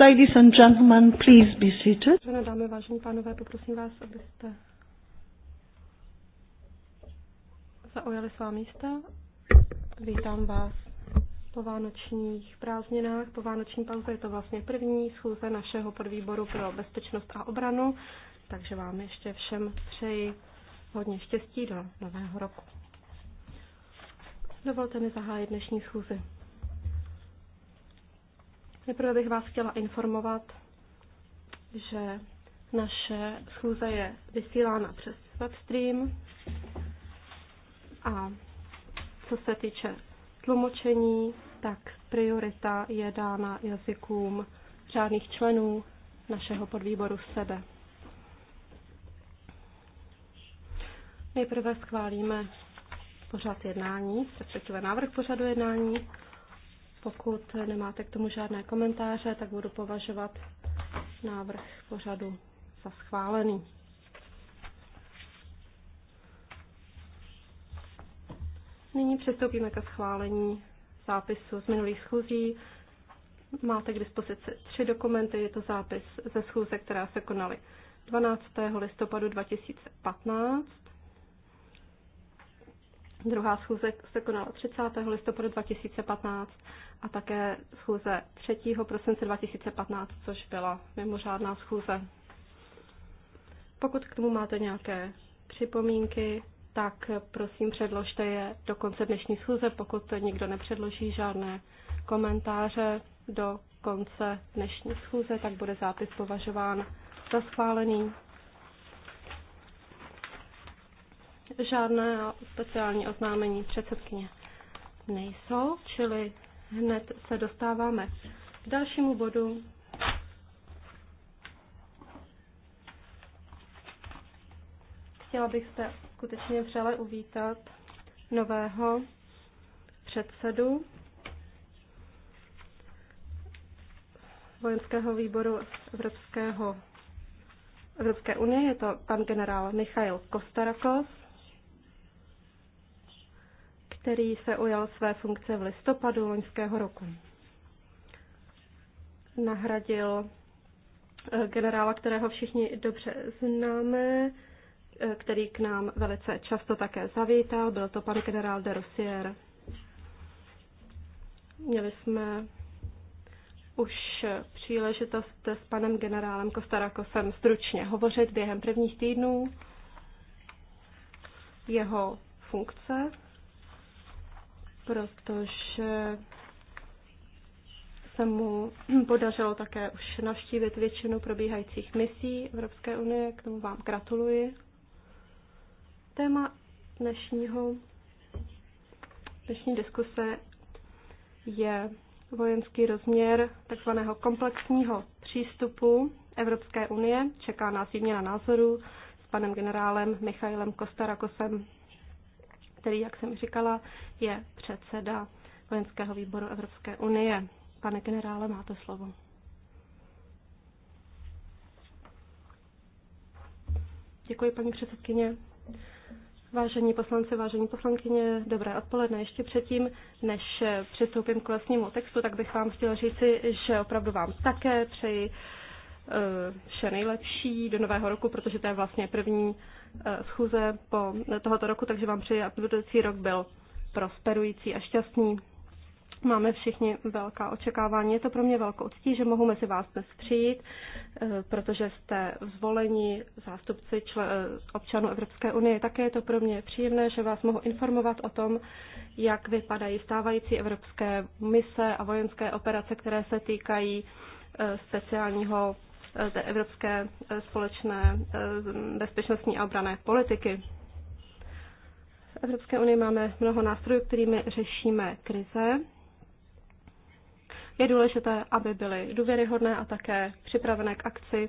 Ladies and gentlemen, please be seated. Vážené dámy, vážení pánové, poprosím vás, abyste zaujali svá místa. Vítám vás po vánočních prázdninách, po vánoční pauze. Je to vlastně první schůze našeho podvýboru pro bezpečnost a obranu, takže vám ještě všem přeji hodně štěstí do nového roku. Dovolte mi zahájit dnešní schůzi. Nejprve bych vás chtěla informovat, že naše schůze je vysílána přes webstream a co se týče tlumočení, tak priorita je dána jazykům řádných členů našeho podvýboru sebe. Nejprve schválíme pořad jednání, respektive návrh pořadu jednání. Pokud nemáte k tomu žádné komentáře, tak budu považovat návrh pořadu za schválený. Nyní přistoupíme ke schválení zápisu z minulých schůzí. Máte k dispozici tři dokumenty. Je to zápis ze schůze, která se konaly 12. listopadu 2015. Druhá schůze se konala 30. listopadu 2015 a také schůze 3. prosince 2015, což byla mimořádná schůze. Pokud k tomu máte nějaké připomínky, tak prosím předložte je do konce dnešní schůze, pokud nikdo nepředloží žádné komentáře do konce dnešní schůze, tak bude zápis považován za schválený. Žádné speciální oznámení předsedkyně nejsou, čili hned se dostáváme k dalšímu bodu. Chtěla bych se skutečně vřele uvítat nového předsedu vojenského výboru Evropského, Evropské unie. Je to pan generál Michail Kostarakos který se ujal své funkce v listopadu loňského roku. Nahradil eh, generála, kterého všichni dobře známe, eh, který k nám velice často také zavítal. Byl to pan generál de Rossier. Měli jsme už příležitost s panem generálem Kostarakosem stručně hovořit během prvních týdnů jeho funkce protože se mu podařilo také už navštívit většinu probíhajících misí Evropské unie. K tomu vám gratuluji. Téma dnešního, dnešní diskuse je vojenský rozměr takzvaného komplexního přístupu Evropské unie. Čeká nás výměna názorů s panem generálem Michailem Kostarakosem který, jak jsem říkala, je předseda vojenského výboru Evropské unie. Pane generále, máte slovo. Děkuji, paní předsedkyně. Vážení poslanci, vážení poslankyně, dobré odpoledne. Ještě předtím, než přistoupím k vlastnímu textu, tak bych vám chtěla říci, že opravdu vám také přeji eh, vše nejlepší do nového roku, protože to je vlastně první Eh, schůze po tohoto roku, takže vám přeji, aby budoucí rok byl prosperující a šťastný. Máme všichni velká očekávání. Je to pro mě velkou ctí, že mohu mezi vás dnes přijít, eh, protože jste zvoleni zástupci čl- eh, občanů Evropské unie. Také je to pro mě příjemné, že vás mohu informovat o tom, jak vypadají stávající evropské mise a vojenské operace, které se týkají speciálního té evropské eh, společné eh, bezpečnostní a obrané politiky. V Evropské unii máme mnoho nástrojů, kterými řešíme krize. Je důležité, aby byly důvěryhodné a také připravené k akci.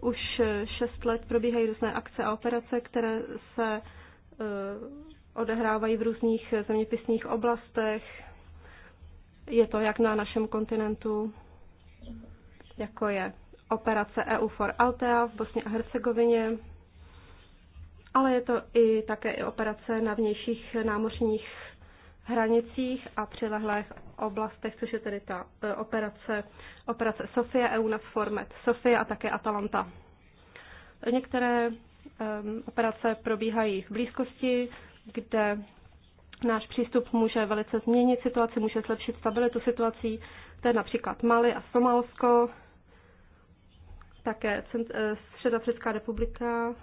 Už eh, šest let probíhají různé akce a operace, které se odehrávají v různých zeměpisných oblastech. Je to jak na našem kontinentu, jako je operace EU for Altea v Bosně a Hercegovině, ale je to i také i operace na vnějších námořních hranicích a přilehlých oblastech, což je tedy ta e, operace, operace SOFIA EU na Formet, SOFIA a také Atalanta. Některé um, operace probíhají v blízkosti, kde náš přístup může velice změnit situaci, může zlepšit stabilitu situací. To je například Mali a Somálsko, také eh, Středoafrická republika,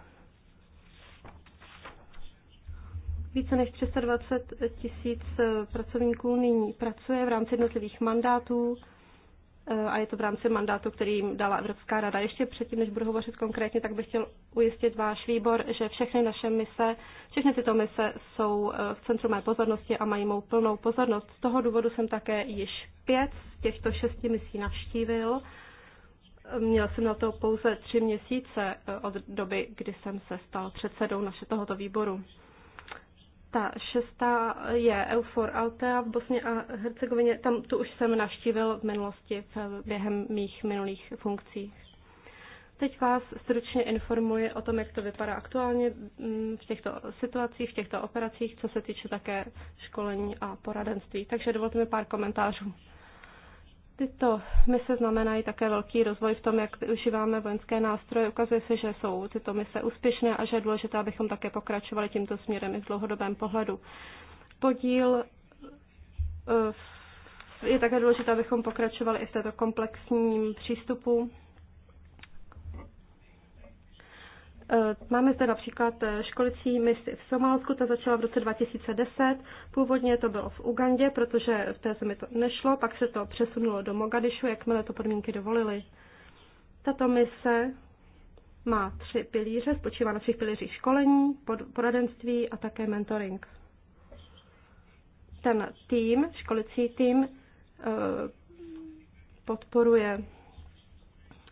Více než 320 tisíc eh, pracovníků nyní pracuje v rámci jednotlivých mandátů eh, a je to v rámci mandátu, který jim dala Evropská rada. Ještě předtím, než budu hovořit konkrétně, tak bych chtěl ujistit váš výbor, že všechny naše mise, všechny tyto mise jsou v centru mé pozornosti a mají mou plnou pozornost. Z toho důvodu jsem také již pět z těchto šesti misí navštívil Měl jsem na to pouze tři měsíce eh, od doby, kdy jsem se stal předsedou naše tohoto výboru. Ta šestá je Eufor Altea v Bosně a Hercegovině. Tam tu už jsem navštívil v minulosti v, během mých minulých funkcí. Teď vás stručně informuji o tom, jak to vypadá aktuálně mm, v těchto situacích, v těchto operacích, co se týče také školení a poradenství. Takže dovolte mi pár komentářů. Tyto mise znamenají také velký rozvoj v tom, jak využíváme vojenské nástroje. Ukazuje se, že jsou tyto mise úspěšné a že je důležité, abychom také pokračovali tímto směrem i v dlouhodobém pohledu. Podíl eh, je také důležité, abychom pokračovali i v této komplexním přístupu Eh, máme zde například eh, školicí misi v Somálsku, ta začala v roce 2010. Původně to bylo v Ugandě, protože v té zemi to nešlo, pak se to přesunulo do Mogadišu, jakmile to podmínky dovolily. Tato mise má tři pilíře, spočívá na třech pilířích školení, poradenství a také mentoring. Ten tým, školicí tým, eh, podporuje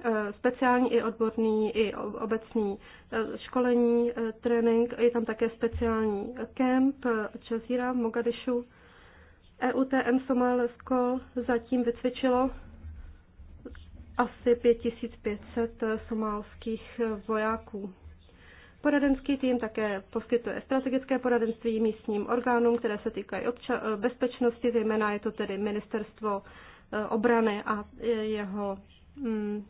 Eh, speciální i odborný, i obecní eh, školení, eh, trénink, je tam také speciální kemp Čezíra v Mogadishu. EUTM Somálsko zatím vycvičilo asi 5500 somálských vojáků. Poradenský tým také poskytuje strategické poradenství místním orgánům, které se týkají obča- bezpečnosti, zejména je to tedy ministerstvo obrany a jeho mm,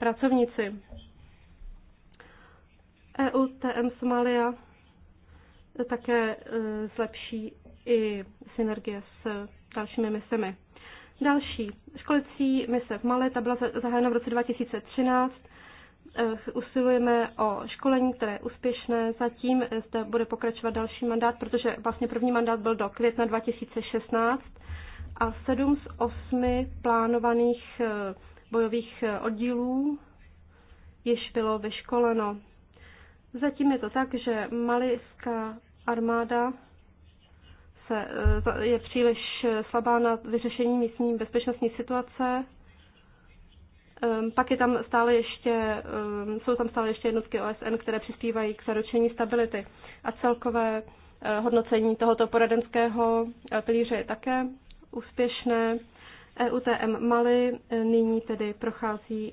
pracovníci. EU TM Somalia také e, zlepší i synergie s dalšími misemi. Další školicí mise v Mali, ta byla zahájena v roce 2013. E, usilujeme o školení, které je úspěšné. Zatím e, zde bude pokračovat další mandát, protože vlastně první mandát byl do května 2016 a sedm z osmi plánovaných bojových eh, oddílů již bylo vyškoleno. Zatím je to tak, že malijská armáda se, eh, je příliš eh, slabá na vyřešení místní bezpečnostní situace. Ehm, pak je tam stále ještě, ehm, jsou tam stále ještě jednotky OSN, které přispívají k zaručení stability. A celkové hodnocení tohoto poradenského pilíře je také úspěšné. EUTM Mali e, nyní tedy prochází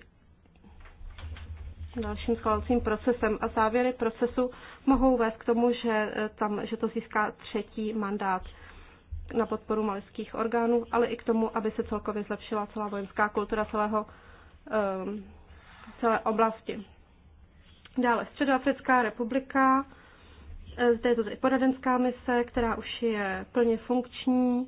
dalším schvalovacím procesem a závěry procesu mohou vést k tomu, že, e, tam, že to získá třetí mandát na podporu malických orgánů, ale i k tomu, aby se celkově zlepšila celá vojenská kultura celého, um, celé oblasti. Dále Středoafrická republika, e, zde je to tedy poradenská mise, která už je plně funkční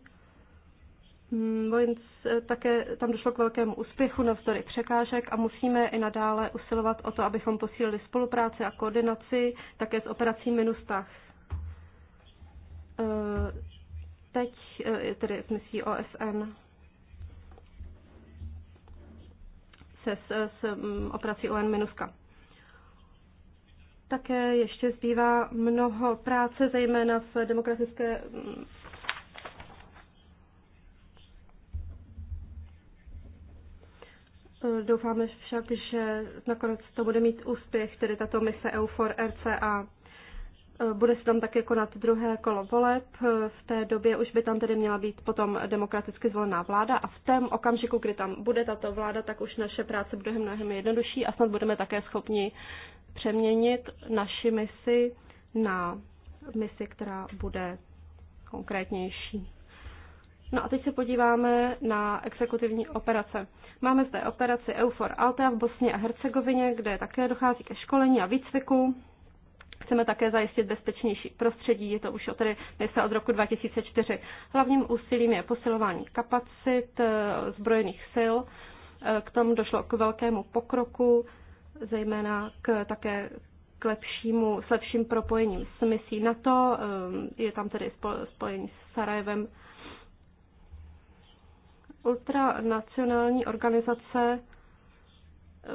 Vojens mm, eh, také tam došlo k velkému úspěchu navzdory překážek a musíme i nadále usilovat o to, abychom posílili spolupráci a koordinaci také s operací Minustah. Eh, teď eh, tedy s misí OSN se s, s mm, operací ON Minuska. Také ještě zbývá mnoho práce, zejména v demokratické mm, Doufáme však, že nakonec to bude mít úspěch, tedy tato mise EUFOR RCA. Bude se tam také konat druhé kolo voleb. V té době už by tam tedy měla být potom demokraticky zvolená vláda a v tom okamžiku, kdy tam bude tato vláda, tak už naše práce bude mnohem jednodušší a snad budeme také schopni přeměnit naši misi na misi, která bude konkrétnější. No a teď se podíváme na exekutivní operace. Máme zde operaci EUFOR Altea v Bosně a Hercegovině, kde také dochází ke školení a výcviku. Chceme také zajistit bezpečnější prostředí, je to už od, tedy se od roku 2004. Hlavním úsilím je posilování kapacit eh, zbrojených sil. Eh, k tomu došlo k velkému pokroku, zejména k také k lepšímu, s lepším propojením s misí NATO. Eh, je tam tedy spojení s Sarajevem Ultranacionální organizace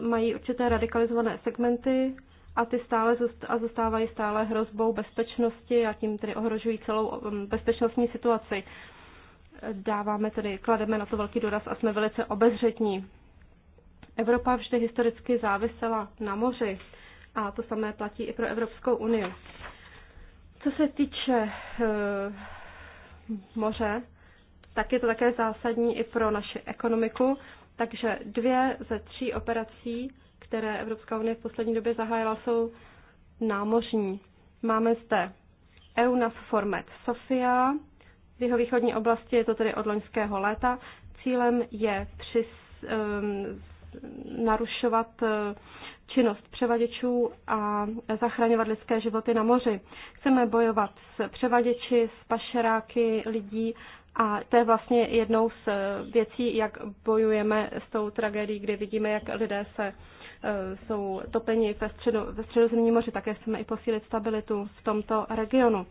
mají určité radikalizované segmenty a ty stále a zůstávají stále hrozbou bezpečnosti a tím tedy ohrožují celou um, bezpečnostní situaci. Dáváme tedy, klademe na to velký důraz a jsme velice obezřetní. Evropa vždy historicky závisela na moři a to samé platí i pro Evropskou unii. Co se týče e, moře, tak je to také zásadní i pro naši ekonomiku. Takže dvě ze tří operací, které Evropská unie v poslední době zahájila, jsou námořní. Máme zde EUNAV Format Sofia, v jeho východní oblasti je to tedy od loňského léta. Cílem je přis, um, narušovat eh, činnost převaděčů a zachraňovat lidské životy na moři. Chceme bojovat s převaděči, s pašeráky lidí a to je vlastně jednou z eh, věcí, jak bojujeme s tou tragédií, kdy vidíme, jak lidé se eh, jsou topeni ve, středu, ve středozemním moři, také chceme i posílit stabilitu v tomto regionu.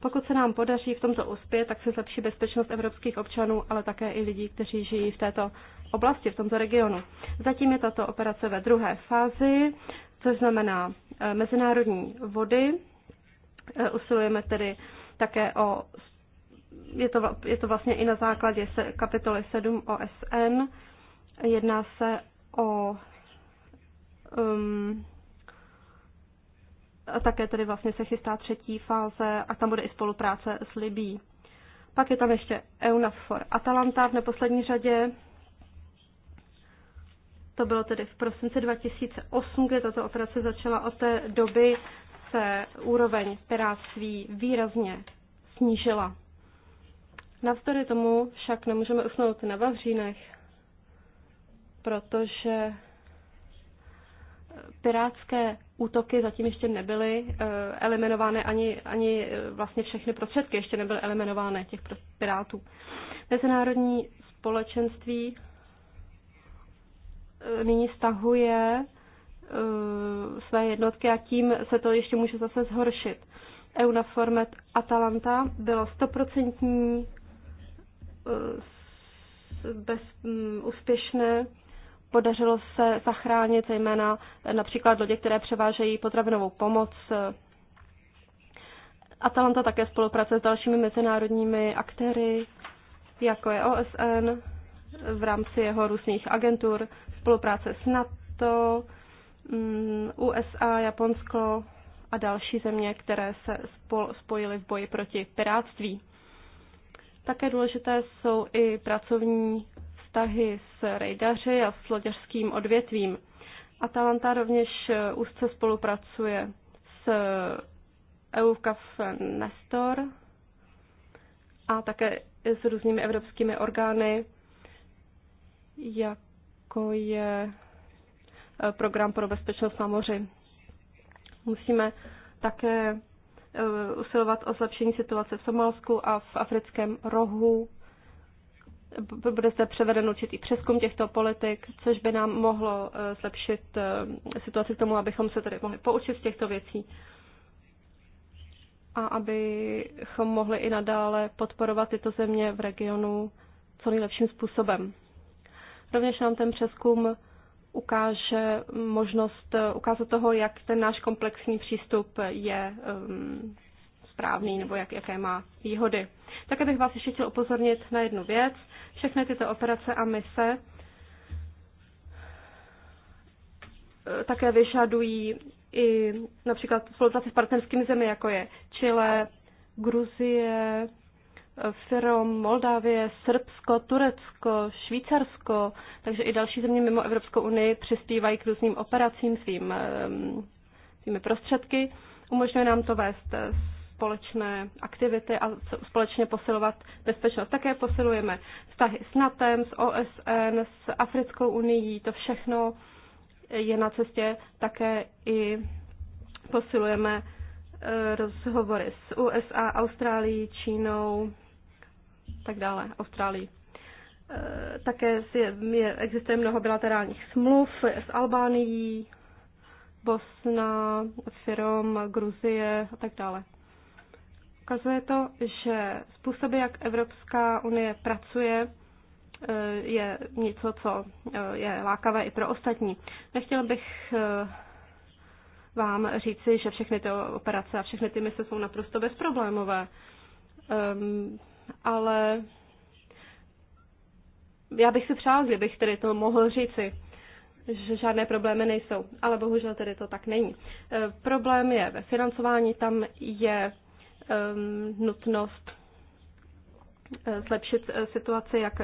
Pokud se nám podaří v tomto uspět, tak se zlepší bezpečnost evropských občanů, ale také i lidí, kteří žijí v této oblasti, v tomto regionu. Zatím je tato operace ve druhé fázi, což znamená eh, mezinárodní vody. Usilujeme tedy také o je to, je to vlastně i na základě se, kapitoly 7 OSN. Jedná se o um, a také tedy vlastně se chystá třetí fáze a tam bude i spolupráce s Libí. Pak je tam ještě EUNAFOR Atalanta v neposlední řadě. To bylo tedy v prosinci 2008, kdy tato operace začala. Od té doby se úroveň piráctví výrazně snížila. Navzdory tomu však nemůžeme usnout na Vavřínech, protože eh, pirátské útoky zatím ještě nebyly eh, eliminovány, ani, ani eh, vlastně všechny prostředky ještě nebyly eliminovány těch pirátů. Mezinárodní společenství nyní stahuje své jednotky a tím se to ještě může zase zhoršit. format Atalanta bylo stoprocentní Eh, bez, mm, úspěšné. Podařilo se zachránit zejména například lodě, které převážejí potravinovou pomoc. Atalanta také spolupracuje s dalšími mezinárodními aktéry, jako je OSN, v rámci jeho různých agentur, spolupráce s NATO, mm, USA, Japonsko a další země, které se spojily v boji proti pirátství. Také důležité jsou i pracovní vztahy s rejdaři a s loděřským odvětvím. Atalanta rovněž eh, úzce spolupracuje s eh, EUCAF Nestor a také s různými evropskými orgány, jako je eh, program pro bezpečnost na moři. Musíme také Eh, usilovat o zlepšení situace v Somálsku a v africkém rohu. Bude se převeden určitý přeskum těchto politik, což by nám mohlo eh, zlepšit eh, situaci k tomu, abychom se tedy mohli poučit z těchto věcí a abychom mohli i nadále podporovat tyto země v regionu co nejlepším způsobem. Rovněž nám ten přeskum ukáže možnost eh, ukázat toho, jak ten náš komplexní přístup je um, správný nebo jak, jaké má výhody. Také bych vás ještě chtěl upozornit na jednu věc. Všechny tyto operace a mise eh, také vyžadují i například spolupráci s partnerskými zemi, jako je Chile, Gruzie, firm, Moldávie, Srbsko, Turecko, Švýcarsko, takže i další země mimo Evropskou unii přispívají k různým operacím svým, svými prostředky. Umožňuje nám to vést eh, společné aktivity a společně posilovat bezpečnost. Také posilujeme vztahy s NATEM, s OSN, s Africkou unii, to všechno je na cestě. Také i posilujeme eh, rozhovory s USA, Austrálií, Čínou, tak dále, Austrálii. E, také existuje mnoho bilaterálních smluv s Albánií, Bosna, Firom, Gruzie a tak dále. Ukazuje to, že způsoby, jak Evropská unie pracuje, e, je něco, co e, je lákavé i pro ostatní. Nechtěl bych vám říci, že všechny ty operace a všechny ty mise jsou naprosto bezproblémové. Ehm, ale já bych si přál, kdybych tedy to mohl říci, že žádné problémy nejsou, ale bohužel tedy to tak není. E, problém je ve financování, tam je e, nutnost zlepšit e, situaci jak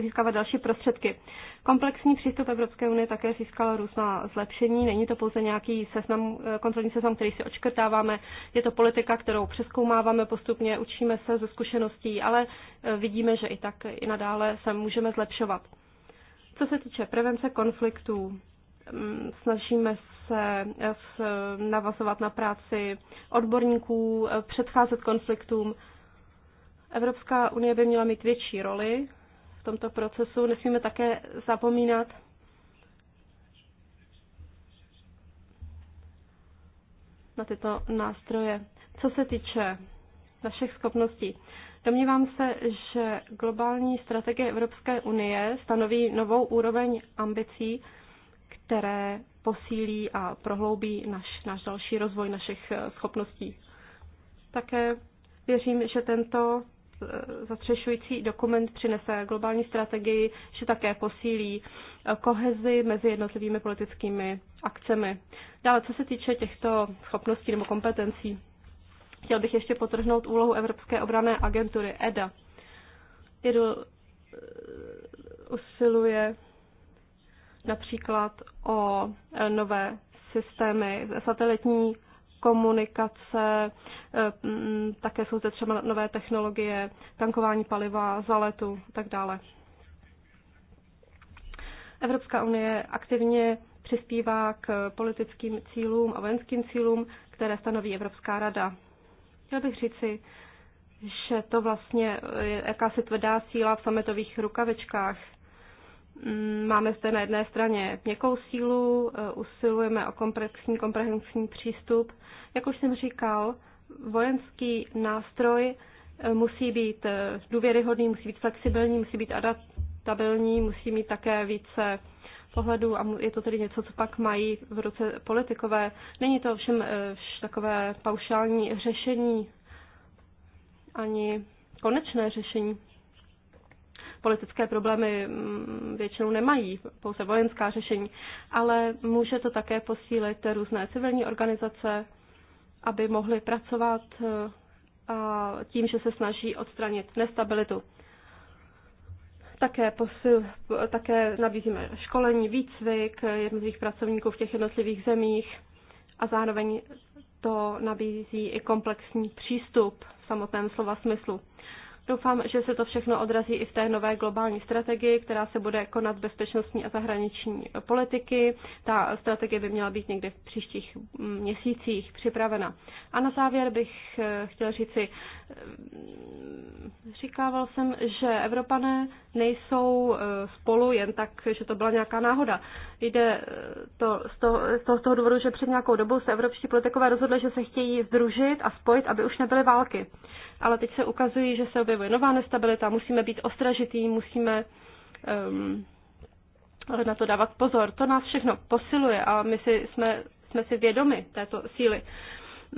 získávat další prostředky. Komplexní přístup Evropské unie také získal různá zlepšení. Není to pouze nějaký seznam, eh, kontrolní seznam, který si očkrtáváme. Je to politika, kterou přeskoumáváme postupně, učíme se ze zkušeností, ale eh, vidíme, že i tak i nadále se můžeme zlepšovat. Co se týče prevence konfliktů, mm, snažíme se eh, navazovat na práci odborníků, předcházet konfliktům. Evropská unie by měla mít větší roli v tomto procesu. Nesmíme také zapomínat na tyto nástroje. Co se týče našich schopností, domnívám se, že globální strategie Evropské unie stanoví novou úroveň ambicí, které posílí a prohloubí naš, náš další rozvoj našich schopností. Také věřím, že tento Eh, zastřešující dokument přinese globální strategii, že také posílí eh, kohezi mezi jednotlivými politickými akcemi. Dále, co se týče těchto schopností nebo kompetencí, chtěl bych ještě potrhnout úlohu Evropské obrané agentury EDA. EDA eh, usiluje například o nové systémy satelitní komunikace, eh, mm, také jsou zde třeba nové technologie, tankování paliva, zaletu a tak dále. Evropská unie aktivně přispívá k politickým cílům a vojenským cílům, které stanoví Evropská rada. Chtěl bych říci, že to vlastně je jakási tvrdá síla v sametových rukavečkách. Mm, máme zde na jedné straně měkkou sílu, eh, usilujeme o komplexní, komprehensivní přístup. Jak už jsem říkal, vojenský nástroj eh, musí být eh, důvěryhodný, musí být flexibilní, musí být adaptabilní, musí mít také více pohledů a je to tedy něco, co pak mají v roce politikové. Není to ovšem takové paušální řešení ani konečné řešení politické problémy mm, většinou nemají, pouze vojenská řešení, ale může to také posílit různé civilní organizace, aby mohly pracovat eh, a tím, že se snaží odstranit nestabilitu. Také, posil, také nabízíme školení, výcvik jednotlivých pracovníků v těch jednotlivých zemích a zároveň to nabízí i komplexní přístup v samotném slova smyslu. Doufám, že se to všechno odrazí i v té nové globální strategii, která se bude konat bezpečnostní a zahraniční politiky. Ta strategie by měla být někde v příštích mm, měsících připravena. A na závěr bych eh, chtěl říci, eh, říkával jsem, že Evropané nejsou eh, spolu jen tak, že to byla nějaká náhoda. Jde to z toho, z toho, z toho důvodu, že před nějakou dobou se evropští politikové rozhodli, že se chtějí združit a spojit, aby už nebyly války ale teď se ukazují, že se objevuje nová nestabilita, musíme být ostražitý, musíme um, na to dávat pozor. To nás všechno posiluje a my si, jsme, jsme si vědomi této síly.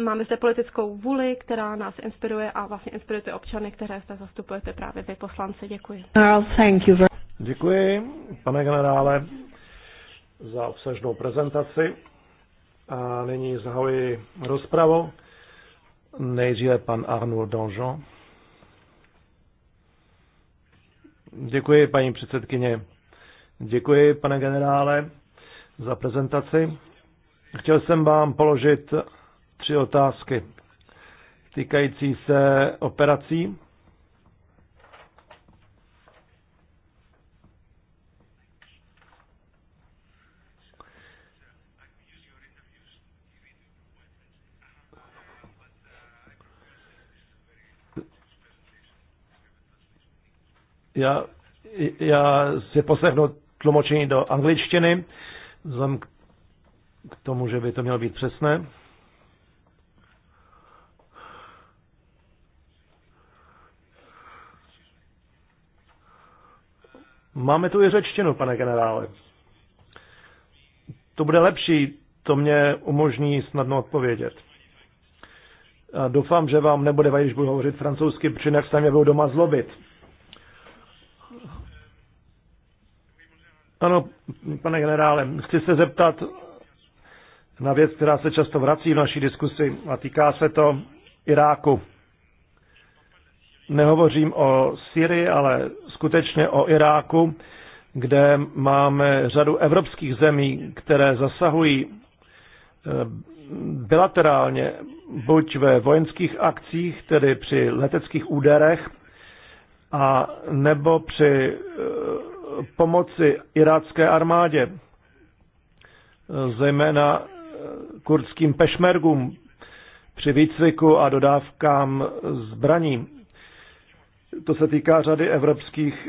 Máme zde politickou vůli, která nás inspiruje a vlastně inspiruje ty občany, které zde zastupujete právě vy poslanci. Děkuji. Thank you. Děkuji, pane generále, za obsažnou prezentaci. A nyní zahoji rozpravu. Nejdříve pan Arnold Donjon. Děkuji, paní předsedkyně. Děkuji, pane generále, za prezentaci. Chtěl jsem vám položit tři otázky týkající se operací Já, já si poslechnu tlumočení do angličtiny, vzhledem k tomu, že by to mělo být přesné. Máme tu i řečtinu, pane generále. To bude lepší, to mě umožní snadno odpovědět. A doufám, že vám nebude vadit, když budu hovořit francouzsky, protože jinak se mě budou doma zlobit. Ano, pane generále, chci se zeptat na věc, která se často vrací v naší diskusi a týká se to Iráku. Nehovořím o Syrii, ale skutečně o Iráku, kde máme řadu evropských zemí, které zasahují eh, bilaterálně buď ve vojenských akcích, tedy při leteckých úderech, a nebo při eh, pomoci irácké armádě, zejména kurdským pešmergům při výcviku a dodávkám zbraní. To se týká řady evropských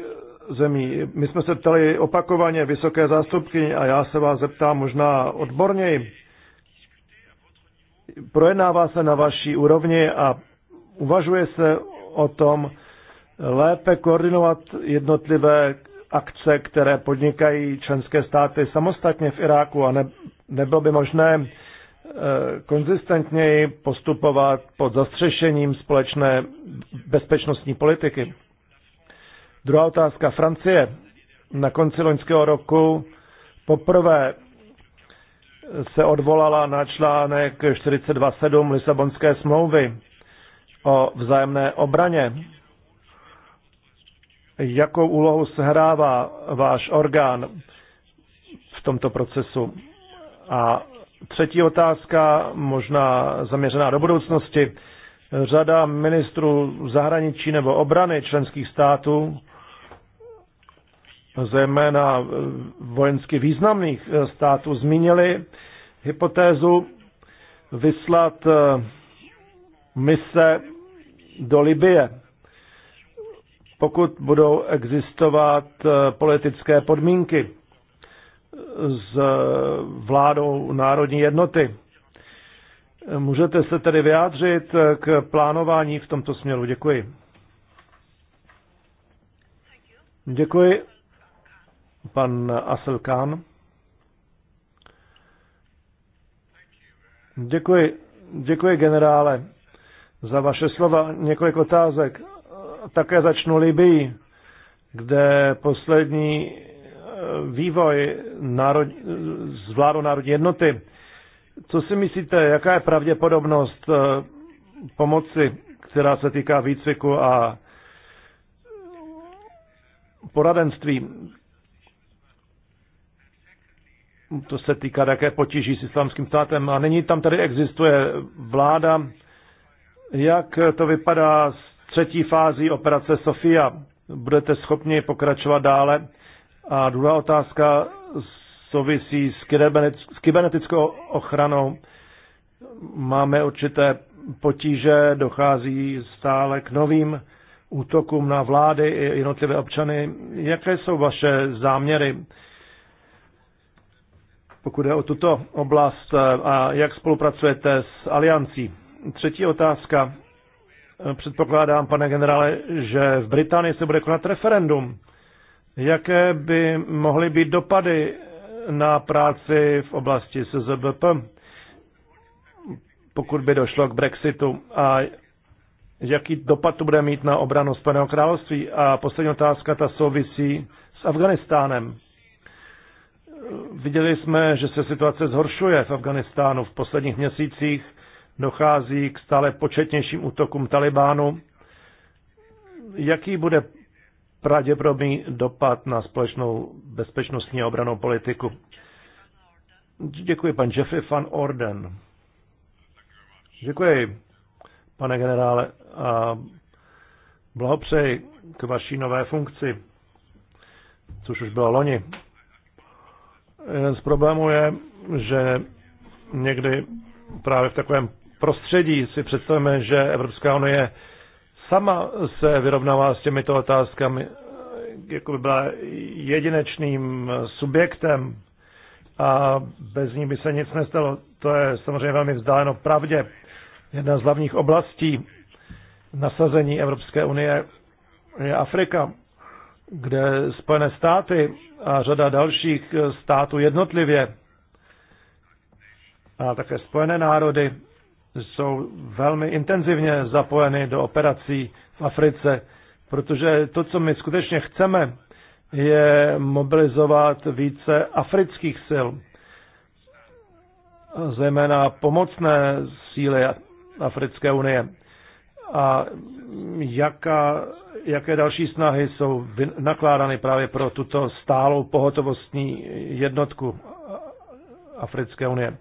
zemí. My jsme se ptali opakovaně vysoké zástupky a já se vás zeptám možná odborněji. Projednává se na vaší úrovni a uvažuje se o tom lépe koordinovat jednotlivé akce, které podnikají členské státy samostatně v Iráku a ne, nebylo by možné eh, konzistentněji postupovat pod zastřešením společné bezpečnostní politiky. Druhá otázka. Francie na konci loňského roku poprvé se odvolala na článek 42.7 Lisabonské smlouvy o vzájemné obraně jakou úlohu sehrává váš orgán v tomto procesu. A třetí otázka, možná zaměřená do budoucnosti. Řada ministrů zahraničí nebo obrany členských států, zejména vojensky významných států, zmínili hypotézu vyslat mise do Libie pokud budou existovat eh, politické podmínky eh, s eh, vládou národní jednoty. Můžete se tedy vyjádřit k plánování v tomto směru. Děkuji. Děkuji. Pan Asel Khan. Děkuji. Děkuji, generále, za vaše slova. Několik otázek také začnu Libii, kde poslední e, vývoj národ, z vládu národní jednoty. Co si myslíte, jaká je pravděpodobnost e, pomoci, která se týká výcviku a poradenství? To se týká také potíží s islámským státem. A nyní tam tady existuje vláda. Jak to vypadá s třetí fázi operace Sofia budete schopni pokračovat dále? A druhá otázka souvisí s kybernetickou ochranou. Máme určité potíže, dochází stále k novým útokům na vlády i jednotlivé občany. Jaké jsou vaše záměry, pokud je o tuto oblast a jak spolupracujete s aliancí? Třetí otázka Předpokládám, pane generále, že v Británii se bude konat referendum. Jaké by mohly být dopady na práci v oblasti SZBP, pokud by došlo k Brexitu a jaký dopad to bude mít na obranu Spojeného království? A poslední otázka, ta souvisí s Afganistánem. Viděli jsme, že se situace zhoršuje v Afganistánu v posledních měsících dochází k stále početnějším útokům Talibánu. Jaký bude pravděpodobný dopad na společnou bezpečnostní a obranou politiku? Děkuji, pan Jeffrey van Orden. Děkuji, pane generále, a blahopřeji k vaší nové funkci, což už bylo loni. Jeden z problémů je, že někdy právě v takovém prostředí si představíme, že Evropská unie sama se vyrovnává s těmito otázkami, jako by byla jedinečným subjektem a bez ní by se nic nestalo. To je samozřejmě velmi vzdáleno pravdě. Jedna z hlavních oblastí nasazení Evropské unie je Afrika, kde Spojené státy a řada dalších států jednotlivě a také Spojené národy jsou velmi intenzivně zapojeny do operací v Africe, protože to, co my skutečně chceme, je mobilizovat více afrických sil, zejména pomocné síly Africké unie. A jaká, jaké další snahy jsou nakládány právě pro tuto stálou pohotovostní jednotku Africké unie.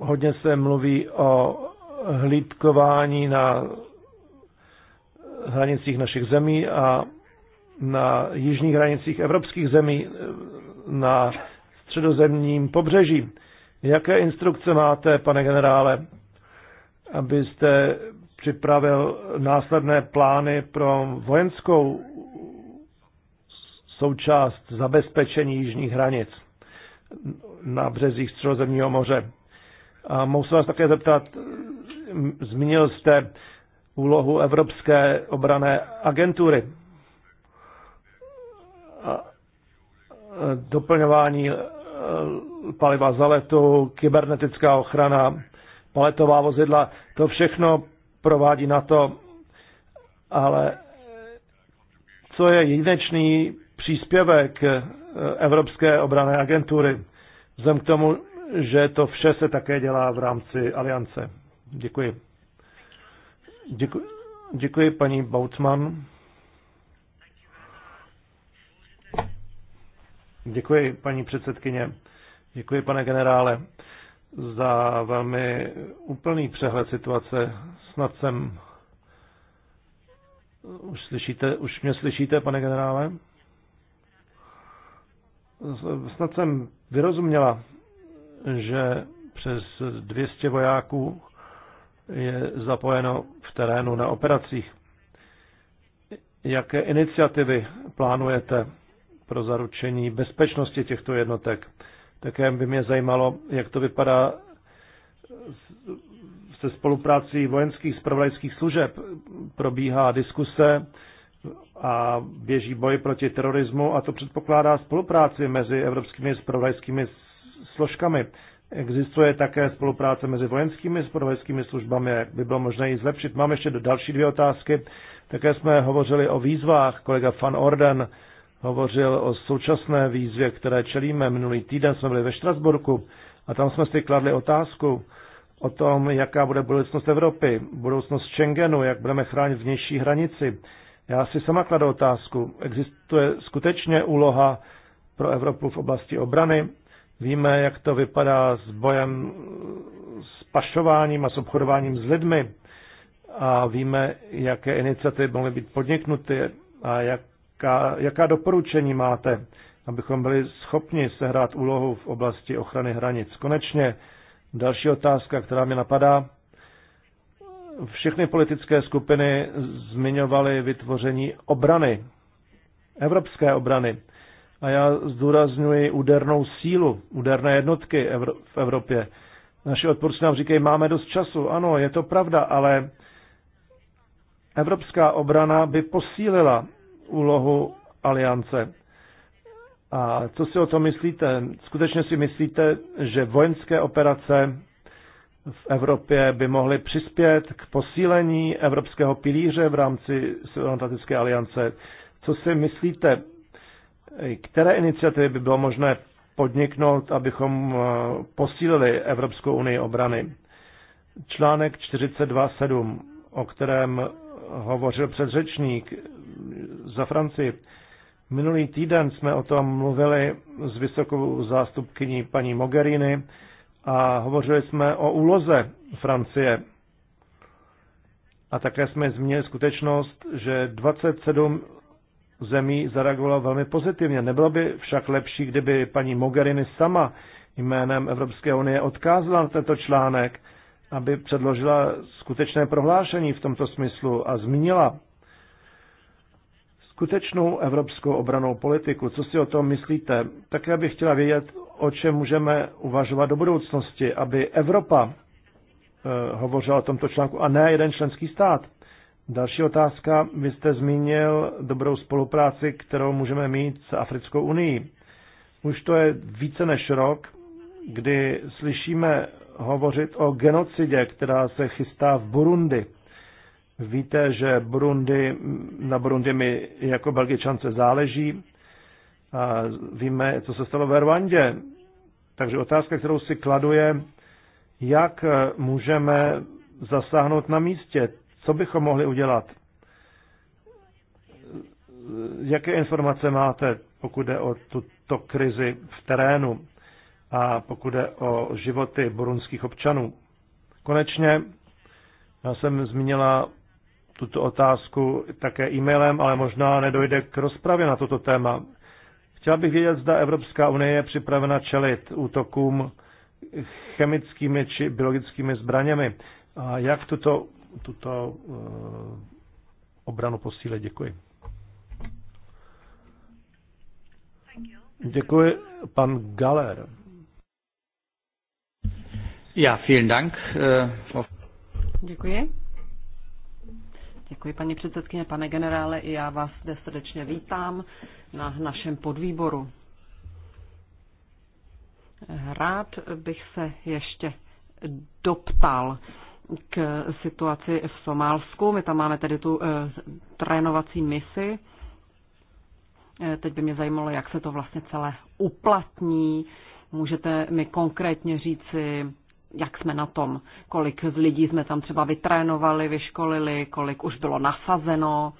Hodně se mluví o hlídkování na hranicích našich zemí a na jižních hranicích evropských zemí, na středozemním pobřeží. Jaké instrukce máte, pane generále, abyste připravil následné plány pro vojenskou součást zabezpečení jižních hranic na březích Středozemního moře? A mohu se vás také zeptat, zmínil jste úlohu Evropské obrané agentury a e, doplňování e, paliva za letu, kybernetická ochrana, paletová vozidla, to všechno provádí na to, ale co je jedinečný příspěvek e, Evropské obrané agentury, vzhledem k tomu, že to vše se také dělá v rámci aliance. Děkuji. Děkuji, děkuji paní Bautzman. Děkuji, paní předsedkyně. Děkuji, pane generále, za velmi úplný přehled situace. Snad jsem... Už, slyšíte, už mě slyšíte, pane generále? Snad jsem vyrozuměla že přes 200 vojáků je zapojeno v terénu na operacích. Jaké iniciativy plánujete pro zaručení bezpečnosti těchto jednotek? Také by mě zajímalo, jak to vypadá se spoluprácí vojenských zpravodajských služeb. Probíhá diskuse a běží boj proti terorismu a to předpokládá spolupráci mezi evropskými zpravodajskými složkami. Existuje také spolupráce mezi vojenskými spravodajskými službami, by bylo možné ji zlepšit. Mám ještě další dvě otázky. Také jsme hovořili o výzvách. Kolega Van Orden hovořil o současné výzvě, které čelíme. Minulý týden jsme byli ve Štrasburku a tam jsme si kladli otázku o tom, jaká bude budoucnost Evropy, budoucnost Schengenu, jak budeme chránit vnější hranici. Já si sama kladu otázku. Existuje skutečně úloha pro Evropu v oblasti obrany Víme, jak to vypadá s bojem s pašováním a s obchodováním s lidmi a víme, jaké iniciativy mohly být podniknuty a jaká, jaká doporučení máte, abychom byli schopni sehrát úlohu v oblasti ochrany hranic. Konečně další otázka, která mě napadá. Všechny politické skupiny zmiňovaly vytvoření obrany, evropské obrany. A já zdůrazňuji údernou sílu, úderné jednotky v Evropě. Naši odporci nám říkají, máme dost času. Ano, je to pravda, ale evropská obrana by posílila úlohu aliance. A co si o to myslíte? Skutečně si myslíte, že vojenské operace v Evropě by mohly přispět k posílení evropského pilíře v rámci Severoatlantické aliance? Co si myslíte které iniciativy by bylo možné podniknout, abychom eh, posílili Evropskou unii obrany. Článek 42.7, o kterém eh, hovořil předřečník za Francii. Minulý týden jsme o tom mluvili s vysokou zástupkyní paní Mogherini a hovořili jsme o úloze Francie. A také jsme zmínili skutečnost, že 27 zemí zareagovala velmi pozitivně. Nebylo by však lepší, kdyby paní Mogherini sama jménem Evropské unie odkázala na tento článek, aby předložila skutečné prohlášení v tomto smyslu a zmínila skutečnou evropskou obranou politiku. Co si o tom myslíte? Také bych chtěla vědět, o čem můžeme uvažovat do budoucnosti, aby Evropa eh, hovořila o tomto článku a ne jeden členský stát. Další otázka. Vy jste zmínil dobrou spolupráci, kterou můžeme mít s Africkou unii. Už to je více než rok, kdy slyšíme hovořit o genocidě, která se chystá v Burundi. Víte, že Burundi, na Burundi mi jako Belgičance záleží. A víme, co se stalo ve Rwandě. Takže otázka, kterou si kladu, je, jak můžeme zasáhnout na místě co bychom mohli udělat? Jaké informace máte, pokud jde o tuto krizi v terénu a pokud jde o životy burunských občanů? Konečně, já jsem zmínila tuto otázku také e-mailem, ale možná nedojde k rozpravě na toto téma. Chtěl bych vědět, zda Evropská unie je připravena čelit útokům chemickými či biologickými zbraněmi. A jak tuto tuto eh, obranu posílit. Děkuji. Děkuji. Pan Galer. Ja, vielen Dank. Eh, Děkuji. Děkuji, paní předsedkyně, pane generále, i já vás zde srdečně vítám na našem podvýboru. Rád bych se ještě doptal k situaci v Somálsku. My tam máme tedy tu eh, trénovací misi. Eh, teď by mě zajímalo, jak se to vlastně celé uplatní. Můžete mi konkrétně říci, jak jsme na tom, kolik z lidí jsme tam třeba vytrénovali, vyškolili, kolik už bylo nasazeno,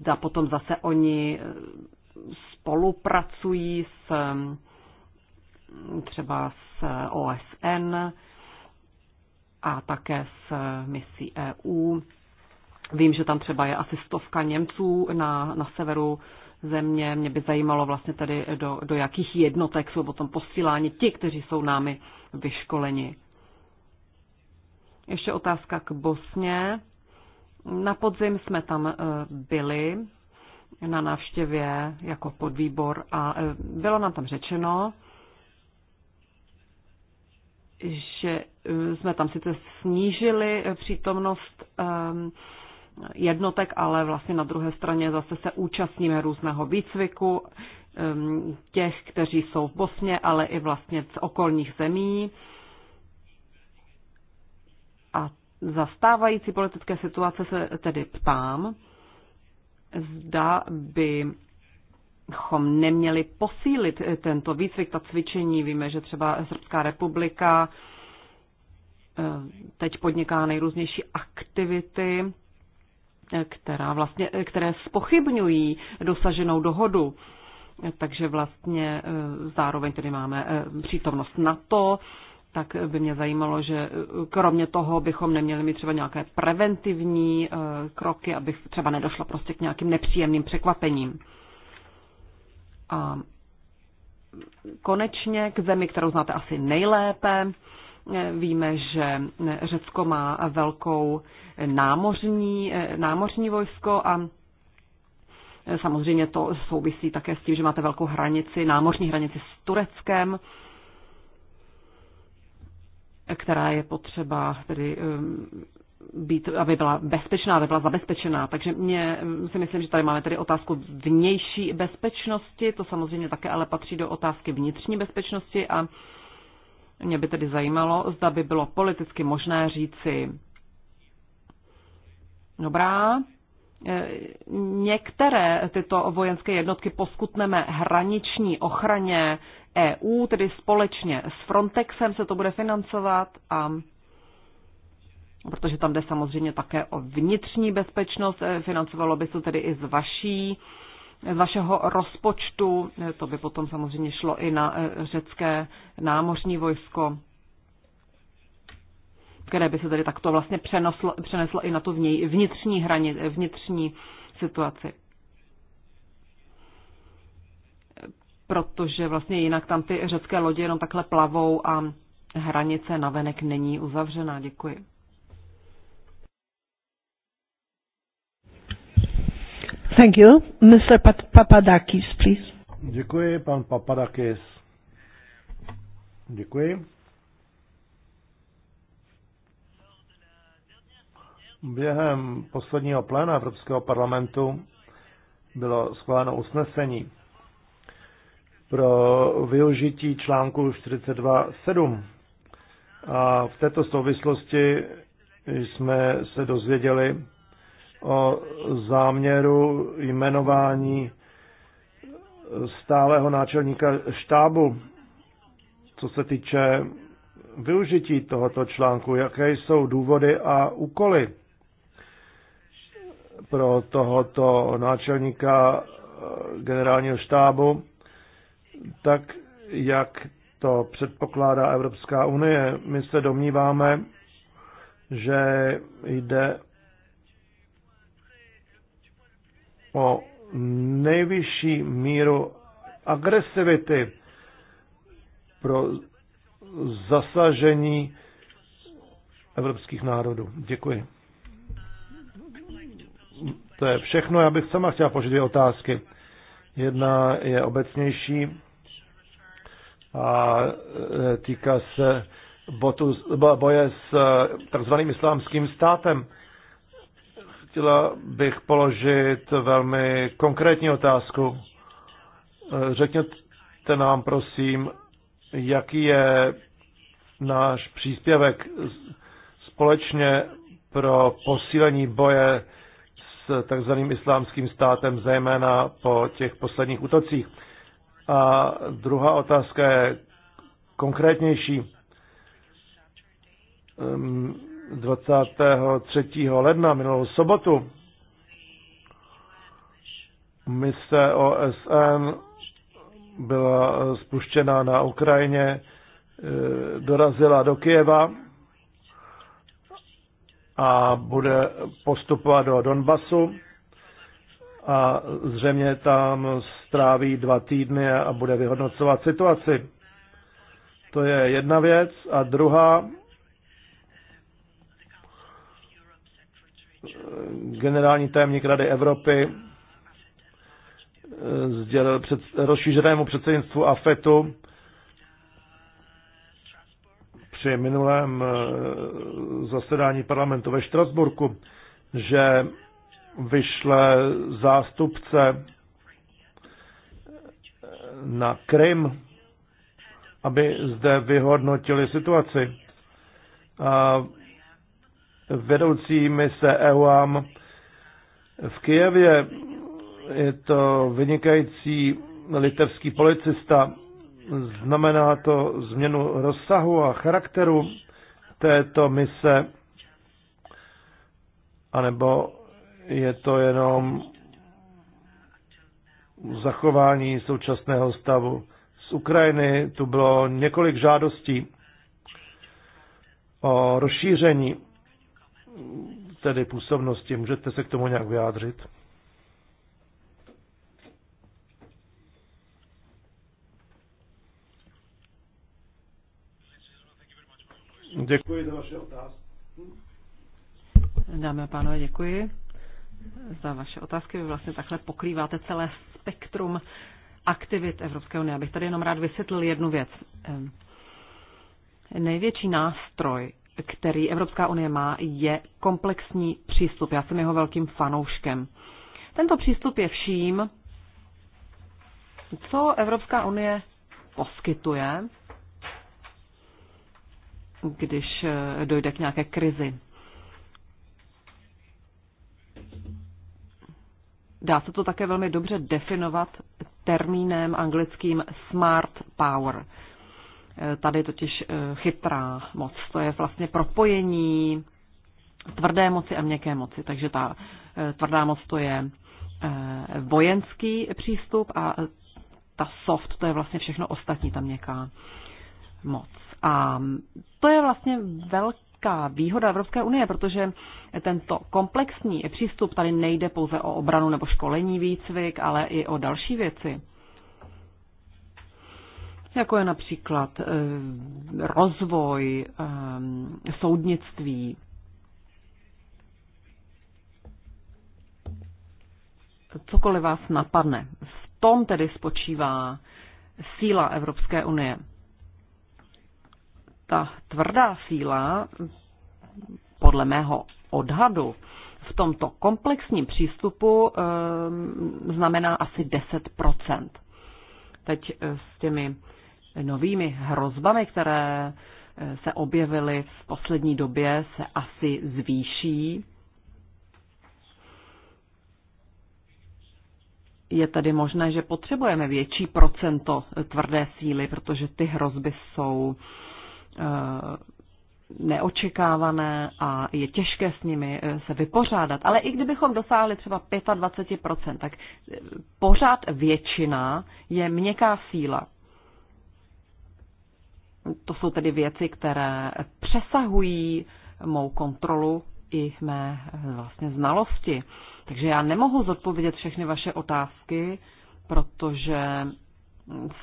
zda potom zase oni eh, spolupracují s mm, třeba s OSN, a také s misí EU. Vím, že tam třeba je asi stovka Němců na, na severu země. Mě by zajímalo vlastně tady, do, do jakých jednotek jsou potom posíláni ti, kteří jsou námi vyškoleni. Ještě otázka k Bosně. Na podzim jsme tam e, byli na návštěvě jako podvýbor a e, bylo nám tam řečeno, že jsme tam sice snížili eh, přítomnost ehm, jednotek, ale vlastně na druhé straně zase se účastníme různého výcviku ehm, těch, kteří jsou v Bosně, ale i vlastně z okolních zemí. A zastávající politické situace se tedy ptám, zda by bychom neměli posílit tento výcvik, ta cvičení. Víme, že třeba Srbská republika Eh, teď podniká nejrůznější aktivity, eh, která vlastně, eh, které spochybňují dosaženou dohodu. Takže vlastně zároveň tedy máme přítomnost NATO, tak by mě zajímalo, že kromě toho bychom neměli mít třeba nějaké preventivní kroky, aby třeba nedošlo prostě k nějakým nepříjemným překvapením. A konečně k zemi, kterou znáte asi nejlépe, Víme, že Řecko má velkou námořní, námořní vojsko a samozřejmě to souvisí také s tím, že máte velkou hranici, námořní hranici s Tureckem, která je potřeba tedy um, být, aby byla bezpečná, aby byla zabezpečená. Takže mě um, si myslím, že tady máme tedy otázku vnější bezpečnosti, to samozřejmě také ale patří do otázky vnitřní bezpečnosti a mě by tedy zajímalo, zda by bylo politicky možné říci, dobrá, e, některé tyto vojenské jednotky poskutneme hraniční ochraně EU, tedy společně s Frontexem se to bude financovat a protože tam jde samozřejmě také o vnitřní bezpečnost, e, financovalo by se tedy i z vaší vašeho rozpočtu. To by potom samozřejmě šlo i na eh, řecké námořní vojsko, které by se tedy takto vlastně přeneslo, přeneslo i na tu vnitřní, hraně, eh, vnitřní situaci. Protože vlastně jinak tam ty řecké lodě jenom takhle plavou a hranice navenek není uzavřená. Děkuji. Thank you. Mr. Papadakis, please. Děkuji, pan Papadakis. Děkuji. Během posledního pléna Evropského parlamentu bylo schváleno usnesení pro využití článku 42.7. A v této souvislosti jsme se dozvěděli, o záměru jmenování stáleho náčelníka štábu, co se týče využití tohoto článku, jaké jsou důvody a úkoly pro tohoto náčelníka generálního štábu, tak jak to předpokládá Evropská unie. My se domníváme, že jde o nejvyšší míru agresivity pro zasažení evropských národů. Děkuji. To je všechno. Já bych sama chtěla položit dvě otázky. Jedna je obecnější a e, týká se botu, boje s e, takzvaným islámským státem. Chtěla bych položit velmi konkrétní otázku. Eh, řekněte nám, prosím, jaký je náš příspěvek společně pro posílení boje s takzvaným islámským státem, zejména po těch posledních útocích. A druhá otázka je konkrétnější. Ehm, 23. ledna minulou sobotu mise OSN byla spuštěna na Ukrajině, e, dorazila do Kieva a bude postupovat do Donbasu a zřejmě tam stráví dva týdny a bude vyhodnocovat situaci. To je jedna věc. A druhá generální tajemník Rady Evropy eh, sdělil před, rozšířenému předsednictvu AFETu při minulém eh, zasedání parlamentu ve Štrasburku, že vyšle zástupce eh, na Krym, aby zde vyhodnotili situaci. A vedoucí mise EUAM v Kijevě. Je to vynikající litevský policista. Znamená to změnu rozsahu a charakteru této mise, a nebo je to jenom zachování současného stavu. Z Ukrajiny tu bylo několik žádostí o rozšíření tedy působnosti. Můžete se k tomu nějak vyjádřit? Děkuji za vaše otázky. Dámy a pánové, děkuji za vaše otázky. Vy vlastně takhle pokrýváte celé spektrum aktivit Evropské unie. Abych tady jenom rád vysvětlil jednu věc. Ehm, největší nástroj který Evropská unie má, je komplexní přístup. Já jsem jeho velkým fanouškem. Tento přístup je vším, co Evropská unie poskytuje, když eh, dojde k nějaké krizi. Dá se to také velmi dobře definovat termínem anglickým smart power. Eh, tady totiž eh, chytrá moc. To je vlastně propojení tvrdé moci a měkké moci. Takže ta eh, tvrdá moc to je vojenský přístup a ta soft, to je vlastně všechno ostatní, ta měkká moc. A to je vlastně velká výhoda Evropské unie, protože tento komplexní přístup tady nejde pouze o obranu nebo školení výcvik, ale i o další věci jako je například eh, rozvoj eh, soudnictví. Cokoliv vás napadne. V tom tedy spočívá síla Evropské unie. Ta tvrdá síla, podle mého odhadu, v tomto komplexním přístupu eh, znamená asi 10 Teď s těmi novými hrozbami, které eh, se objevily v poslední době, se asi zvýší. Je tedy možné, že potřebujeme větší procento tvrdé síly, protože ty hrozby jsou eh, neočekávané a je těžké s nimi eh, se vypořádat. Ale i kdybychom dosáhli třeba 25%, tak pořád většina je měkká síla. To jsou tedy věci, které přesahují mou kontrolu i mé eh, vlastně znalosti. Takže já nemohu zodpovědět všechny vaše otázky, protože hm,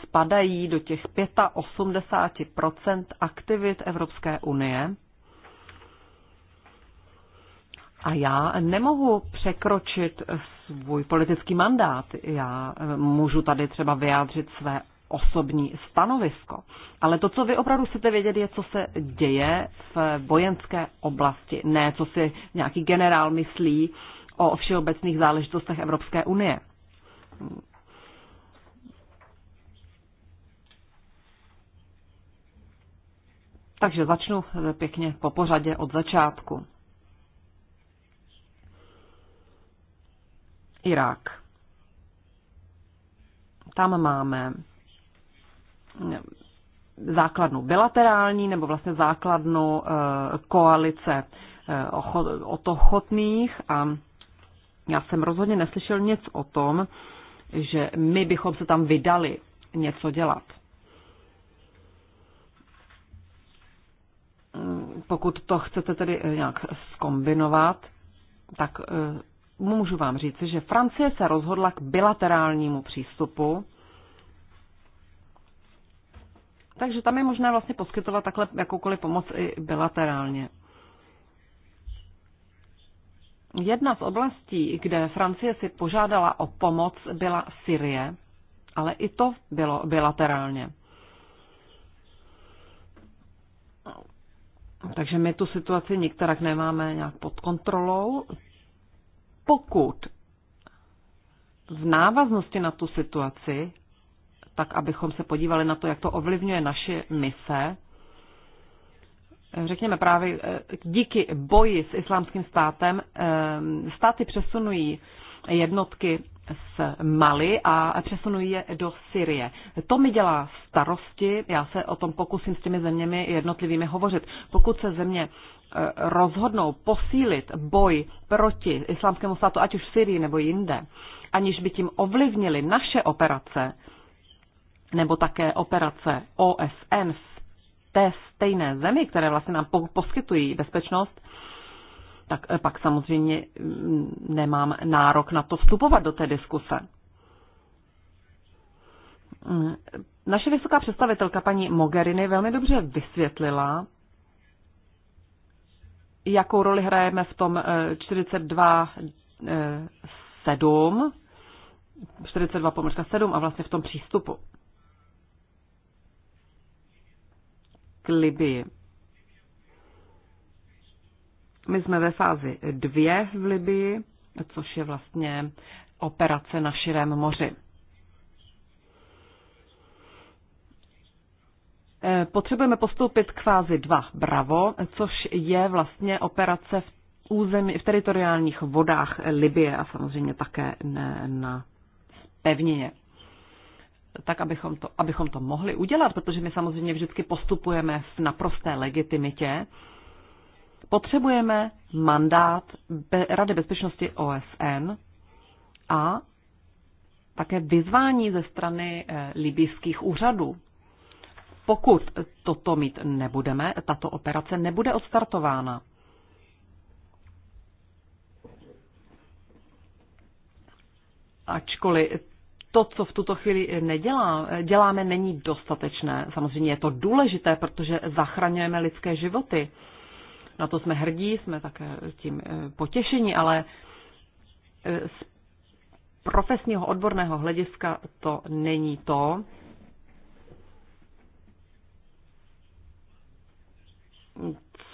spadají do těch 85% aktivit Evropské unie. A já nemohu překročit svůj politický mandát. Já eh, můžu tady třeba vyjádřit své osobní stanovisko. Ale to, co vy opravdu chcete vědět, je, co se děje v vojenské oblasti, ne co si nějaký generál myslí o všeobecných záležitostech Evropské unie. Takže začnu pěkně po pořadě od začátku. Irák. Tam máme základnu bilaterální nebo vlastně základnu eh, koalice eh, o to ochotných a já jsem rozhodně neslyšel nic o tom, že my bychom se tam vydali něco dělat. Eh, pokud to chcete tedy nějak skombinovat, tak můžu vám říct, že Francie se rozhodla k bilaterálnímu přístupu, takže tam je možné vlastně poskytovat takhle jakoukoliv pomoc i bilaterálně. Jedna z oblastí, kde Francie si požádala o pomoc, byla Syrie, ale i to bylo bilaterálně. Takže my tu situaci nikterak nemáme nějak pod kontrolou. Pokud v návaznosti na tu situaci tak abychom se podívali na to, jak to ovlivňuje naše mise. Řekněme právě eh, díky boji s islámským státem, eh, státy přesunují jednotky z Mali a přesunují je do Syrie. To mi dělá starosti, já se o tom pokusím s těmi zeměmi jednotlivými hovořit. Pokud se země eh, rozhodnou posílit boj proti islámskému státu, ať už v Syrii nebo jinde, aniž by tím ovlivnili naše operace, nebo také operace OSN v té stejné zemi, které vlastně nám poskytují bezpečnost, tak eh, pak samozřejmě mm, nemám nárok na to vstupovat do té diskuse. Mm, naše vysoká představitelka paní Mogherini velmi dobře vysvětlila, jakou roli hrajeme v tom 42.7, 42 7 a vlastně v tom přístupu. k Libii. My jsme ve fázi dvě v Libii, což je vlastně operace na širém moři. Eh, potřebujeme postoupit k fázi 2 Bravo, což je vlastně operace v území, v teritoriálních vodách Libie a samozřejmě také na pevnině tak abychom to, abychom to mohli udělat, protože my samozřejmě vždycky postupujeme v naprosté legitimitě, potřebujeme mandát Rady bezpečnosti OSN a také vyzvání ze strany eh, libijských úřadů. Pokud toto mít nebudeme, tato operace nebude odstartována. Ačkoliv to, co v tuto chvíli nedělá, děláme, není dostatečné. Samozřejmě je to důležité, protože zachraňujeme lidské životy. Na to jsme hrdí, jsme také tím eh, potěšení, ale eh, z profesního odborného hlediska to není to.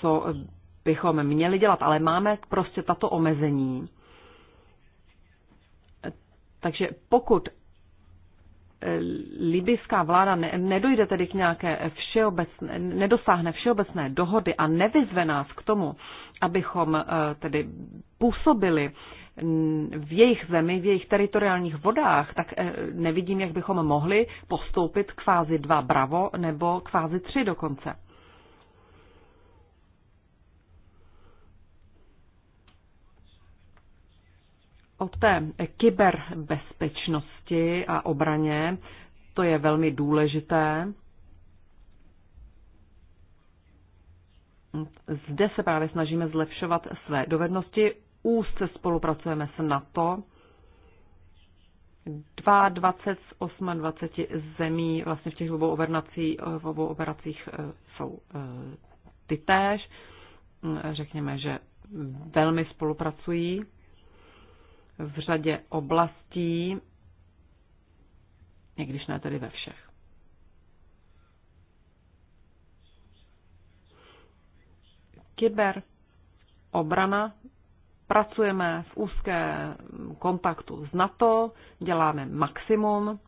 co bychom měli dělat, ale máme prostě tato omezení. Takže pokud libyská vláda ne, nedojde tedy k nějaké všeobecné, nedosáhne všeobecné dohody a nevyzve nás k tomu, abychom eh, tedy působili v jejich zemi, v jejich teritoriálních vodách, tak eh, nevidím, jak bychom mohli postoupit k fázi 2 Bravo nebo k fázi 3 dokonce. o té kyberbezpečnosti a obraně, to je velmi důležité. Zde se právě snažíme zlepšovat své dovednosti. Úzce spolupracujeme s NATO. 22 z 28 zemí vlastně v těch obou, operací, v obou operacích eh, jsou eh, ty též. Řekněme, že velmi spolupracují v řadě oblastí, i když ne tedy ve všech. Kyber, obrana, pracujeme v úzké kontaktu s NATO, děláme maximum.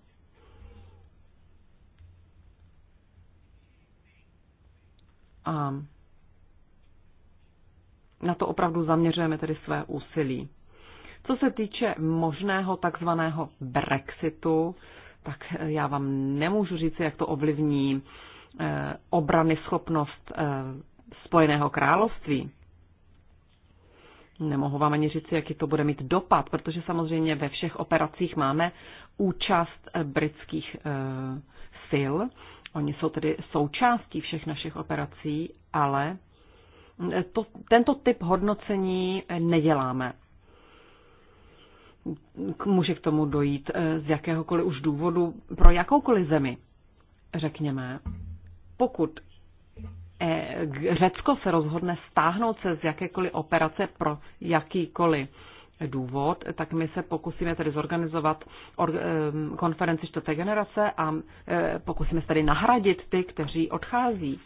A na to opravdu zaměřujeme tedy své úsilí. Co se týče možného takzvaného Brexitu, tak eh, já vám nemůžu říct, jak to ovlivní eh, obrany schopnost eh, Spojeného království. Nemohu vám ani říct, jaký to bude mít dopad, protože samozřejmě ve všech operacích máme účast britských sil. Oni jsou tedy součástí všech našich operací, ale mm, to, tento typ hodnocení neděláme. Může k tomu dojít eh, z jakéhokoliv už důvodu pro jakoukoliv zemi, řekněme. Pokud eh, Řecko se rozhodne stáhnout se z jakékoliv operace pro jakýkoliv důvod, tak my se pokusíme tedy zorganizovat eh, konferenci čtvrté generace a pokusíme se tedy nahradit ty, kteří odchází.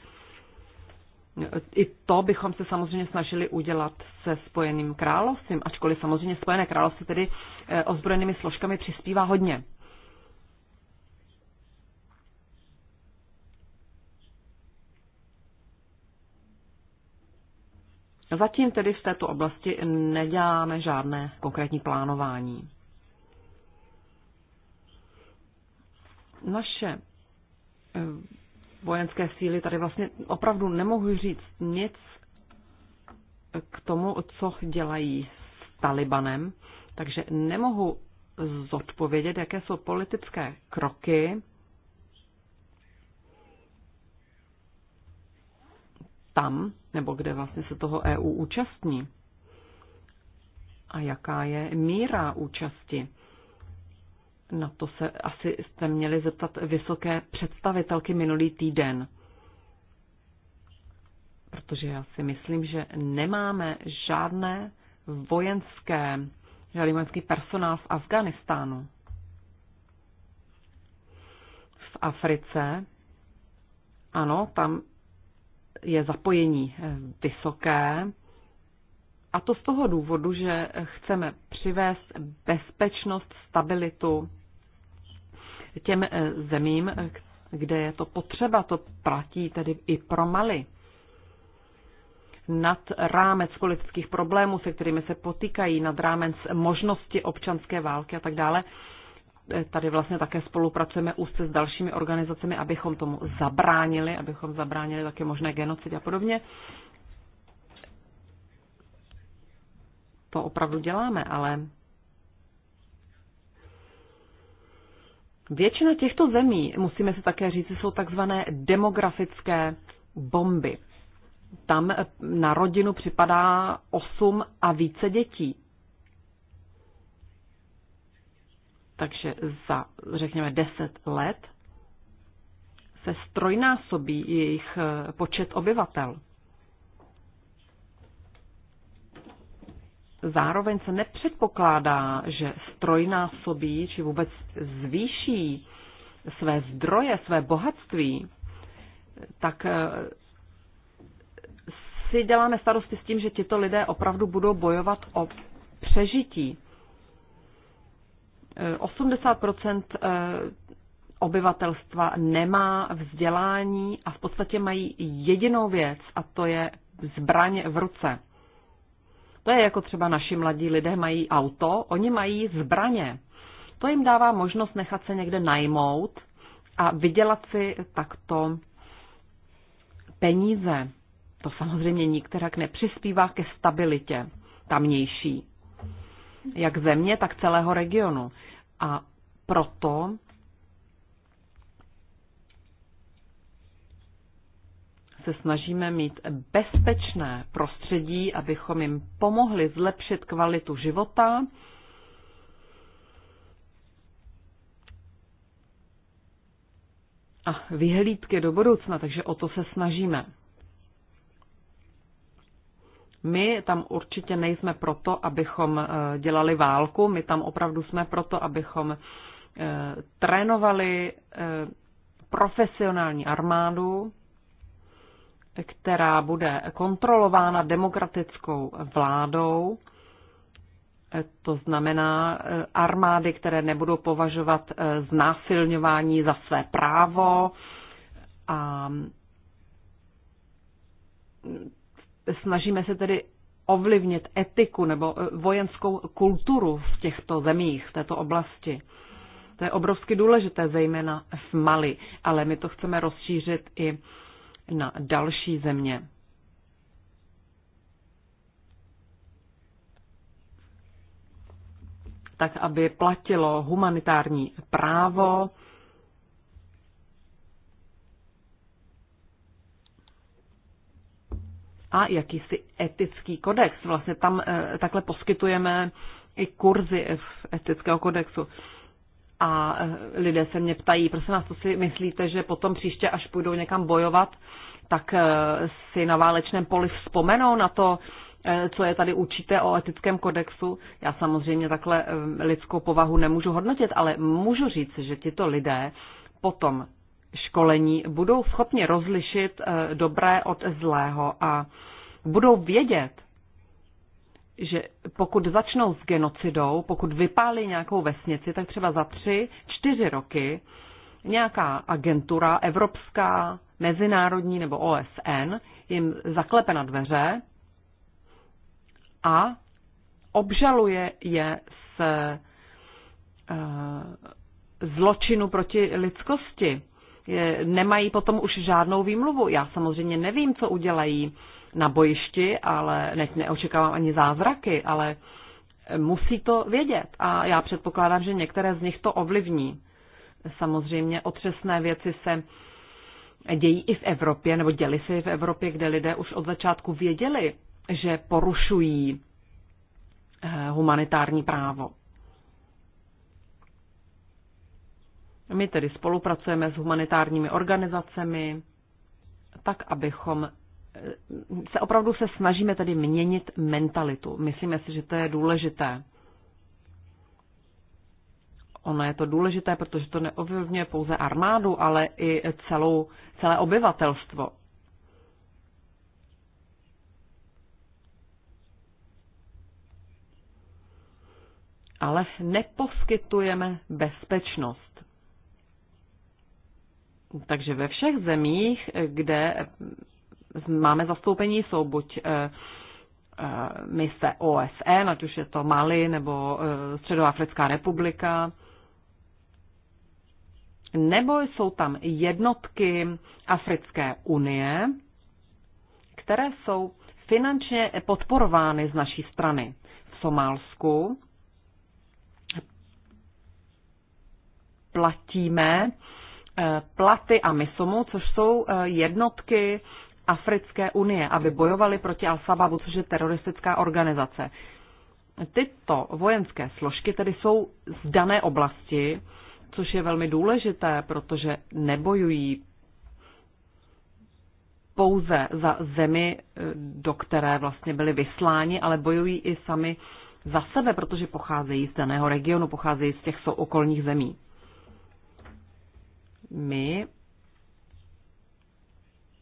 I to bychom se samozřejmě snažili udělat se Spojeným královstvím, ačkoliv samozřejmě Spojené království tedy eh, ozbrojenými složkami přispívá hodně. Zatím tedy v této oblasti neděláme žádné konkrétní plánování. Naše eh, vojenské síly, tady vlastně opravdu nemohu říct nic k tomu, co dělají s Talibanem, takže nemohu zodpovědět, jaké jsou politické kroky. tam, nebo kde vlastně se toho EU účastní a jaká je míra účasti. Na to se asi jste měli zeptat vysoké představitelky minulý týden. Protože já si myslím, že nemáme žádné vojenské, žádný vojenský personál v Afganistánu. V Africe, ano, tam je zapojení vysoké, a to z toho důvodu, že chceme přivést bezpečnost, stabilitu těm eh, zemím, kde je to potřeba. To platí tedy i pro Mali. Nad rámec politických problémů, se kterými se potýkají, nad rámec možnosti občanské války a tak dále, eh, tady vlastně také spolupracujeme úzce s dalšími organizacemi, abychom tomu zabránili, abychom zabránili také možné genocidy a podobně. To opravdu děláme, ale Většina těchto zemí, musíme si také říct, jsou takzvané demografické bomby. Tam eh, na rodinu připadá 8 a více dětí. Takže za, řekněme, 10 let se strojnásobí jejich eh, počet obyvatel. zároveň se nepředpokládá, že strojnásobí či vůbec zvýší své zdroje, své bohatství, tak eh, si děláme starosti s tím, že tito lidé opravdu budou bojovat o přežití. 80 eh, eh, obyvatelstva nemá vzdělání a v podstatě mají jedinou věc a to je zbraň v ruce. To je jako třeba naši mladí lidé mají auto, oni mají zbraně. To jim dává možnost nechat se někde najmout a vydělat si takto peníze. To samozřejmě nikterak nepřispívá ke stabilitě tamnější, jak země, tak celého regionu. A proto se snažíme mít bezpečné prostředí, abychom jim pomohli zlepšit kvalitu života. A vyhlídky do budoucna, takže o to se snažíme. My tam určitě nejsme proto, abychom eh, dělali válku, my tam opravdu jsme proto, abychom eh, trénovali eh, profesionální armádu, která bude kontrolována demokratickou vládou, eh, to znamená eh, armády, které nebudou považovat eh, znásilňování za své právo a mm, snažíme se tedy ovlivnit etiku nebo vojenskou kulturu v těchto zemích, v této oblasti. To je obrovsky důležité, zejména v Mali, ale my to chceme rozšířit i na další země. tak aby platilo humanitární právo, a jakýsi etický kodex. Vlastně tam eh, takhle poskytujeme i kurzy v etického kodexu a eh, lidé se mě ptají, prosím vás, co si myslíte, že potom příště, až půjdou někam bojovat, tak eh, si na válečném poli vzpomenou na to, eh, co je tady určité o etickém kodexu. Já samozřejmě takhle lidskou povahu nemůžu hodnotit, ale můžu říct, že tito lidé potom školení budou schopni rozlišit dobré od zlého a budou vědět, že pokud začnou s genocidou, pokud vypálí nějakou vesnici, tak třeba za tři, čtyři roky nějaká agentura evropská, mezinárodní nebo OSN jim zaklepe na dveře a obžaluje je z e, zločinu proti lidskosti. Je, nemají potom už žádnou výmluvu. Já samozřejmě nevím, co udělají na bojišti, ale ne, neočekávám ani zázraky, ale musí to vědět. A já předpokládám, že některé z nich to ovlivní. Samozřejmě otřesné věci se dějí i v Evropě, nebo děli se i v Evropě, kde lidé už od začátku věděli, že porušují eh, humanitární právo. My tedy spolupracujeme s humanitárními organizacemi, tak abychom se opravdu se snažíme tady měnit mentalitu. Myslíme si, že to je důležité. Ono je to důležité, protože to neovlivňuje pouze armádu, ale i celou, celé obyvatelstvo. Ale neposkytujeme bezpečnost. Takže ve všech zemích, kde máme zastoupení, jsou buď eh, eh, mise OSN, ať už je to Mali nebo eh, Středoafrická republika, nebo jsou tam jednotky Africké unie, které jsou finančně podporovány z naší strany v Somálsku. Platíme platy a misomu, což jsou jednotky Africké unie, aby bojovali proti Al-Sababu, což je teroristická organizace. Tyto vojenské složky tedy jsou z dané oblasti, což je velmi důležité, protože nebojují pouze za zemi, do které vlastně byli vysláni, ale bojují i sami za sebe, protože pocházejí z daného regionu, pocházejí z těch okolních zemí. My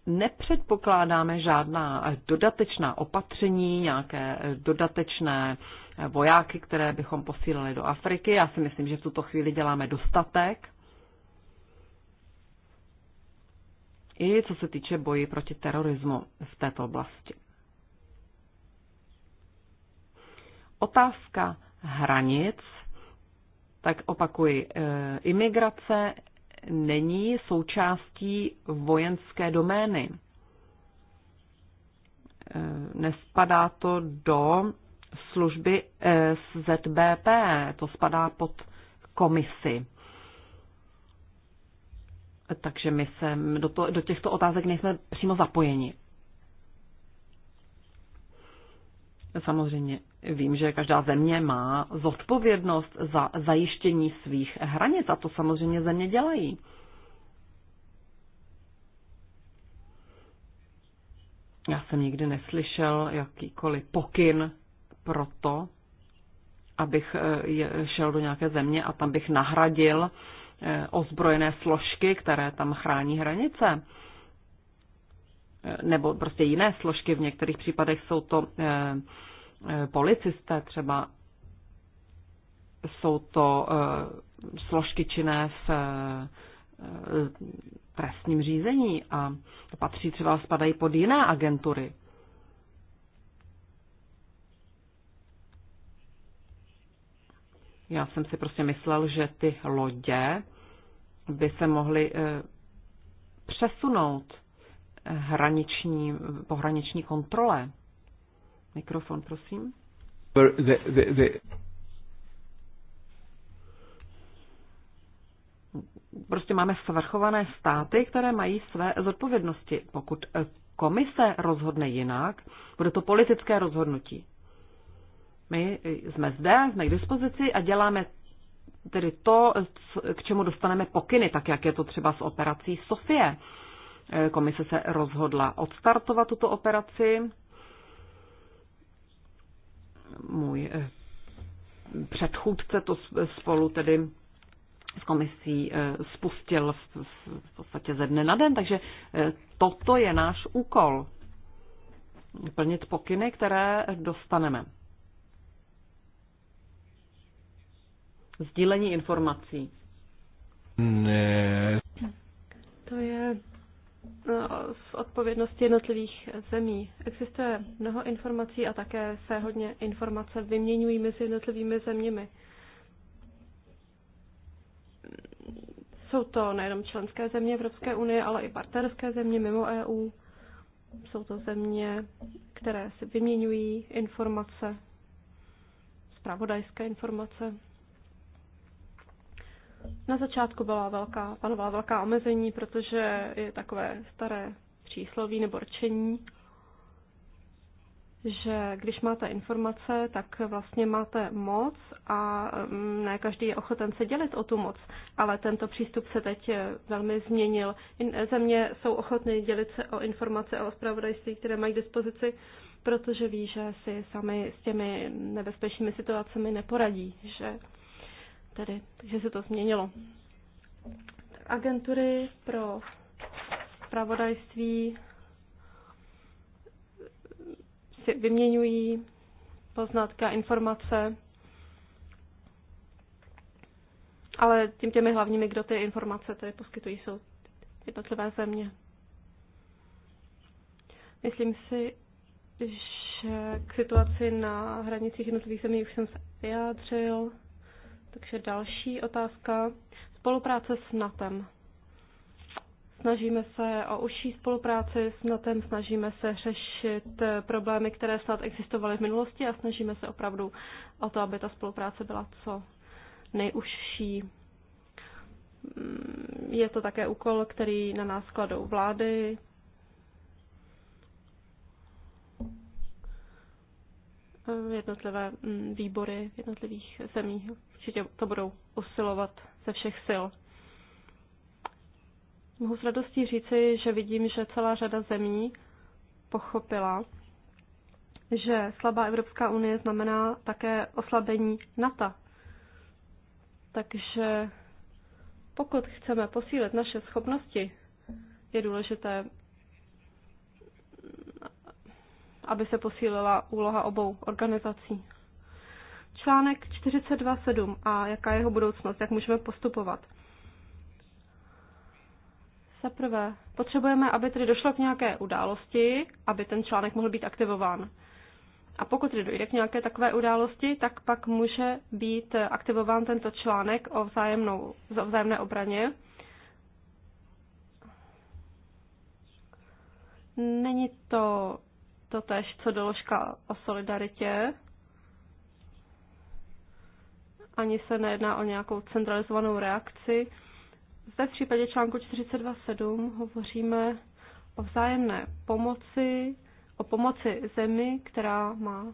nepředpokládáme žádná dodatečná opatření, nějaké dodatečné vojáky, které bychom posílali do Afriky. Já si myslím, že v tuto chvíli děláme dostatek. I co se týče boji proti terorismu v této oblasti. Otázka hranic, tak opakuji, eh, imigrace není součástí vojenské domény. Eh, nespadá to do služby eh, ZBP, to spadá pod komisi. Takže my se do, to, do těchto otázek nejsme přímo zapojeni. Samozřejmě vím, že každá země má zodpovědnost za zajištění svých hranic a to samozřejmě země dělají. Já jsem nikdy neslyšel jakýkoliv pokyn pro to, abych eh, šel do nějaké země a tam bych nahradil eh, ozbrojené složky, které tam chrání hranice. Eh, nebo prostě jiné složky, v některých případech jsou to eh, eh, policisté třeba, jsou to složky činné v trestním řízení a patří třeba, spadají pod jiné agentury. Já jsem si prostě myslel, že ty lodě by se mohly přesunout hraniční, pohraniční kontrole. Mikrofon, prosím. The, the, the... Prostě máme svrchované státy, které mají své zodpovědnosti. Pokud komise rozhodne jinak, bude to politické rozhodnutí. My jsme zde, jsme k dispozici a děláme tedy to, k čemu dostaneme pokyny, tak jak je to třeba s operací Sofie. Komise se rozhodla odstartovat tuto operaci. Můj eh, předchůdce to spolu tedy s komisí eh, spustil v podstatě ze dne na den, takže eh, toto je náš úkol. Plnit pokyny, které dostaneme. Sdílení informací. Ne. To je z no, odpovědnosti jednotlivých zemí. Existuje mnoho informací a také se hodně informace vyměňují mezi jednotlivými zeměmi. Jsou to nejenom členské země Evropské unie, ale i partnerské země mimo EU. Jsou to země, které si vyměňují informace, zpravodajské informace. Na začátku byla velká, panovala velká omezení, protože je takové staré přísloví nebo rčení, že když máte informace, tak vlastně máte moc a mm, ne každý je ochoten se dělit o tu moc, ale tento přístup se teď eh, velmi změnil. Eh, země jsou ochotny dělit se o informace a o zpravodajství, které mají k dispozici, protože ví, že si sami s těmi nebezpečnými situacemi neporadí, že tedy, takže se to změnilo. Agentury pro pravodajství si vyměňují poznatky a informace, ale tím těmi hlavními, kdo ty informace tedy poskytují, jsou jednotlivé země. Myslím si, že k situaci na hranicích jednotlivých zemí už jsem se vyjádřil. Takže další otázka. Spolupráce s NATem. Snažíme se o užší spolupráci s NATem, snažíme se řešit problémy, které snad existovaly v minulosti a snažíme se opravdu o to, aby ta spolupráce byla co nejužší. Mm, je to také úkol, který na nás kladou vlády, Eh, jednotlivé mm, výbory v jednotlivých zemích určitě to budou usilovat ze všech sil. Mohu s radostí říci, že vidím, že celá řada zemí pochopila, že slabá Evropská unie znamená také oslabení NATO. Takže pokud chceme posílit naše schopnosti, je důležité aby se posílila úloha obou organizací. Článek 42.7 a jaká je jeho budoucnost, jak můžeme postupovat. Za prvé, potřebujeme, aby tedy došlo k nějaké události, aby ten článek mohl být aktivován. A pokud tedy dojde k nějaké takové události, tak pak může být aktivován tento článek o, vzájemnou, o vzájemné obraně. Není to to tež, co doložka o solidaritě. Ani se nejedná o nějakou centralizovanou reakci. Zde v případě článku 42.7 hovoříme o vzájemné pomoci, o pomoci zemi, která má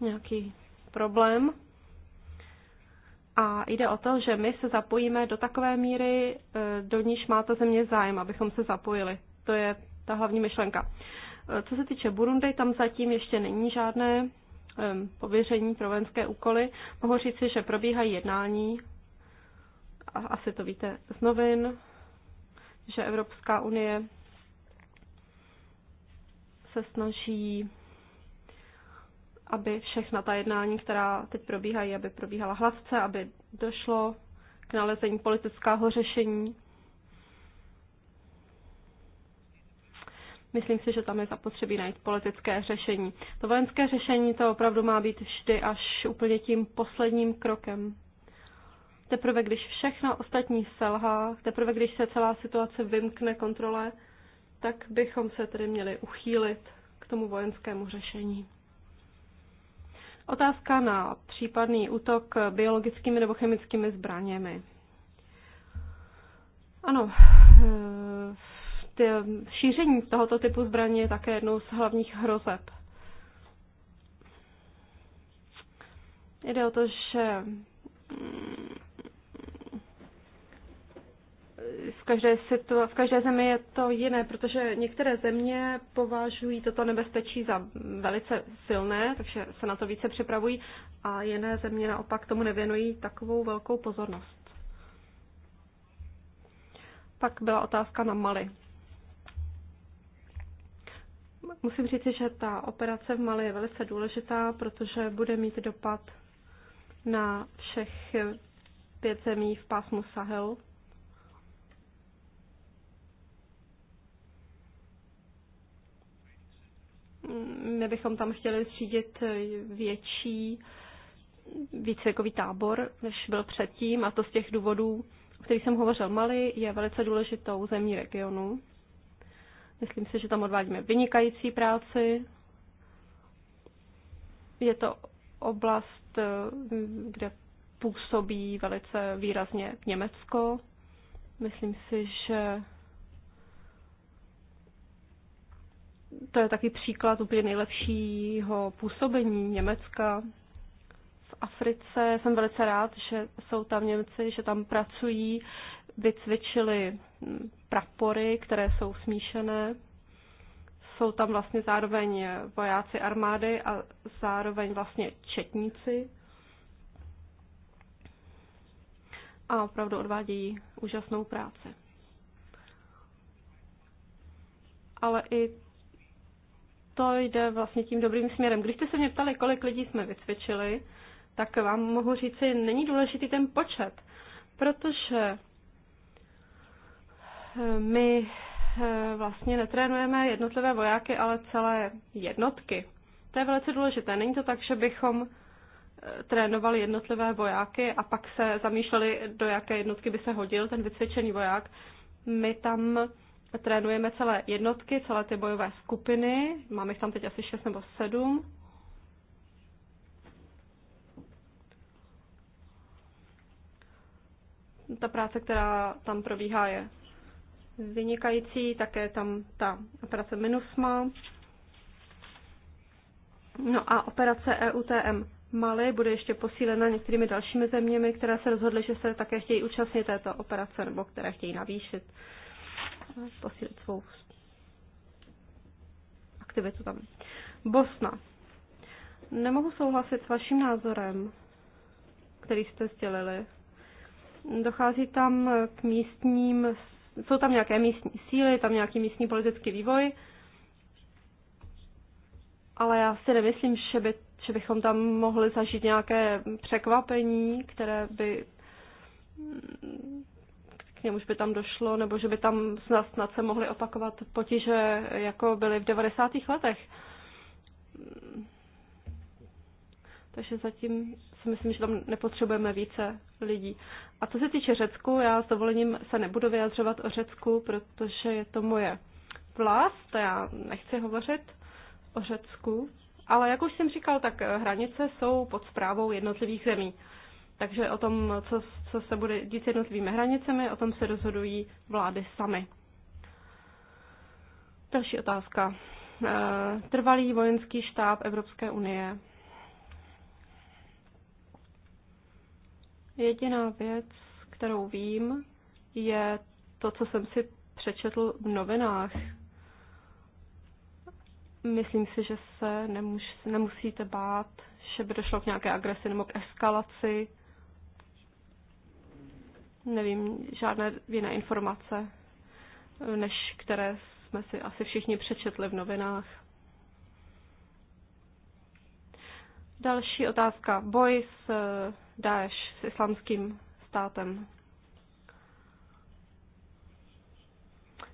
nějaký problém. A jde o to, že my se zapojíme do takové míry, eh, do níž má ta země zájem, abychom se zapojili. To je ta hlavní myšlenka. Eh, co se týče Burundi, tam zatím ještě není žádné pověření pro vojenské úkoly. Mohu říci, že probíhají jednání, a asi to víte z novin, že Evropská unie se snaží, aby všechna ta jednání, která teď probíhají, aby probíhala hladce, aby došlo k nalezení politického řešení Myslím si, že tam je zapotřebí najít politické řešení. To vojenské řešení to opravdu má být vždy až úplně tím posledním krokem. Teprve když všechno ostatní selhá, teprve když se celá situace vymkne kontrole, tak bychom se tedy měli uchýlit k tomu vojenskému řešení. Otázka na případný útok biologickými nebo chemickými zbraněmi. Ano, ty, eh, šíření tohoto typu zbraní je také jednou z hlavních hrozeb. Jde o to, že mm, v každé, situa- v každé zemi je to jiné, protože některé země považují toto nebezpečí za velice silné, takže se na to více připravují a jiné země naopak tomu nevěnují takovou velkou pozornost. Pak byla otázka na Mali. Musím říct, že ta operace v Mali je velice důležitá, protože bude mít dopad na všech pět zemí v pásmu Sahel. My bychom tam chtěli zřídit větší výcvikový tábor, než byl předtím, a to z těch důvodů, o kterých jsem hovořil. Mali je velice důležitou zemí regionu. Myslím si, že tam odvádíme vynikající práci. Je to oblast, eh, kde působí velice výrazně Německo. Myslím si, že to je taky příklad úplně nejlepšího působení Německa v Africe. Jsem velice rád, že jsou tam Němci, že tam pracují, vycvičili prapory, které jsou smíšené. Jsou tam vlastně zároveň vojáci armády a zároveň vlastně četníci. A opravdu odvádějí úžasnou práci. Ale i to jde vlastně tím dobrým směrem. Když jste se mě ptali, kolik lidí jsme vycvičili, tak vám mohu říct, že není důležitý ten počet, protože my eh, vlastně netrénujeme jednotlivé vojáky, ale celé jednotky. To je velice důležité. Není to tak, že bychom eh, trénovali jednotlivé vojáky a pak se zamýšleli, do jaké jednotky by se hodil ten vycvičený voják. My tam trénujeme celé jednotky, celé ty bojové skupiny. Máme jich tam teď asi 6 nebo 7. Ta práce, která tam probíhá, je vynikající, také tam ta operace MINUSMA. No a operace EUTM Mali bude ještě posílena některými dalšími zeměmi, které se rozhodly, že se také chtějí účastnit této operace nebo které chtějí navýšit, posílit svou aktivitu tam. Bosna. Nemohu souhlasit s vaším názorem, který jste sdělili. Dochází tam k místním jsou tam nějaké místní síly, tam nějaký místní politický vývoj, ale já si nemyslím, že, by, že bychom tam mohli zažít nějaké překvapení, které by k němuž by tam došlo, nebo že by tam snad, snad se mohly opakovat potíže, jako byly v 90. letech. Takže zatím si myslím, že tam nepotřebujeme více lidí. A co se týče Řecku, já s dovolením se nebudu vyjadřovat o Řecku, protože je to moje vlast, já nechci hovořit o Řecku, ale jak už jsem říkal, tak hranice jsou pod zprávou jednotlivých zemí. Takže o tom, co, co se bude dít s jednotlivými hranicemi, o tom se rozhodují vlády samy. Další otázka. Eh, trvalý vojenský štáb Evropské unie Jediná věc, kterou vím, je to, co jsem si přečetl v novinách. Myslím si, že se nemusíte bát, že by došlo k nějaké agresi nebo k eskalaci. Nevím, žádné jiné informace, než které jsme si asi všichni přečetli v novinách. Další otázka. Boj s Daesh, s islamským státem.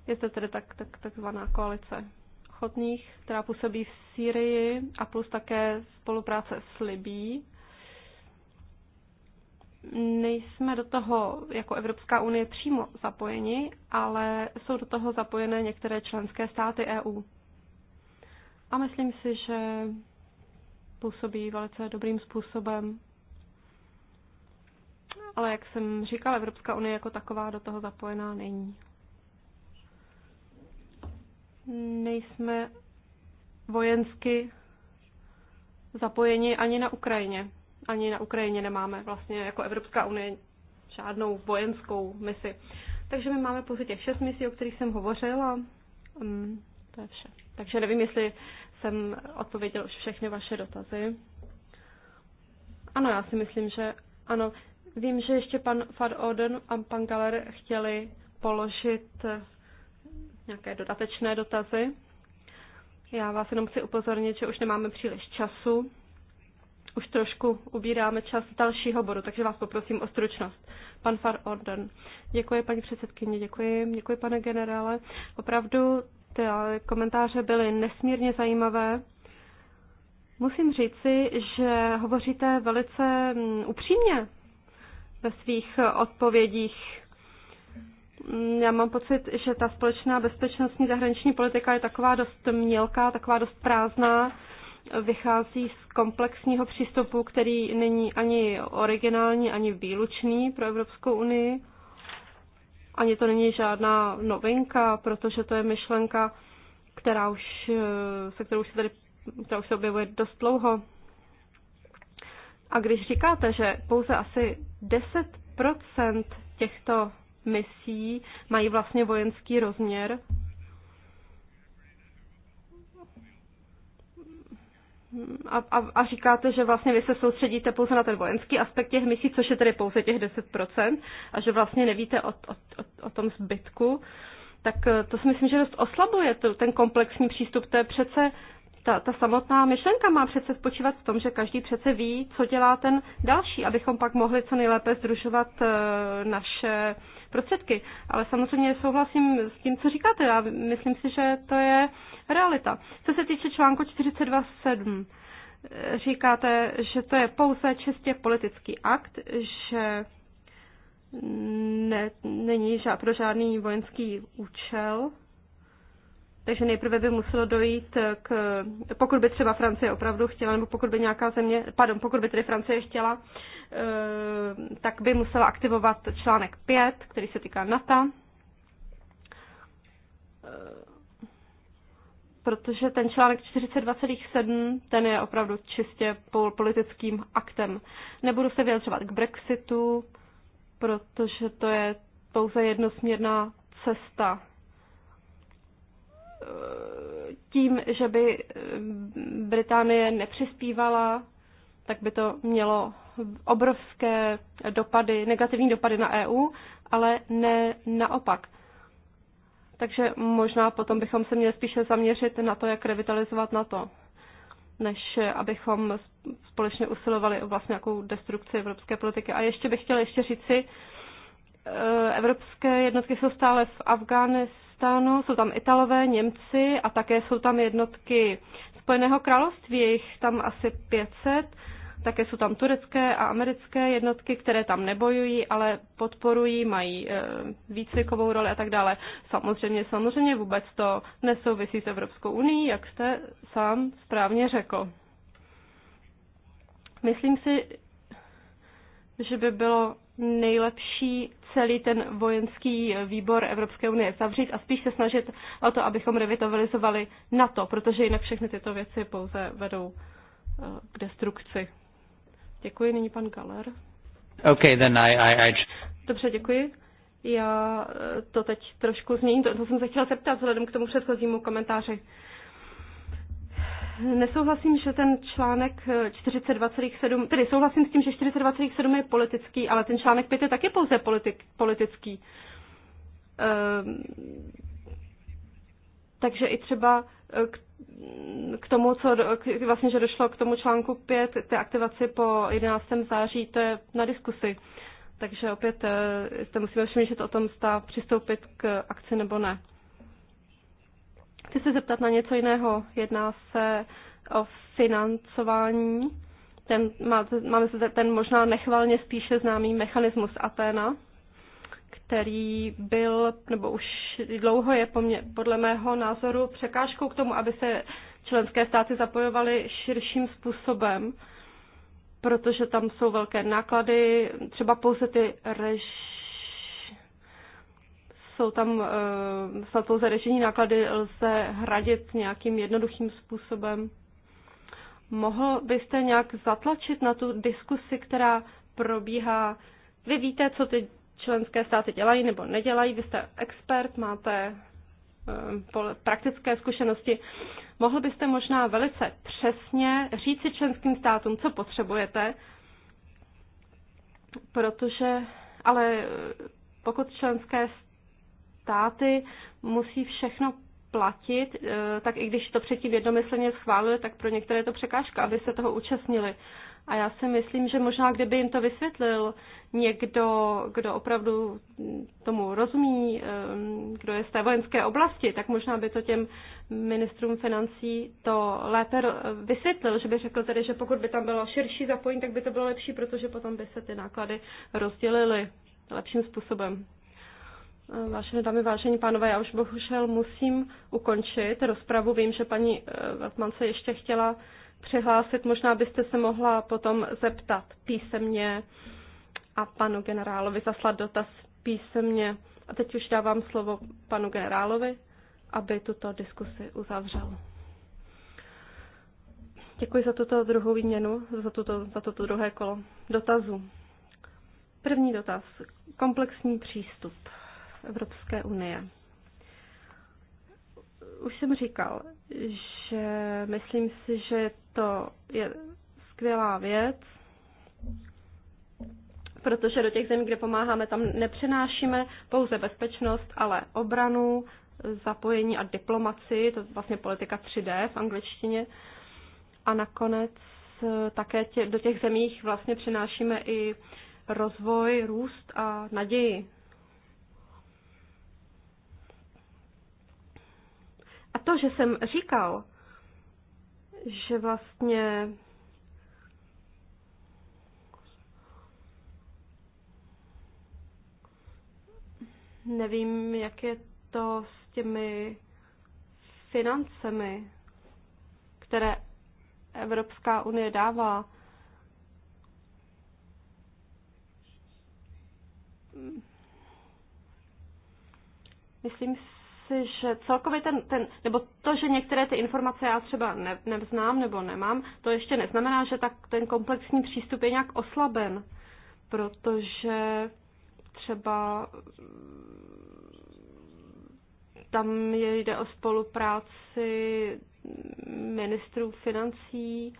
Je to tedy tak, tak, takzvaná koalice ochotných, která působí v Sýrii a plus také spolupráce s Libí. Nejsme do toho jako Evropská unie přímo zapojeni, ale jsou do toho zapojené některé členské státy EU. A myslím si, že působí velice dobrým způsobem ale jak jsem říkal, Evropská unie jako taková do toho zapojená není. Nejsme vojensky zapojeni ani na Ukrajině. Ani na Ukrajině nemáme vlastně jako Evropská unie žádnou vojenskou misi. Takže my máme pouze těch šest misí, o kterých jsem hovořila. um, to je vše. Takže nevím, jestli jsem odpověděl už všechny vaše dotazy. Ano, já si myslím, že ano. Vím, že ještě pan Fad Oden a pan Galer chtěli položit eh, nějaké dodatečné dotazy. Já vás jenom chci upozornit, že už nemáme příliš času. Už trošku ubíráme čas dalšího bodu, takže vás poprosím o stručnost. Pan Far Orden. Děkuji, paní předsedkyně, děkuji, děkuji, pane generále. Opravdu ty eh, komentáře byly nesmírně zajímavé. Musím říci, že hovoříte velice mm, upřímně ve svých odpovědích. Já mám pocit, že ta společná bezpečnostní zahraniční politika je taková dost mělká, taková dost prázdná, vychází z komplexního přístupu, který není ani originální, ani výlučný pro Evropskou unii. Ani to není žádná novinka, protože to je myšlenka, která už, se kterou se tady která už se objevuje dost dlouho. A když říkáte, že pouze asi 10 těchto misí mají vlastně vojenský rozměr. A, a, a říkáte, že vlastně vy se soustředíte pouze na ten vojenský aspekt těch misí, což je tedy pouze těch 10%, a že vlastně nevíte o, o, o, o tom zbytku, tak eh, to si myslím, že dost oslabuje to, ten komplexní přístup. To je přece ta, ta samotná myšlenka má přece spočívat v tom, že každý přece ví, co dělá ten další, abychom pak mohli co nejlépe združovat eh, naše prostředky. Ale samozřejmě souhlasím s tím, co říkáte. Já myslím si, že to je realita. Co se týče článku 42.7, eh, říkáte, že to je pouze čistě politický akt, že ne, není žád pro žádný vojenský účel. Takže nejprve by muselo dojít k, pokud by třeba Francie opravdu chtěla, nebo pokud by nějaká země, pardon, pokud by tedy Francie chtěla, eh, tak by musela aktivovat článek 5, který se týká NATO, eh, protože ten článek 42,7, ten je opravdu čistě politickým aktem. Nebudu se vyjadřovat k Brexitu, protože to je pouze jednosměrná cesta Eh, tím, že by eh, Británie nepřispívala, tak by to mělo obrovské dopady, negativní dopady na EU, ale ne naopak. Takže možná potom bychom se měli spíše zaměřit na to, jak revitalizovat to, než abychom společně usilovali o vlastně nějakou destrukci evropské politiky. A ještě bych chtěla ještě říci, eh, evropské jednotky jsou stále v Afghánistánu, Afganistánu, jsou tam Italové, Němci a také jsou tam jednotky Spojeného království, je jich tam asi 500. Také jsou tam turecké a americké jednotky, které tam nebojují, ale podporují, mají e, výcvikovou roli a tak dále. Samozřejmě, samozřejmě vůbec to nesouvisí s Evropskou unii, jak jste sám správně řekl. Myslím si, že by bylo nejlepší celý ten vojenský výbor Evropské unie zavřít a spíš se snažit o to, abychom revitalizovali NATO, protože jinak všechny tyto věci pouze vedou eh, k destrukci. Děkuji, nyní pan Galer. Okay, then I, I, I... Dobře, děkuji. Já eh, to teď trošku změním, to, to jsem se chtěla zeptat vzhledem k tomu předchozímu komentáři. Nesouhlasím, že ten článek 42,7, eh, tedy souhlasím s tím, že 42,7 je politický, ale ten článek 5 je taky pouze politik, politický. Ehm, takže i třeba eh, k, k tomu, co k, vlastně, že došlo k tomu článku 5, té aktivaci po 11. září, to je na diskusi. Takže opět to eh, musíme všimnit o tom, stá přistoupit k akci nebo ne. Chci se zeptat na něco jiného. Jedná se o financování. Ten, máme se ten možná nechvalně spíše známý mechanismus Atena, který byl, nebo už dlouho je pomě, podle mého názoru překážkou k tomu, aby se členské státy zapojovaly širším způsobem, protože tam jsou velké náklady, třeba pouze ty režimy jsou tam za eh, to zadešení náklady, lze hradit nějakým jednoduchým způsobem. Mohl byste nějak zatlačit na tu diskusi, která probíhá? Vy víte, co ty členské státy dělají nebo nedělají, vy jste expert, máte eh, praktické zkušenosti. Mohl byste možná velice přesně říci členským státům, co potřebujete, protože, ale eh, pokud členské státy musí všechno platit, eh, tak i když to předtím jednomyslně schválili, tak pro některé je to překážka, aby se toho účastnili. A já si myslím, že možná kdyby jim to vysvětlil někdo, kdo opravdu tomu rozumí, eh, kdo je z té vojenské oblasti, tak možná by to těm ministrům financí to lépe vysvětlil, že by řekl tedy, že pokud by tam bylo širší zapojení, tak by to bylo lepší, protože potom by se ty náklady rozdělily lepším způsobem. Vážené dámy, vážení pánové, já už bohužel musím ukončit rozpravu. Vím, že paní Vatman eh, se ještě chtěla přihlásit. Možná byste se mohla potom zeptat písemně a panu generálovi zaslat dotaz písemně. A teď už dávám slovo panu generálovi, aby tuto diskusi uzavřel. Děkuji za tuto druhou výměnu, za, tuto, za toto druhé kolo dotazu. První dotaz. Komplexní přístup. Evropské unie. Už jsem říkal, že myslím si, že to je skvělá věc, protože do těch zemí, kde pomáháme, tam nepřenášíme pouze bezpečnost, ale obranu, zapojení a diplomaci, to je vlastně politika 3D v angličtině. A nakonec eh, také tě, do těch zemích vlastně přinášíme i rozvoj, růst a naději. A to, že jsem říkal, že vlastně nevím, jak je to s těmi financemi, které Evropská unie dává. Myslím si, že celkově ten, ten, nebo to, že některé ty informace já třeba ne, neznám nebo nemám, to ještě neznamená, že tak ten komplexní přístup je nějak oslaben, protože třeba mm, tam jde o spolupráci ministrů financí.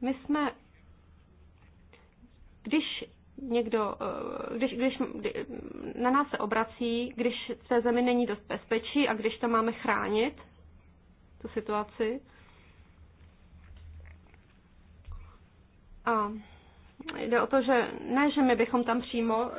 My jsme, když někdo, eh, když, když na nás se obrací, když v té zemi není dost bezpečí a když to máme chránit, tu situaci. A jde o to, že ne, že my bychom tam přímo eh,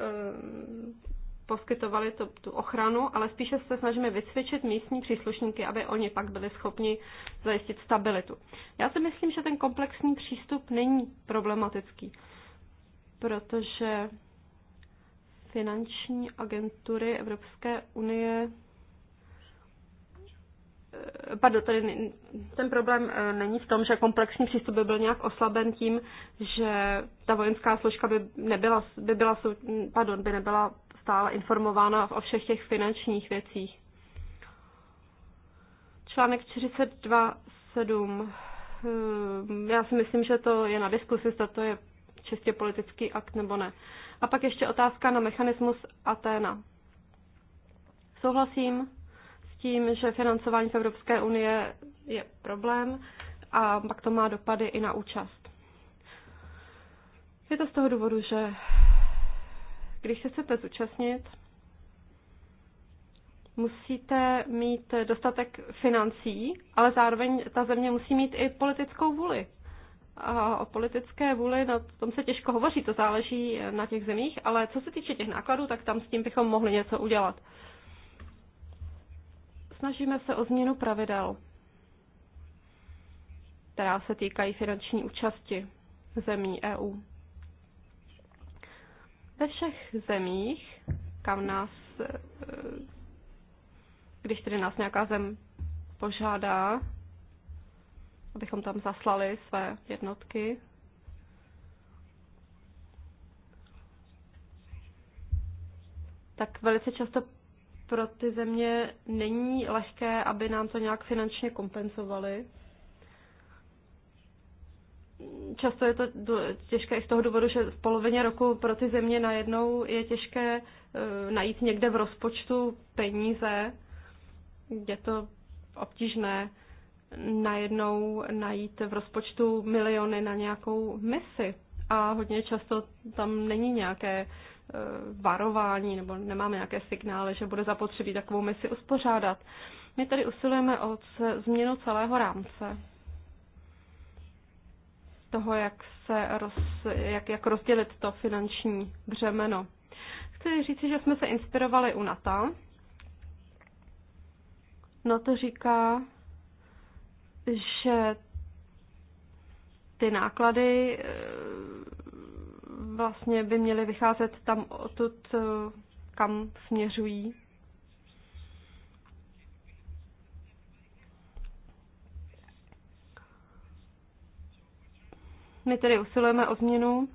poskytovali to, tu ochranu, ale spíše se snažíme vycvičit místní příslušníky, aby oni pak byli schopni zajistit stabilitu. Já si myslím, že ten komplexní přístup není problematický protože finanční agentury Evropské unie eh, Pardon, tady ten problém eh, není v tom, že komplexní přístup by byl nějak oslaben tím, že ta vojenská složka by nebyla, by byla, pardon, by nebyla stále informována o všech těch finančních věcích. Článek 42.7. Eh, já si myslím, že to je na diskusi, zda to je čistě politický akt nebo ne. A pak ještě otázka na mechanismus Aténa. Souhlasím s tím, že financování z Evropské unie je problém a pak to má dopady i na účast. Je to z toho důvodu, že když se chcete zúčastnit, musíte mít dostatek financí, ale zároveň ta země musí mít i politickou vůli. A o politické vůli, no, tom se těžko hovoří, to záleží na těch zemích, ale co se týče těch nákladů, tak tam s tím bychom mohli něco udělat. Snažíme se o změnu pravidel, která se týkají finanční účasti zemí EU. Ve všech zemích, kam nás, eh, když tedy nás nějaká zem požádá abychom tam zaslali své jednotky. Tak velice často pro ty země není lehké, aby nám to nějak finančně kompenzovali. Často je to těžké i z toho důvodu, že v polovině roku pro ty země najednou je těžké e, najít někde v rozpočtu peníze. Je to obtížné najednou najít v rozpočtu miliony na nějakou misi. A hodně často tam není nějaké e, varování nebo nemáme nějaké signály, že bude zapotřebí takovou misi uspořádat. My tady usilujeme o změnu celého rámce toho, jak, se roz, jak, jak rozdělit to finanční břemeno. Chci říci, že jsme se inspirovali u NATO. NATO říká, že ty náklady eh, vlastně by měly vycházet tam odtud, eh, kam směřují. My tedy usilujeme o změnu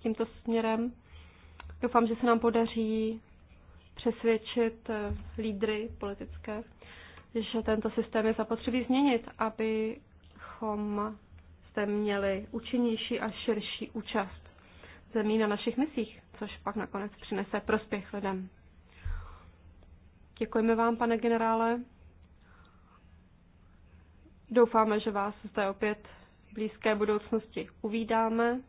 tímto směrem. Doufám, že se nám podaří přesvědčit eh, lídry politické že tento systém je zapotřebí změnit, abychom jste měli účinnější a širší účast zemí na našich misích, což pak nakonec přinese prospěch lidem. Děkujeme vám, pane generále. Doufáme, že vás zde opět v blízké budoucnosti uvídáme.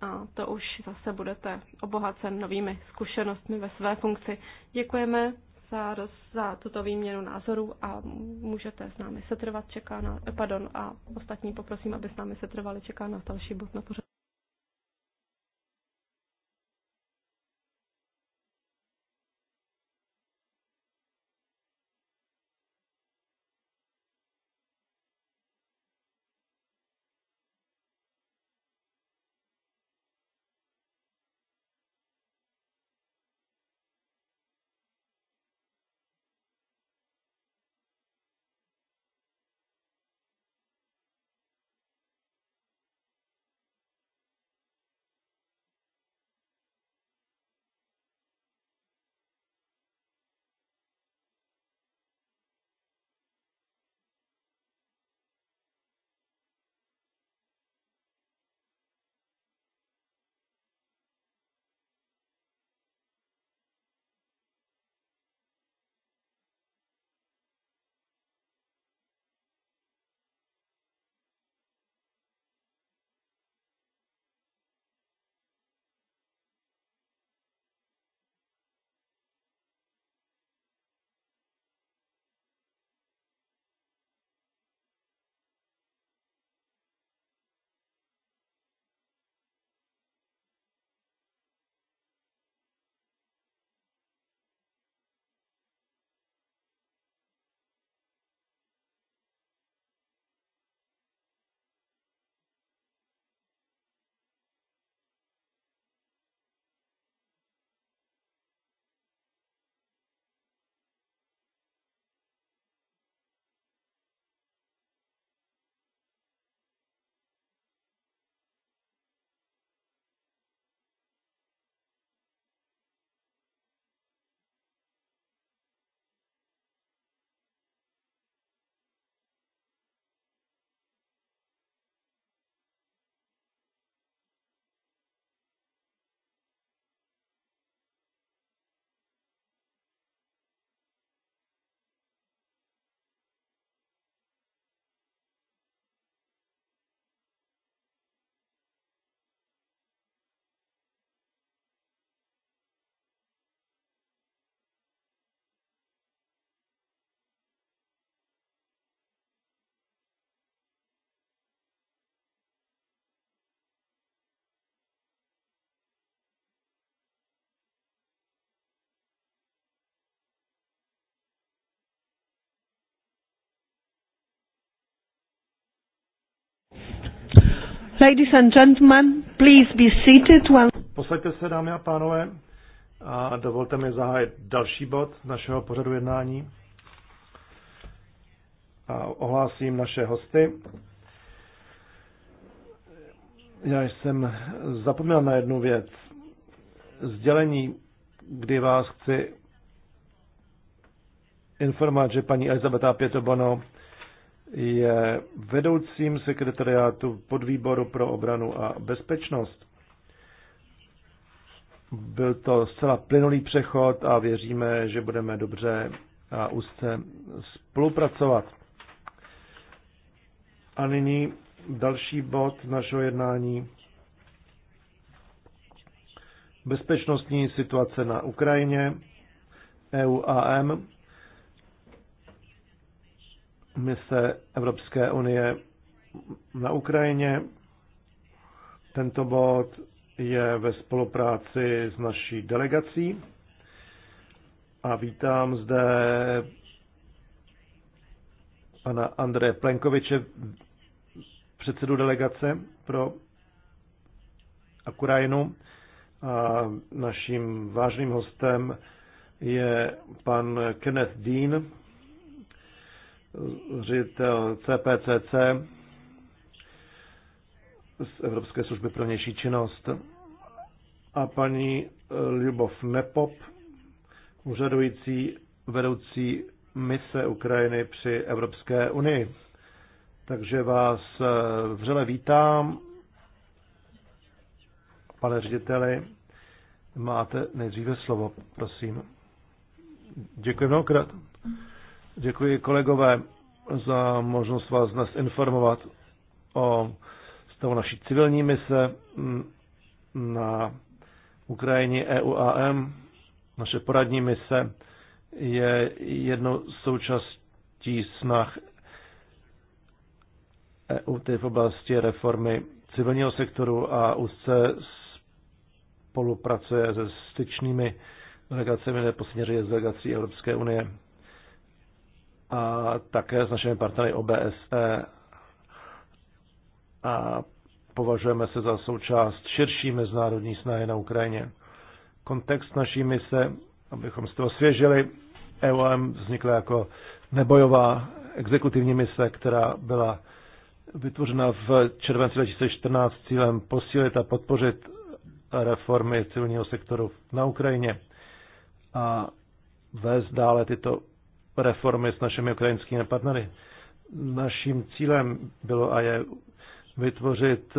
A to už zase budete obohacen novými zkušenostmi ve své funkci. Děkujeme za, za tuto výměnu názorů a můžete s námi setrvat, čeká na, pardon, a ostatní poprosím, aby s námi setrvali, čeká na další bod na pořád. Ladies and gentlemen, please be seated. One... Posaďte se, dámy a pánové, a dovolte mi zahájit další bod našeho pořadu jednání. A ohlásím naše hosty. Já jsem zapomněl na jednu věc. Sdělení, kdy vás chci informovat, že paní Elizabeta Pětobono je vedoucím sekretariátu podvýboru pro obranu a bezpečnost. Byl to zcela plynulý přechod a věříme, že budeme dobře a úzce spolupracovat. A nyní další bod našeho jednání. Bezpečnostní situace na Ukrajině, EUAM mise Evropské unie na Ukrajině. Tento bod je ve spolupráci s naší delegací a vítám zde pana Andreje Plenkoviče, předsedu delegace pro Ukrajinu. A naším vážným hostem je pan Kenneth Dean, ředitel CPCC z Evropské služby pro vnější činnost a paní eh, Ljubov Nepop, úřadující vedoucí mise Ukrajiny při Evropské unii. Takže vás eh, vřele vítám. Pane řediteli, máte nejdříve slovo, prosím. Děkuji mnohokrát. Děkuji kolegové za možnost vás dnes informovat o stavu naší civilní mise na Ukrajině EUAM. Naše poradní mise je jednou součástí snah EU v oblasti reformy civilního sektoru a úzce spolupracuje se styčnými delegacemi, nebo s delegací Evropské unie a také s našimi partnery OBSE a považujeme se za součást širší mezinárodní snahy na Ukrajině. Kontext naší mise, abychom si to osvěžili, EOM vznikla jako nebojová exekutivní mise, která byla vytvořena v červenci 2014 s cílem posílit a podpořit reformy civilního sektoru na Ukrajině a vést dále tyto reformy s našimi ukrajinskými partnery. Naším cílem bylo a je vytvořit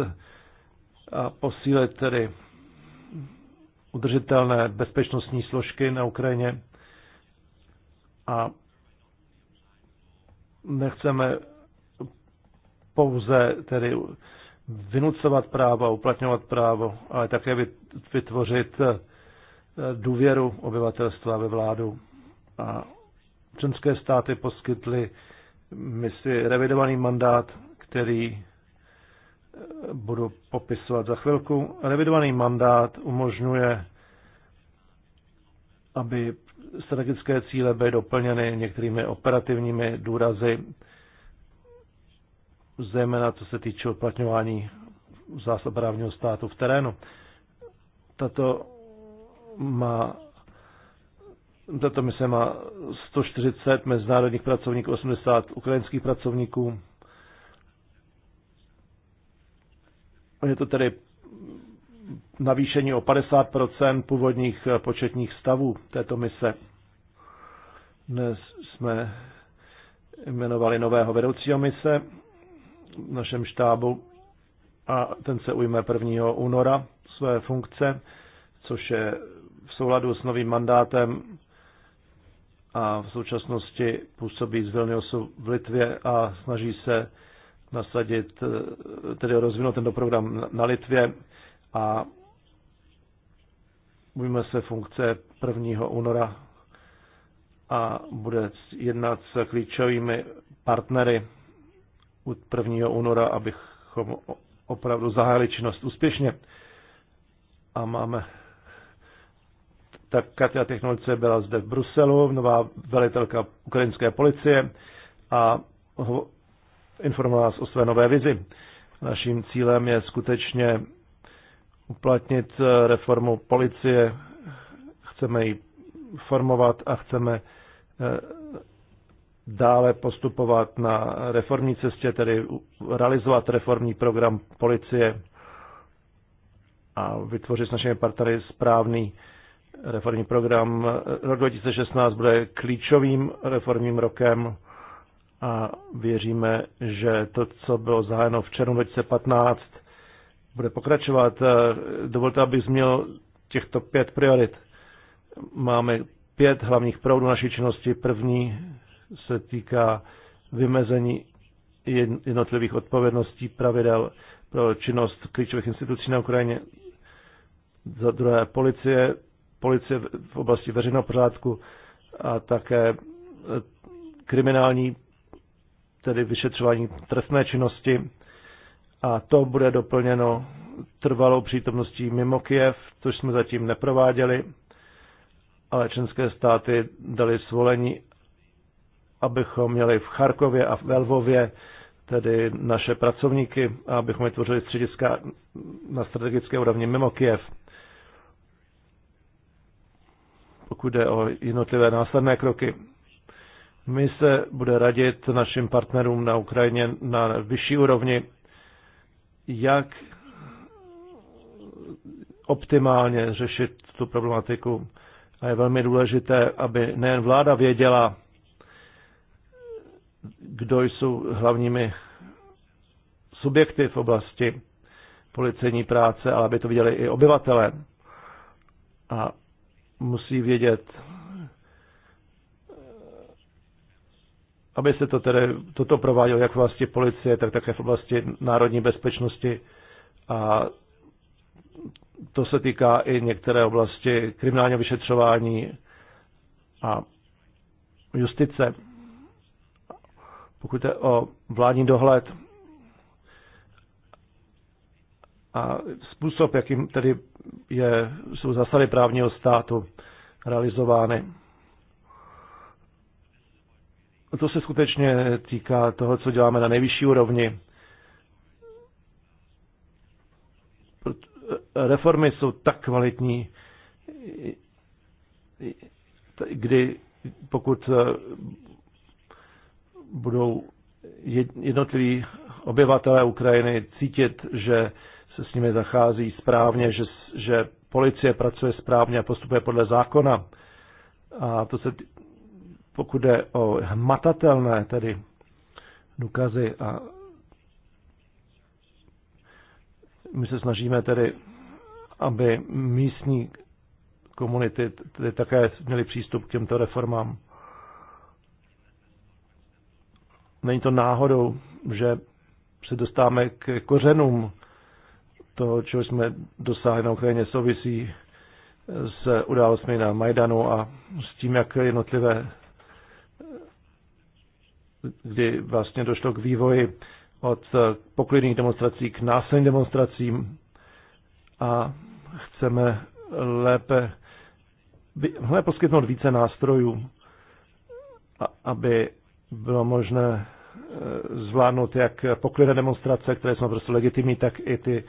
a posílit tedy udržitelné bezpečnostní složky na Ukrajině a nechceme pouze tedy vynucovat právo, uplatňovat právo, ale také vytvořit důvěru obyvatelstva ve vládu a Členské státy poskytly misi revidovaný mandát, který eh, budu popisovat za chvilku. Revidovaný mandát umožňuje, aby strategické cíle byly doplněny některými operativními důrazy, zejména co se týče uplatňování zásob právního státu v terénu. Tato má tato mise má 140 mezinárodních pracovníků, 80 ukrajinských pracovníků. Je to tedy navýšení o 50 původních eh, početních stavů této mise. Dnes jsme jmenovali nového vedoucího mise v našem štábu a ten se ujme 1. února své funkce, což je v souladu s novým mandátem a v současnosti působí z Vilniusu v Litvě a snaží se nasadit, eh, tedy rozvinout tento program na Litvě a ujme se funkce 1. února a bude jednat s klíčovými partnery od 1. února, abychom opravdu zahájili činnost úspěšně. A máme tak Katia Technolice byla zde v Bruselu, nová velitelka ukrajinské policie a informovala nás o své nové vizi. Naším cílem je skutečně uplatnit eh, reformu policie, chceme ji formovat a chceme eh, dále postupovat na reformní cestě, tedy realizovat reformní program policie a vytvořit s našimi partnery správný reformní program. Rok 2016 bude klíčovým reformním rokem a věříme, že to, co bylo zahájeno v červnu 2015, bude pokračovat. Dovolte, abych změnil těchto pět priorit. Máme pět hlavních proudů naší činnosti. První se týká vymezení jednotlivých odpovědností pravidel pro činnost klíčových institucí na Ukrajině. Za druhé policie, policie v oblasti veřejného pořádku a také e, kriminální, tedy vyšetřování trestné činnosti. A to bude doplněno trvalou přítomností mimo Kiev, což jsme zatím neprováděli, ale členské státy dali svolení, abychom měli v Charkově a v Lvově tedy naše pracovníky, abychom vytvořili střediska na strategické úrovni mimo Kiev. pokud jde o jednotlivé následné kroky. My se bude radit našim partnerům na Ukrajině na vyšší úrovni, jak optimálně řešit tu problematiku. A je velmi důležité, aby nejen vláda věděla, kdo jsou hlavními subjekty v oblasti policejní práce, ale aby to viděli i obyvatelé. A musí vědět, aby se to tedy, toto provádělo jak v oblasti policie, tak také v oblasti národní bezpečnosti. A to se týká i některé oblasti kriminálního vyšetřování a justice. Pokud je o vládní dohled, a způsob, jakým tedy je, jsou zásady právního státu realizovány. A to se skutečně týká toho, co děláme na nejvyšší úrovni. Reformy jsou tak kvalitní, kdy pokud eh, budou jednotliví obyvatelé Ukrajiny cítit, že se s nimi zachází správně, že, že policie pracuje správně a postupuje podle zákona. A to se, pokud jde o hmatatelné tedy důkazy a my se snažíme tedy, aby místní komunity tedy také měly přístup k těmto reformám. Není to náhodou, že se dostáváme k kořenům toho, čeho jsme dosáhli na Ukrajině, souvisí s událostmi na Majdanu a s tím, jak jednotlivé, kdy vlastně došlo k vývoji od poklidných demonstrací k násilným demonstracím a chceme lépe, lépe poskytnout více nástrojů, aby bylo možné e, zvládnout jak poklidné demonstrace, které jsou prostě legitimní, tak i ty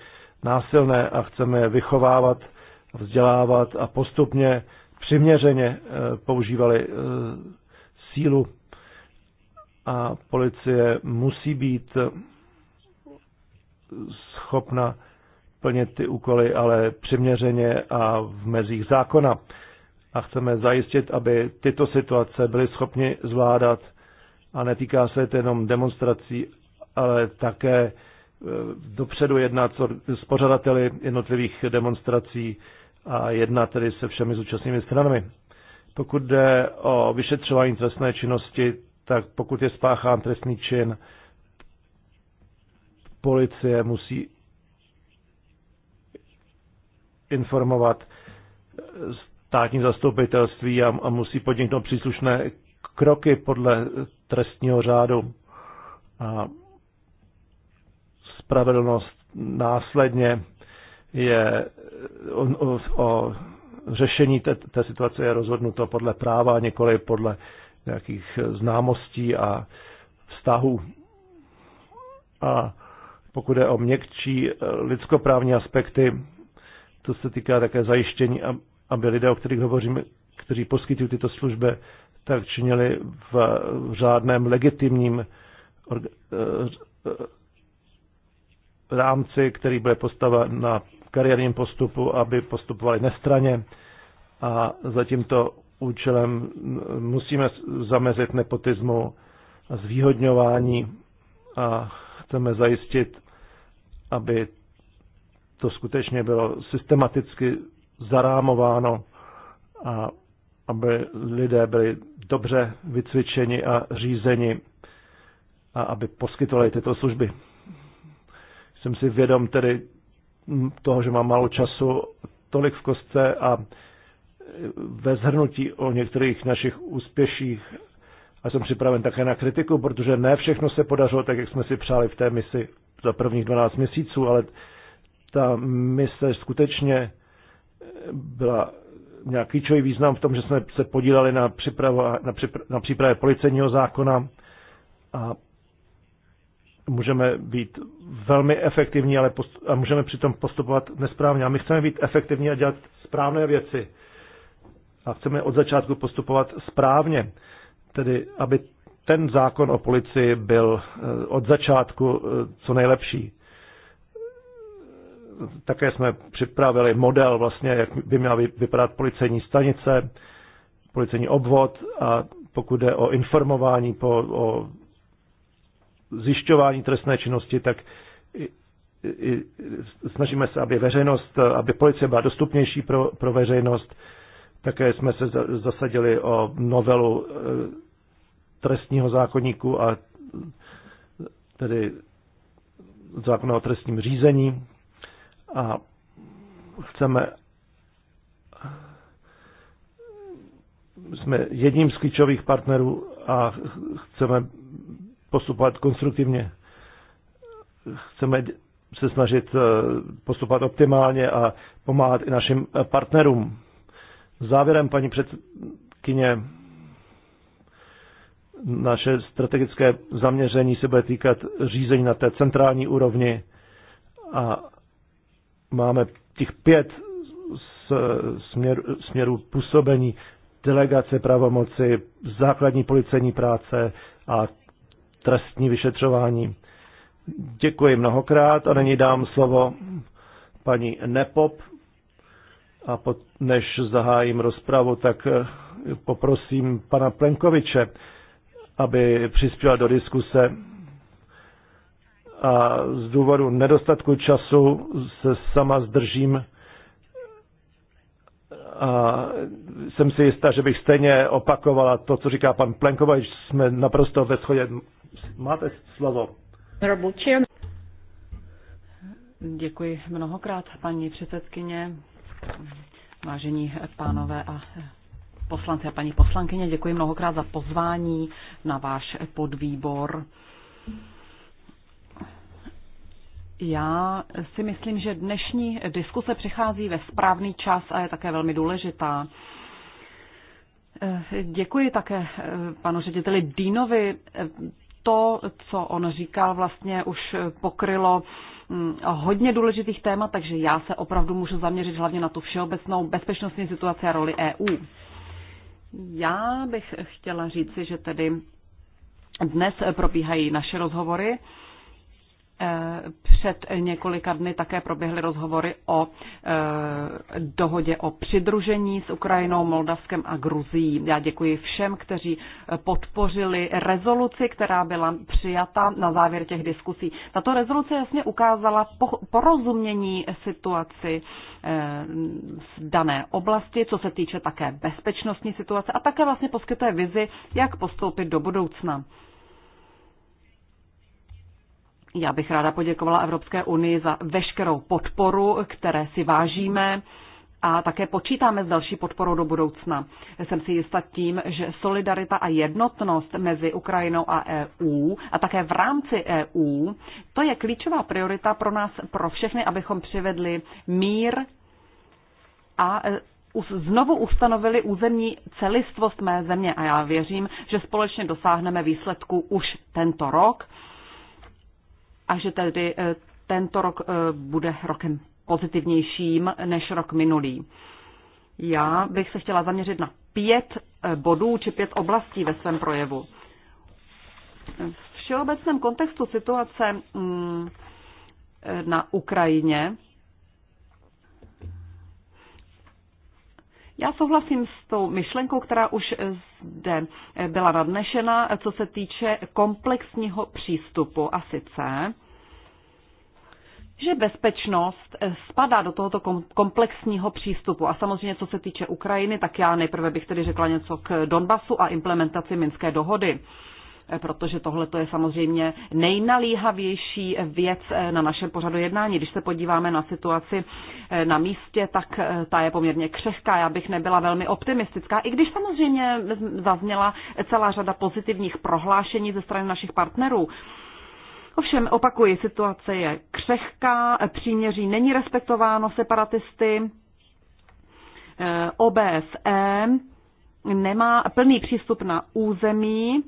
násilné a chceme je vychovávat, vzdělávat a postupně přiměřeně eh, používali eh, sílu. A policie musí být eh, schopna plnit ty úkoly, ale přiměřeně a v mezích zákona. A chceme zajistit, aby tyto situace byly schopni zvládat. A netýká se to jenom demonstrací, ale také Eh, dopředu jednat s pořadateli jednotlivých demonstrací a jednat tedy se všemi zúčastnými stranami. Pokud jde o vyšetřování trestné činnosti, tak pokud je spáchán trestný čin, policie musí informovat státní zastupitelství a, a musí podniknout příslušné kroky podle trestního řádu. A spravedlnost následně je o, o, o řešení té, té situace je rozhodnuto podle práva, nikoli podle nějakých známostí a vztahů. A pokud je o měkčí eh, lidskoprávní aspekty, to se týká také zajištění, aby lidé, o kterých hovoříme, kteří poskytují tyto služby, tak činili v řádném legitimním eh, rámci, který bude postaven na kariérním postupu, aby postupovali nestraně a za tímto účelem musíme zamezit nepotismu a zvýhodňování a chceme zajistit, aby to skutečně bylo systematicky zarámováno a aby lidé byli dobře vycvičeni a řízeni a aby poskytovali tyto služby jsem si vědom tedy toho, že mám málo času, tolik v kostce a e, ve zhrnutí o některých našich úspěších a jsem připraven také na kritiku, protože ne všechno se podařilo tak, jak jsme si přáli v té misi za prvních 12 měsíců, ale ta mise skutečně e, byla nějaký klíčový význam v tom, že jsme se podílali na, připravo, na, připra, na přípravě policejního zákona a můžeme být velmi efektivní, ale post- a můžeme přitom postupovat nesprávně. A my chceme být efektivní a dělat správné věci. A chceme od začátku postupovat správně. Tedy, aby ten zákon o policii byl eh, od začátku eh, co nejlepší. Také jsme připravili model, vlastně, jak by měla vypadat policejní stanice, policejní obvod a pokud jde o informování po, o zjišťování trestné činnosti, tak snažíme se, aby veřejnost, aby policie byla dostupnější pro, pro veřejnost. Také jsme se zasadili o novelu e, trestního zákonníku a tedy zákona o trestním řízení a chceme jsme jedním z klíčových partnerů a chceme postupovat konstruktivně. Chceme se snažit eh, postupovat optimálně a pomáhat i našim eh, partnerům. Závěrem, paní předkyně, naše strategické zaměření se bude týkat řízení na té centrální úrovni a máme těch pět směr, směrů působení, delegace pravomoci, základní policejní práce a trestní vyšetřování. Děkuji mnohokrát a nyní dám slovo paní Nepop a pot, než zahájím rozpravu, tak eh, poprosím pana Plenkoviče, aby přispěl do diskuse a z důvodu nedostatku času se sama zdržím a jsem si jistá, že bych stejně opakovala to, co říká pan Plenkovič. Jsme naprosto ve shodě Máte slovo. Děkuji mnohokrát, paní předsedkyně, vážení pánové a poslanci a paní poslankyně. Děkuji mnohokrát za pozvání na váš podvýbor. Já si myslím, že dnešní diskuse přichází ve správný čas a je také velmi důležitá. Děkuji také panu řediteli Dýnovi to, co on říkal, vlastně už pokrylo mm, hodně důležitých témat, takže já se opravdu můžu zaměřit hlavně na tu všeobecnou bezpečnostní situaci a roli EU. Já bych chtěla říci, že tedy dnes probíhají naše rozhovory před několika dny také proběhly rozhovory o eh, dohodě o přidružení s Ukrajinou, Moldavskem a Gruzí. Já děkuji všem, kteří eh, podpořili rezoluci, která byla přijata na závěr těch diskusí. Tato rezoluce jasně ukázala porozumění situaci z eh, dané oblasti, co se týče také bezpečnostní situace a také vlastně poskytuje vizi, jak postoupit do budoucna. Já bych ráda poděkovala Evropské unii za veškerou podporu, které si vážíme a také počítáme s další podporou do budoucna. Jsem si jistá tím, že solidarita a jednotnost mezi Ukrajinou a EU a také v rámci EU, to je klíčová priorita pro nás, pro všechny, abychom přivedli mír a e, znovu ustanovili územní celistvost mé země a já věřím, že společně dosáhneme výsledku už tento rok a že tedy eh, tento rok eh, bude rokem pozitivnějším než rok minulý. Já bych se chtěla zaměřit na pět eh, bodů či pět oblastí ve svém projevu. V všeobecném kontextu situace mm, na Ukrajině Já souhlasím s tou myšlenkou, která už zde byla nadnešena, co se týče komplexního přístupu a sice, že bezpečnost spadá do tohoto komplexního přístupu. A samozřejmě, co se týče Ukrajiny, tak já nejprve bych tedy řekla něco k Donbasu a implementaci Minské dohody. Eh, protože tohle je samozřejmě nejnalíhavější věc eh, na našem pořadu jednání. Když se podíváme na situaci eh, na místě, tak ta je poměrně křehká. Já bych nebyla velmi optimistická, i když samozřejmě zazněla celá řada pozitivních prohlášení ze strany našich partnerů. Ovšem, opakuji, situace je křehká, příměří není respektováno separatisty, OBSE nemá plný přístup na území,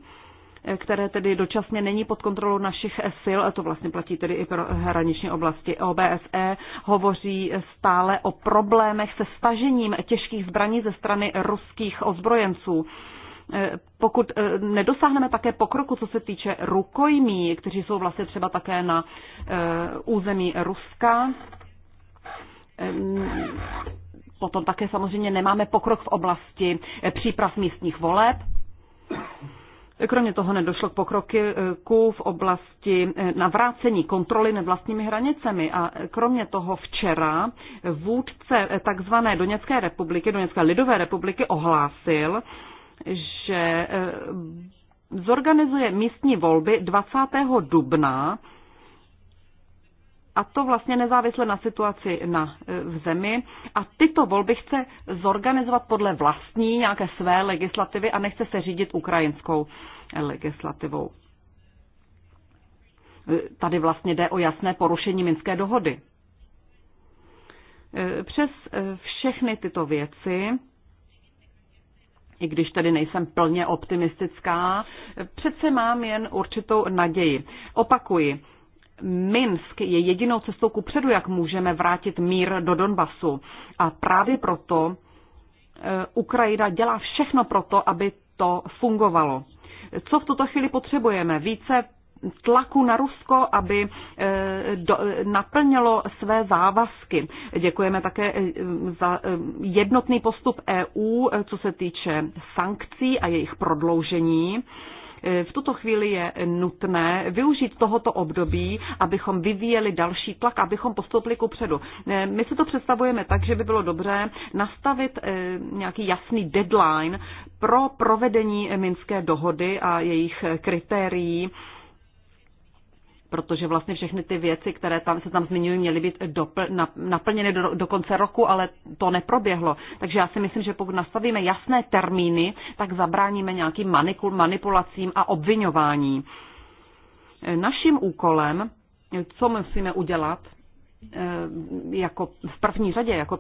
které tedy dočasně není pod kontrolou našich sil, a to vlastně platí tedy i pro hraniční oblasti. OBSE hovoří stále o problémech se stažením těžkých zbraní ze strany ruských ozbrojenců e, pokud e, nedosáhneme také pokroku, co se týče rukojmí, kteří jsou vlastně třeba také na e, území Ruska, potom také samozřejmě nemáme pokrok v oblasti příprav místních voleb. Kromě toho nedošlo k pokroku v oblasti eh, navrácení kontroly nad vlastními hranicemi a kromě toho včera vůdce eh, takzvané Doněcké republiky, Doněcké lidové republiky ohlásil, že eh, zorganizuje místní volby 20. dubna a to vlastně nezávisle na situaci na, e, v zemi. A tyto volby chce zorganizovat podle vlastní nějaké své legislativy a nechce se řídit ukrajinskou e, legislativou. E, tady vlastně jde o jasné porušení Minské dohody. Přes všechny tyto věci, i když tedy nejsem plně optimistická, přece mám jen určitou naději. Opakuji, Minsk je jedinou cestou ku předu, jak můžeme vrátit mír do Donbasu. A právě proto eh, Ukrajina dělá všechno proto, aby to fungovalo. Co v tuto chvíli potřebujeme? Více tlaku na Rusko, aby eh, naplnilo své závazky. Děkujeme také eh, za jednotný postup EU, co se týče sankcí a jejich prodloužení. V tuto chvíli je nutné využít tohoto období, abychom vyvíjeli další tlak, abychom postoupili ku předu. My si to představujeme tak, že by bylo dobře nastavit eh, nějaký jasný deadline pro provedení Minské dohody a jejich kritérií protože vlastně všechny ty věci, které tam se tam zmiňují, měly být dopl, naplněny do, do konce roku, ale to neproběhlo. Takže já si myslím, že pokud nastavíme jasné termíny, tak zabráníme nějakým manipulacím a obvinování. Naším úkolem, co musíme udělat, eh, jako v první řadě, jako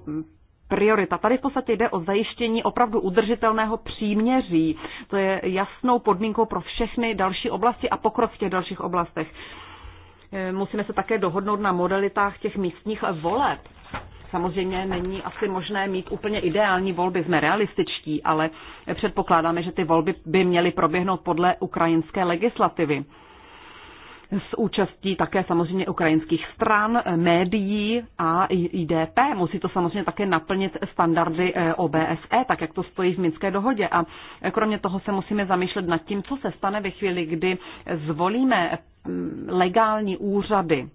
priorita. Tady v podstatě jde o zajištění opravdu udržitelného příměří. To je jasnou podmínkou pro všechny další oblasti a pokrok v těch dalších oblastech. Eh, musíme se také dohodnout na modalitách těch místních voleb. Samozřejmě není asi možné mít úplně ideální volby, jsme realističtí, ale předpokládáme, že ty volby by měly proběhnout podle ukrajinské legislativy s účastí také samozřejmě ukrajinských stran, eh, médií a IDP. Musí to samozřejmě také naplnit standardy eh, OBSE, tak jak to stojí v Minské dohodě. A eh, kromě toho se musíme zamýšlet nad tím, co se stane ve chvíli, kdy zvolíme mm, legální úřady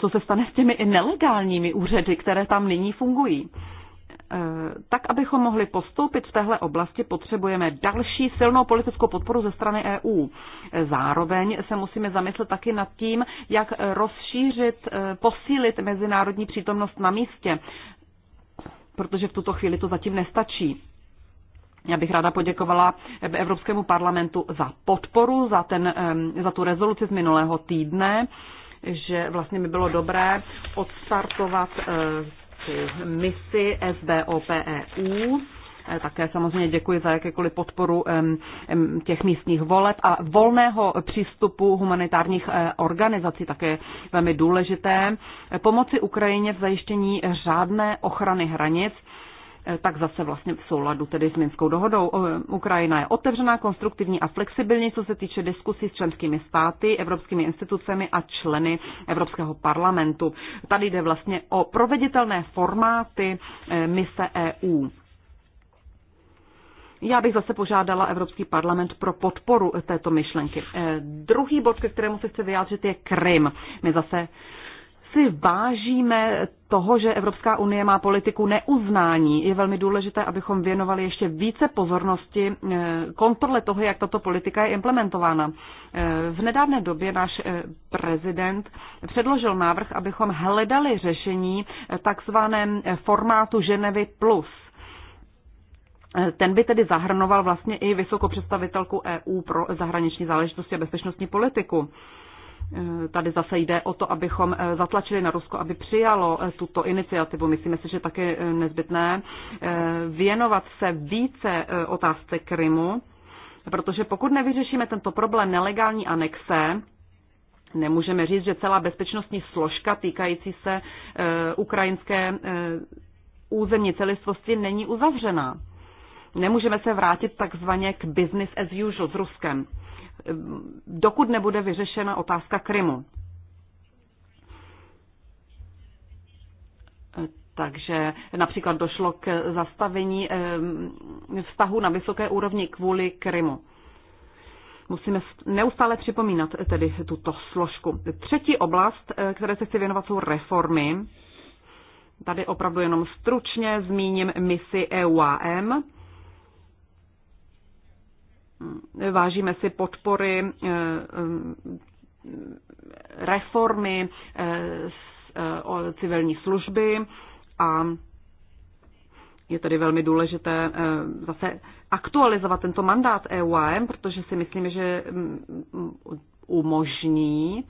co se stane s těmi nelegálními úřady, které tam nyní fungují. Eh, tak, abychom mohli postoupit v téhle oblasti, potřebujeme další silnou politickou podporu ze strany EU. Eh, zároveň se musíme zamyslet taky nad tím, jak rozšířit, eh, posílit mezinárodní přítomnost na místě, protože v tuto chvíli to zatím nestačí. Já bych ráda poděkovala Evropskému parlamentu za podporu, za, ten, za tu rezoluci z minulého týdne, že vlastně mi bylo dobré odstartovat naši misi SBOPEU. Eh, také samozřejmě děkuji za jakékoliv podporu těch místních voleb a volného přístupu humanitárních eh, organizací, také velmi důležité. Eh, pomoci Ukrajině v zajištění řádné ochrany hranic Eh, tak zase vlastně v souladu tedy s Minskou dohodou. Eh, Ukrajina je otevřená, konstruktivní a flexibilní, co se týče diskusí s členskými státy, evropskými institucemi a členy Evropského parlamentu. Tady jde vlastně o proveditelné formáty eh, mise EU. Já bych zase požádala Evropský parlament pro podporu této myšlenky. Druhý bod, ke kterému se chce vyjádřit, je Krym. My zase si vážíme toho, že Evropská unie má politiku neuznání. Je velmi důležité, abychom věnovali ještě více pozornosti eh, kontrole toho, jak tato politika je implementována. Eh, v nedávné době náš eh, prezident předložil návrh, abychom hledali řešení takzvaném formátu Ženevy plus. Ten by tedy zahrnoval vlastně i vysokou představitelku EU pro zahraniční záležitosti a bezpečnostní politiku. Eh, tady zase jde o to, abychom eh, zatlačili na Rusko, aby přijalo eh, tuto iniciativu. Myslíme si, že také nezbytné věnovat se více otázce Krymu, protože pokud nevyřešíme tento problém nelegální anexe, nemůžeme říct, že celá bezpečnostní složka týkající se ukrajinské územní celistvosti není uzavřená. Nemůžeme se vrátit takzvaně k business as usual s Ruskem dokud nebude vyřešena otázka Krymu. Takže například došlo k zastavení vztahu na vysoké úrovni kvůli Krymu. Musíme neustále připomínat tedy tuto složku. Třetí oblast, eh, které se chci věnovat, jsou reformy. Tady opravdu jenom stručně zmíním misi EUAM, vážíme si podpory eh, eh, reformy eh, civilní služby a je tedy velmi důležité zase aktualizovat tento mandát EUAM, protože si myslíme, že mm, mm, umožní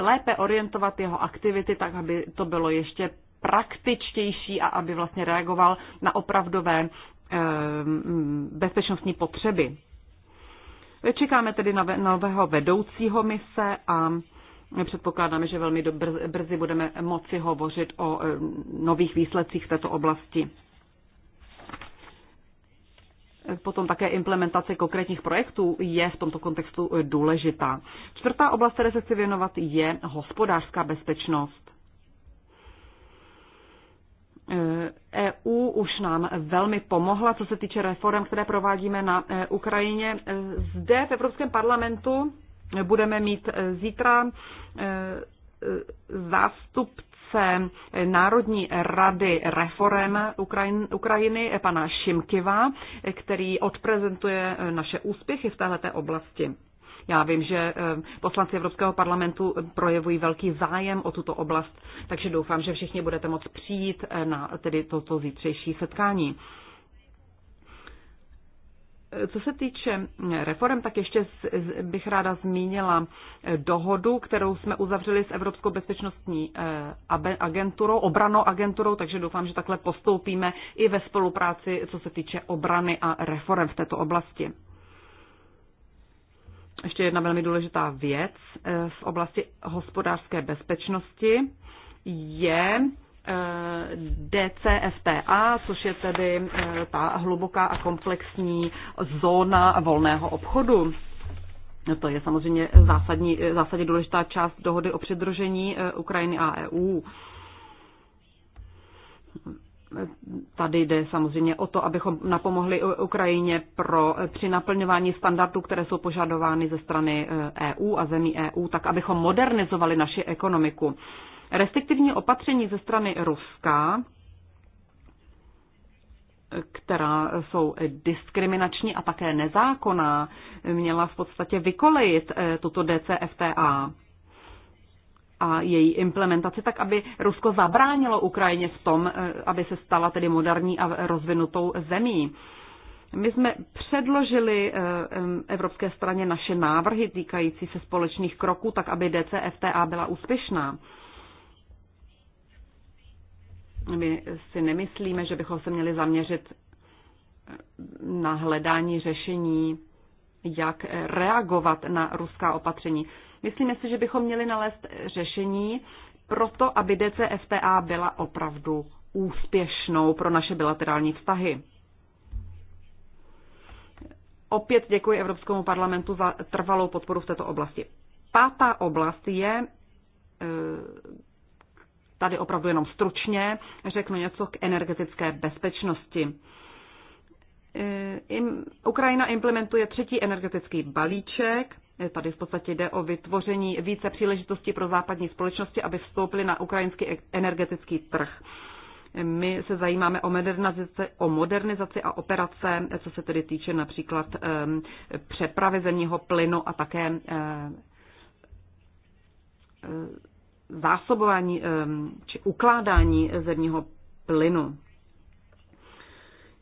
lépe orientovat jeho aktivity tak, aby to bylo ještě praktičtější a aby vlastně reagoval na opravdové mm, bezpečnostní potřeby. Čekáme tedy na nového vedoucího mise a předpokládáme, že velmi brzy budeme moci hovořit o e, nových výsledcích v této oblasti. Potom také implementace konkrétních projektů je v tomto kontextu e, důležitá. Čtvrtá oblast, které se chci věnovat, je hospodářská bezpečnost. EU eh, e už nám velmi pomohla, co se týče reform, které provádíme na eh, Ukrajině. Eh, zde v Evropském parlamentu budeme mít zítra zástupce Národní rady reform Ukrajiny, pana Šimkiva, který odprezentuje naše úspěchy v této oblasti. Já vím, že eh, poslanci Evropského parlamentu projevují velký zájem o tuto oblast, takže doufám, že všichni budete moct přijít eh, na tedy toto zítřejší setkání. Eh, co se týče reform, tak ještě bych ráda zmínila dohodu, kterou jsme uzavřeli s Evropskou bezpečnostní agenturou, obranou agenturou, takže doufám, že takhle postoupíme i ve spolupráci, co se týče obrany a reform v této oblasti ještě jedna velmi důležitá věc eh, v oblasti hospodářské bezpečnosti je eh, DCFTA, což je tedy eh, ta hluboká a komplexní zóna volného obchodu. No to je samozřejmě zásadní, zásadně důležitá část dohody o přidružení Ukrajiny a EU. Tady jde samozřejmě o to, abychom napomohli Ukrajině pro, eh, při naplňování standardů, které jsou požadovány ze strany EU eh, e a zemí EU, tak abychom modernizovali naši ekonomiku. Restriktivní opatření ze strany Ruska, která jsou diskriminační a také nezákonná, měla v podstatě vykolejit eh, tuto DCFTA a její implementaci, tak aby Rusko zabránilo Ukrajině v tom, eh, aby se stala tedy moderní a rozvinutou zemí. My jsme předložili eh, Evropské straně naše návrhy týkající se společných kroků, tak aby DCFTA byla úspěšná. My si nemyslíme, že bychom se měli zaměřit eh, na hledání řešení, jak reagovat na ruská opatření. Myslíme si, že bychom měli nalézt řešení pro to, aby DCFTA byla opravdu úspěšnou pro naše bilaterální vztahy. Opět děkuji Evropskému parlamentu za trvalou podporu v této oblasti. Pátá oblast je, eh, tady opravdu jenom stručně, řeknu něco k energetické bezpečnosti. Eh, Ukrajina implementuje třetí energetický balíček Tady v podstatě jde o vytvoření více příležitostí pro západní společnosti, aby vstoupily na ukrajinský energetický trh. My se zajímáme o modernizaci, o modernizaci a operace, co se tedy týče například um, přepravy zemního plynu a také um, zásobování um, či ukládání zemního plynu.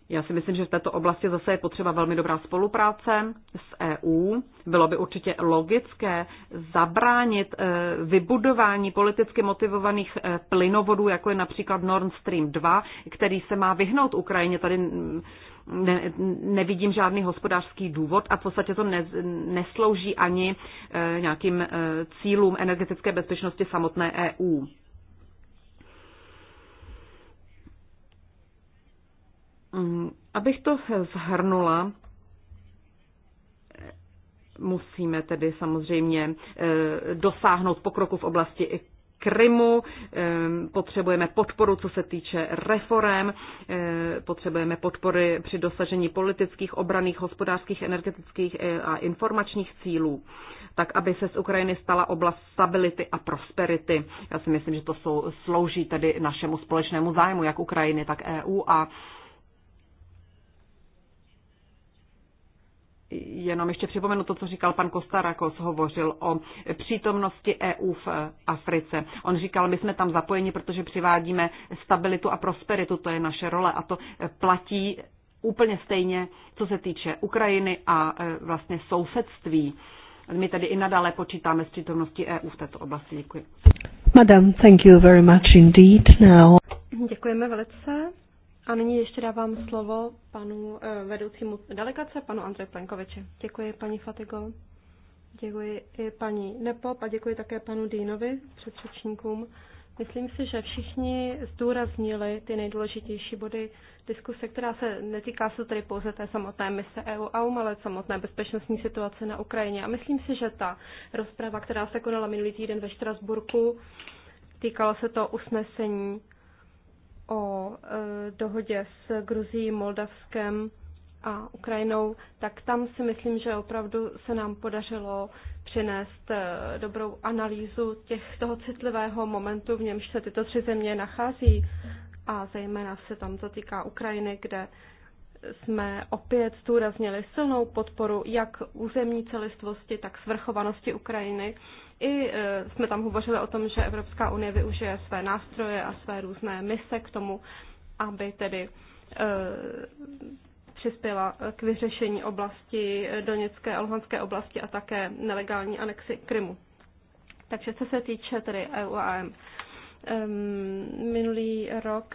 Já si myslím, že v této oblasti zase je potřeba velmi dobrá spolupráce s EU. Bylo by určitě logické zabránit e, vybudování politicky motivovaných e, plynovodů, jako je například Nord Stream 2, který se má vyhnout Ukrajině. Tady ne, nevidím žádný hospodářský důvod a v podstatě to ne, neslouží ani e, nějakým cílům energetické bezpečnosti samotné EU. Mm, abych to zhrnula, musíme tedy samozřejmě eh, dosáhnout pokroku v oblasti Krymu, eh, potřebujeme podporu, co se týče reform, eh, potřebujeme podpory při dosažení politických, obraných, hospodářských, energetických a informačních cílů, tak aby se z Ukrajiny stala oblast stability a prosperity. Já si myslím, že to jsou, slouží tedy našemu společnému zájmu, jak Ukrajiny, tak EU a jenom ještě připomenu to, co říkal pan Kostarakos, hovořil o přítomnosti EU v Africe. On říkal, my jsme tam zapojeni, protože přivádíme stabilitu a prosperitu, to je naše role a to platí úplně stejně, co se týče Ukrajiny a e, vlastně sousedství. My tedy i nadále počítáme s přítomností EU v této oblasti. Děkuji. Madam, thank you very much indeed. Now. Děkujeme velice. A nyní ještě dávám slovo panu eh, vedoucímu delegace, panu Andrej Plenkoviči. Děkuji, paní Fatigo. Děkuji i paní Nepop a děkuji také panu Dýnovi, předřečníkům. Myslím si, že všichni zdůraznili ty nejdůležitější body diskuse, která se netýká se tedy pouze té samotné mise EU AUM, ale samotné bezpečnostní situace na Ukrajině. A myslím si, že ta rozprava, která se konala minulý týden ve Štrasburku, týkala se to usnesení o e, dohodě s Gruzií, Moldavskem a Ukrajinou, tak tam si myslím, že opravdu se nám podařilo přinést e, dobrou analýzu těch, toho citlivého momentu, v němž se tyto tři země nachází. A zejména se tam to týká Ukrajiny, kde jsme opět zdůraznili silnou podporu jak územní celistvosti, tak svrchovanosti Ukrajiny i e, jsme tam hovořili o tom, že Evropská unie využije své nástroje a své různé mise k tomu, aby tedy e, přispěla k vyřešení oblasti Doněcké a Luhanské oblasti a také nelegální anexi Krymu. Takže co se týče tedy EU a AM, minulý rok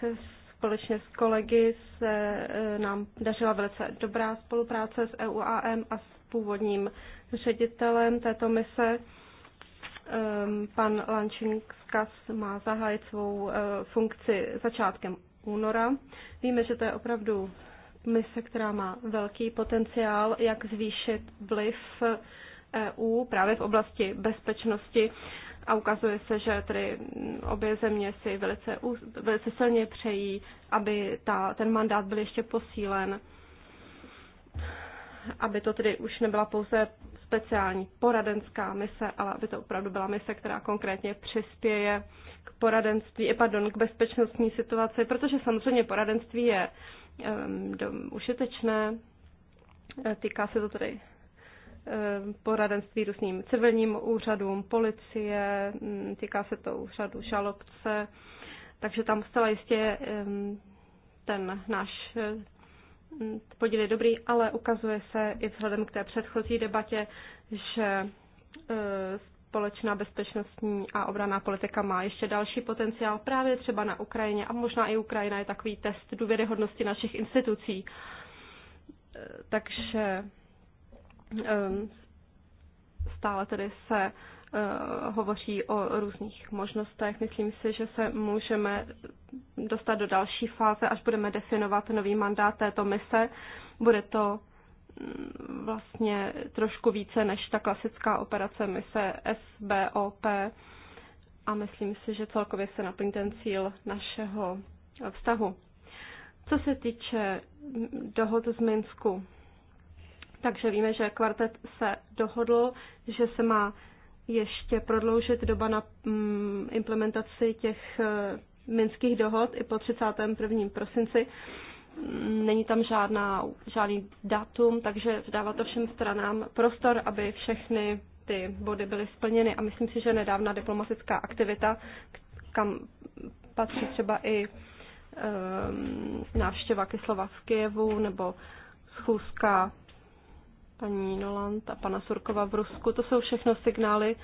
společně s kolegy se e, nám dařila velice dobrá spolupráce s EU a AM a s původním ředitelem této mise Ehm, pan Lančinskas má zahájit svou eh, funkci začátkem února. Víme, že to je opravdu mise, která má velký potenciál, jak zvýšit vliv EU právě v oblasti bezpečnosti a ukazuje se, že tedy obě země si velice, velice silně přejí, aby ta, ten mandát byl ještě posílen, aby to tedy už nebyla pouze speciální poradenská mise, ale aby to opravdu byla mise, která konkrétně přispěje k poradenství, eh, pardon, k bezpečnostní situaci, protože samozřejmě poradenství je um, užitečné, eh, týká se to tedy ehm, poradenství různým civilním úřadům, policie, hm, týká se to úřadu žalobce, takže tam zcela jistě ehm, ten náš eh, podíl je dobrý, ale ukazuje se i vzhledem k té předchozí debatě, že e, společná bezpečnostní a obraná politika má ještě další potenciál právě třeba na Ukrajině a možná i Ukrajina je takový test důvěryhodnosti našich institucí. E, takže e, stále tedy se Eh, hovoří o různých možnostech. Myslím si, že se můžeme dostat do další fáze, až budeme definovat nový mandát této mise. Bude to mm, vlastně trošku více než ta klasická operace mise SBOP a myslím si, že celkově se naplní ten cíl našeho vztahu. Co se týče mm, dohod z Minsku, takže víme, že kvartet se dohodl, že se má ještě prodloužit doba na mm, implementaci těch e, minských dohod i po 31. prosinci. Mm, není tam žádná, žádný datum, takže dává to všem stranám prostor, aby všechny ty body byly splněny a myslím si, že nedávna diplomatická aktivita, kam patří třeba i um, návštěva Kyslova v Kijevu nebo schůzka paní Noland a pana Surkova v Rusku. To jsou všechno signály,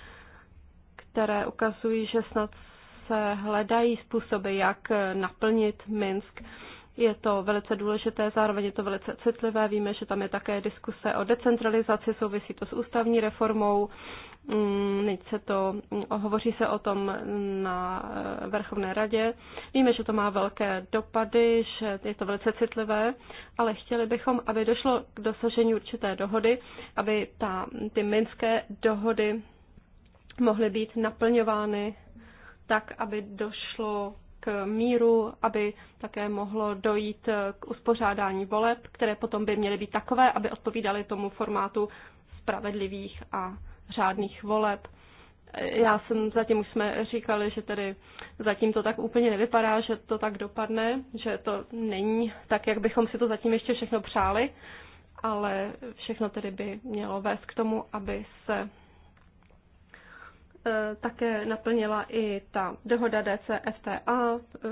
které ukazují, že snad se hledají způsoby, jak naplnit Minsk. Je to velice důležité, zároveň je to velice citlivé. Víme, že tam je také diskuse o decentralizaci, souvisí to s ústavní reformou, Teď mm, se to, mm, hovoří se o tom na eh, Vrchovné radě. Víme, že to má velké dopady, že je to velice citlivé, ale chtěli bychom, aby došlo k dosažení určité dohody, aby ta, ty minské dohody mohly být naplňovány tak, aby došlo k míru, aby také mohlo dojít eh, k uspořádání voleb, které potom by měly být takové, aby odpovídaly tomu formátu spravedlivých a řádných voleb. Já jsem zatím už jsme říkali, že tedy zatím to tak úplně nevypadá, že to tak dopadne, že to není tak, jak bychom si to zatím ještě všechno přáli, ale všechno tedy by mělo vést k tomu, aby se eh, také naplnila i ta dohoda DCFTA eh,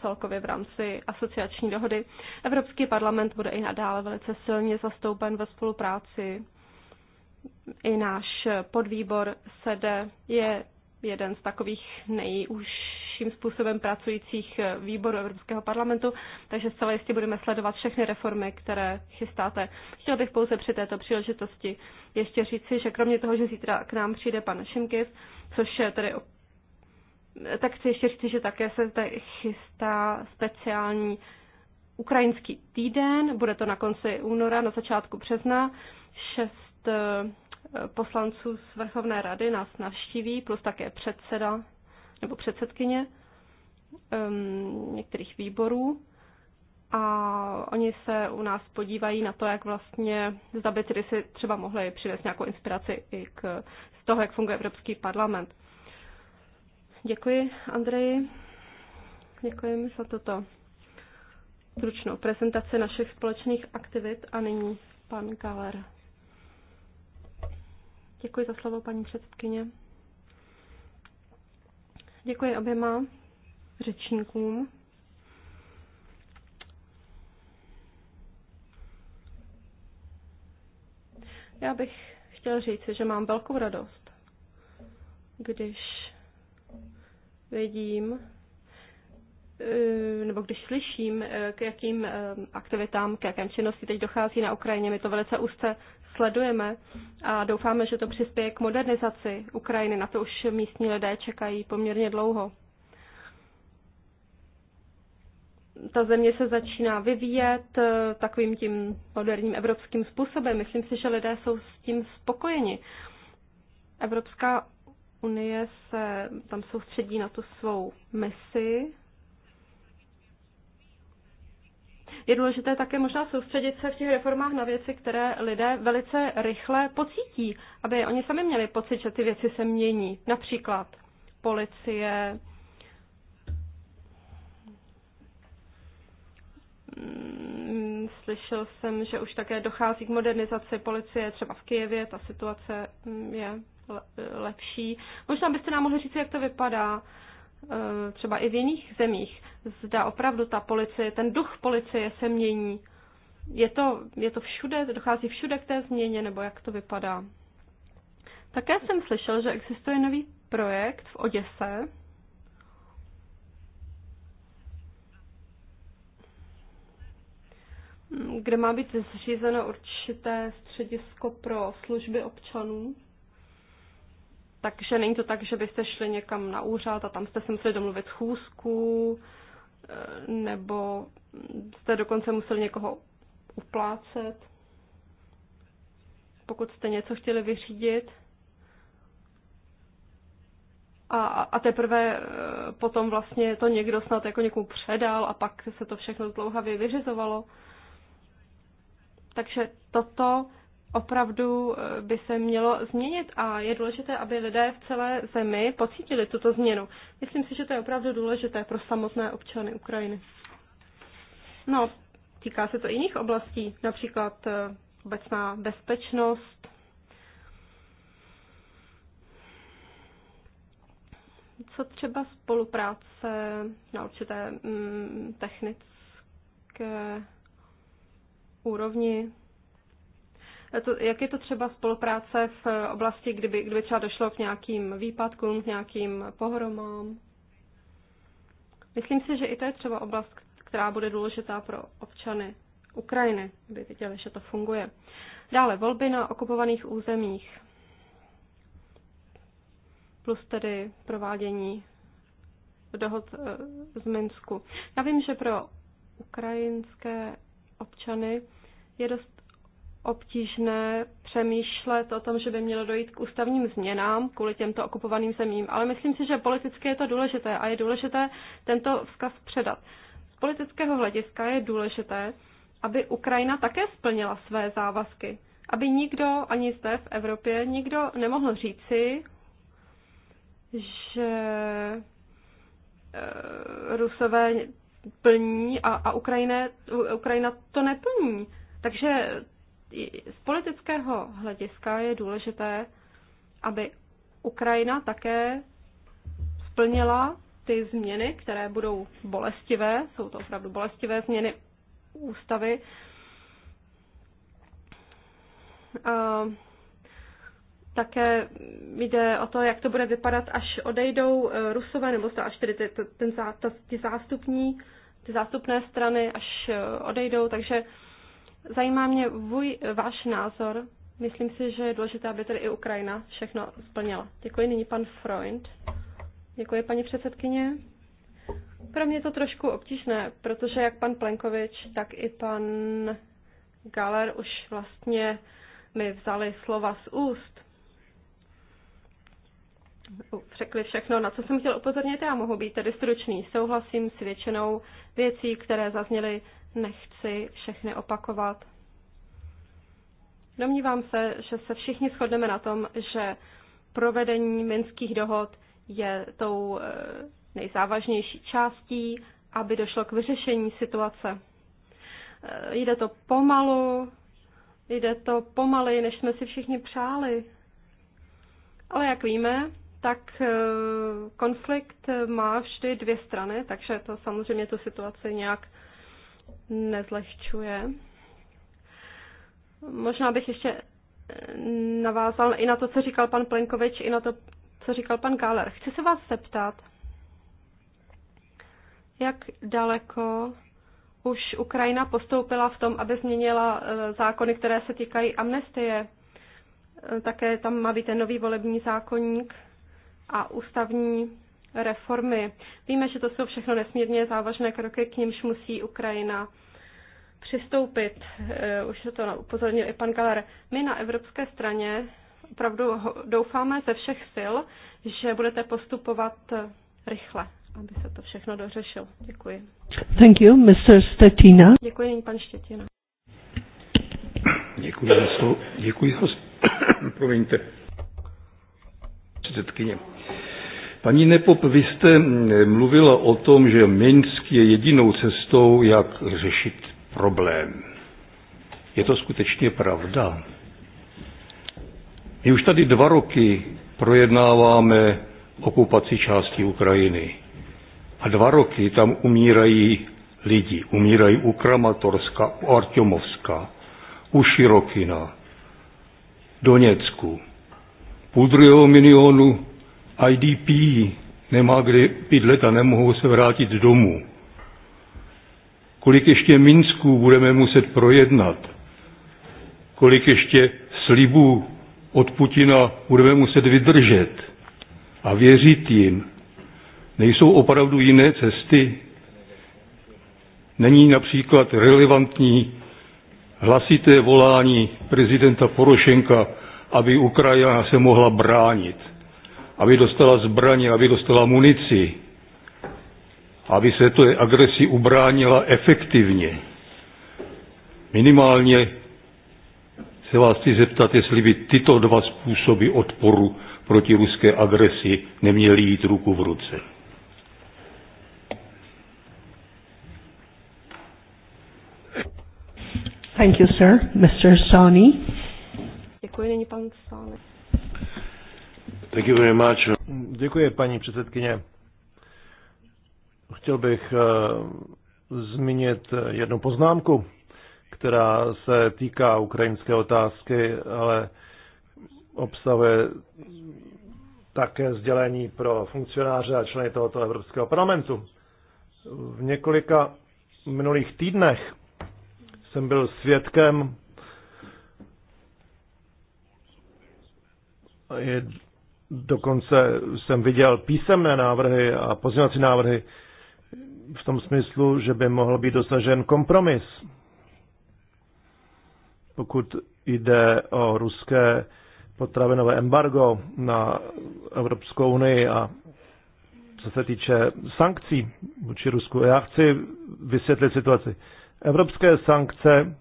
celkově v rámci asociační dohody. Evropský parlament bude i nadále velice silně zastoupen ve spolupráci i náš podvýbor SEDE je jeden z takových nejúžším způsobem pracujících výborů Evropského parlamentu, takže zcela jistě budeme sledovat všechny reformy, které chystáte. Chtěl bych pouze při této příležitosti ještě říci, že kromě toho, že zítra k nám přijde pan Šimkis, což je tedy tak chci ještě říct, že také se zde chystá speciální ukrajinský týden, bude to na konci února, na začátku března, 6 Eh, poslanců z Vrchovné rady nás navštíví, plus také předseda nebo předsedkyně um, některých výborů a oni se u nás podívají na to, jak vlastně, zda by tedy si třeba mohli přinést nějakou inspiraci i k, z toho, jak funguje Evropský parlament. Děkuji, Andreji. Děkuji za toto stručnou prezentaci našich společných aktivit a nyní pan Kaler. Děkuji za slovo, paní předsedkyně. Děkuji oběma řečníkům. Já bych chtěl říct, že mám velkou radost, když vidím, eh, nebo když slyším, eh, k jakým eh, aktivitám, k jakém činnosti teď dochází na Ukrajině, mi to velice úzce sledujeme a doufáme, že to přispěje k modernizaci Ukrajiny. Na to už místní lidé čekají poměrně dlouho. Ta země se začíná vyvíjet eh, takovým tím moderním evropským způsobem. Myslím si, že lidé jsou s tím spokojeni. Evropská unie se tam soustředí na tu svou misi, je důležité také možná soustředit se v těch reformách na věci, které lidé velice rychle pocítí, aby oni sami měli pocit, že ty věci se mění. Například policie, mm, slyšel jsem, že už také dochází k modernizaci policie, třeba v Kijevě, ta situace mm, je lepší. Možná byste nám mohli říct, jak to vypadá, Eh, třeba i v jiných zemích. Zda opravdu ta policie, ten duch policie se mění. Je to, je to všude, dochází všude k té změně, nebo jak to vypadá? Také jsem slyšel, že existuje nový projekt v Oděse. kde má být zřízeno určité středisko pro služby občanů. Takže není to tak, že byste šli někam na úřad a tam jste se museli domluvit schůzku, eh, nebo jste dokonce museli někoho uplácet, pokud jste něco chtěli vyřídit. A, a teprve eh, potom vlastně to někdo snad jako někomu předal a pak se to všechno dlouhavě vyřizovalo. Takže toto opravdu eh, by se mělo změnit a je důležité, aby lidé v celé zemi pocítili tuto změnu. Myslím si, že to je opravdu důležité pro samotné občany Ukrajiny. No, týká se to jiných oblastí, například eh, obecná bezpečnost, co třeba spolupráce na určité mm, technické úrovni, jak je to třeba spolupráce v oblasti, kdyby, kdyby třeba došlo k nějakým výpadkům, k nějakým pohromám? Myslím si, že i to je třeba oblast, která bude důležitá pro občany Ukrajiny, aby viděli, že to funguje. Dále volby na okupovaných územích, plus tedy provádění dohod eh, z Minsku. Já vím, že pro ukrajinské občany je dost obtížné přemýšlet o tom, že by mělo dojít k ústavním změnám kvůli těmto okupovaným zemím, ale myslím si, že politicky je to důležité a je důležité tento vzkaz předat. Z politického hlediska je důležité, aby Ukrajina také splnila své závazky, aby nikdo ani zde v Evropě nikdo nemohl říci, že eh, Rusové plní a, a Ukrajina, Ukrajina to neplní. Takže z politického hlediska je důležité, aby Ukrajina také splnila ty změny, které budou bolestivé, jsou to opravdu bolestivé změny ústavy. A také jde o to, jak to bude vypadat, až odejdou eh, Rusové, nebo až tedy ty, ty, ty zástupní, ty zástupné strany, až eh, odejdou, takže Zajímá mě vůj, váš názor. Myslím si, že je důležité, aby tedy i Ukrajina všechno splněla. Děkuji nyní pan Freund. Děkuji paní předsedkyně. Pro mě je to trošku obtížné, protože jak pan Plenkovič, tak i pan Galer už vlastně mi vzali slova z úst. Řekli všechno, na co jsem chtěl upozornit, já mohu být tedy stručný. Souhlasím s většinou věcí, které zazněly nechci všechny opakovat. Domnívám se, že se všichni shodneme na tom, že provedení minských dohod je tou eh, nejzávažnější částí, aby došlo k vyřešení situace. Eh, jde to pomalu, jde to pomaleji, než jsme si všichni přáli. Ale jak víme, tak eh, konflikt má vždy dvě strany, takže to samozřejmě tu situaci nějak nezlehčuje. Možná bych ještě eh, navázal i na to, co říkal pan Plenkovič, i na to, co říkal pan Gáler. Chci se vás zeptat, jak daleko už Ukrajina postoupila v tom, aby změnila eh, zákony, které se týkají amnestie. Eh, také tam má být ten nový volební zákonník a ústavní reformy. Víme, že to jsou všechno nesmírně závažné kroky, k nímž musí Ukrajina přistoupit. Eh, už se to upozornil i pan Galer. My na evropské straně opravdu doufáme ze všech sil, že budete postupovat eh, rychle, aby se to všechno dořešilo. Děkuji. Thank you, Mr. Stetina. Děkuji, nyní pan Štětina. Děkuji za slovo. Děkuji, za slovo. promiňte, předsedkyně. Paní Nepop, vy jste mluvila o tom, že Minsk je jedinou cestou, jak řešit problém. Je to skutečně pravda? My už tady dva roky projednáváme okupaci části Ukrajiny. A dva roky tam umírají lidi. Umírají u Kramatorska, u Artyomovska, u Širokina, Doněcku. Půl druhého milionu IDP nemá kde bydlet a nemohou se vrátit domů. Kolik ještě Minsků budeme muset projednat? Kolik ještě slibů od Putina budeme muset vydržet a věřit jim? Nejsou opravdu jiné cesty? Není například relevantní hlasité volání prezidenta Porošenka, aby Ukrajina se mohla bránit aby dostala zbraně, aby dostala munici, aby se té agresi ubránila efektivně. Minimálně se vás chci zeptat, jestli by tyto dva způsoby odporu proti ruské agresi neměly jít ruku v ruce. Thank you, sir. Mr. Sony. Děkuji, není pan Sony. Thank you very much. Děkuji, paní předsedkyně. Chtěl bych eh, zmínit jednu poznámku, která se týká ukrajinské otázky, ale obsahuje také sdělení pro funkcionáře a členy tohoto Evropského parlamentu. V několika minulých týdnech jsem byl svědkem Dokonce jsem viděl písemné návrhy a pozměňovací návrhy v tom smyslu, že by mohl být dosažen kompromis. Pokud jde o ruské potravinové embargo na Evropskou unii a co se týče sankcí vůči Rusku. Já chci vysvětlit situaci. Evropské sankce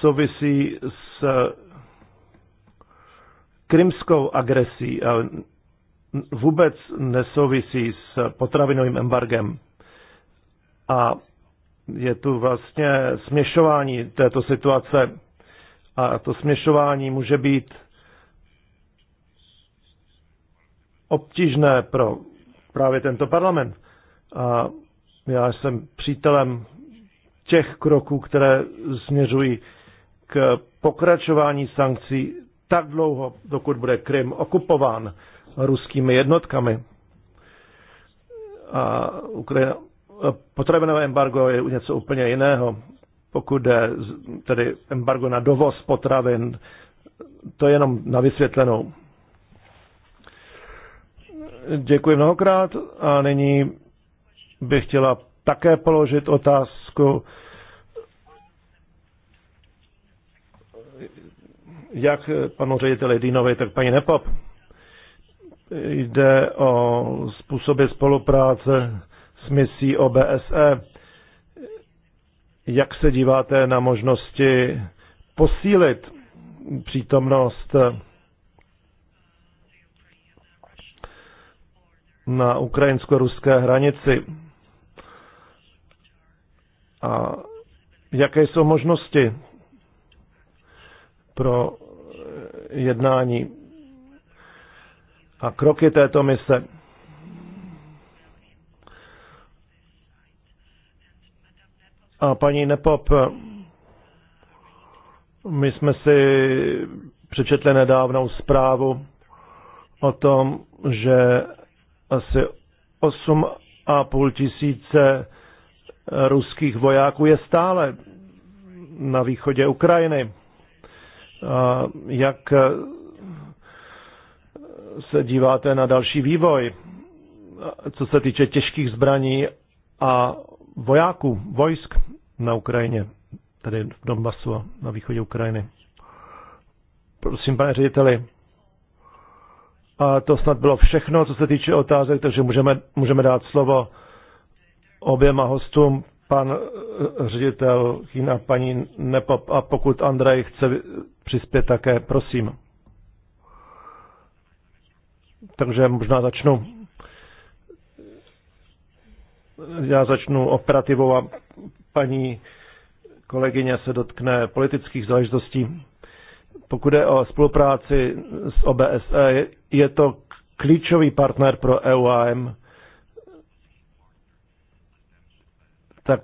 souvisí s krymskou agresí eh, vůbec nesouvisí s potravinovým embargem. A je tu vlastně směšování této situace. A to směšování může být obtížné pro právě tento parlament. A já jsem přítelem těch kroků, které směřují k pokračování sankcí tak dlouho, dokud bude Krym okupován ruskými jednotkami. A Ukrajina, potravinové embargo je něco úplně jiného. Pokud je tedy embargo na dovoz potravin, to je jenom na vysvětlenou. Děkuji mnohokrát a nyní bych chtěla také položit otázku jak eh, panu řediteli Dínové, tak paní Nepop. Jde o způsoby spolupráce s misí OBSE. Jak se díváte na možnosti posílit přítomnost eh, na ukrajinsko-ruské hranici? A jaké jsou možnosti pro jednání a kroky této mise. A paní Nepop, my jsme si přečetli nedávnou zprávu o tom, že asi 8,5 tisíce ruských vojáků je stále na východě Ukrajiny jak eh, se díváte na další vývoj, co se týče těžkých zbraní a vojáků, vojsk na Ukrajině, tedy v Donbasu a na východě Ukrajiny. Prosím, pane řediteli. A to snad bylo všechno, co se týče otázek, takže můžeme, můžeme dát slovo oběma hostům, pan eh, ředitel Kína, paní Nepop, a pokud Andrej chce přispět také, prosím. Takže možná začnu. Já začnu operativou a paní kolegyně se dotkne politických záležitostí. Pokud je o spolupráci s OBSE, je to klíčový partner pro EUAM, tak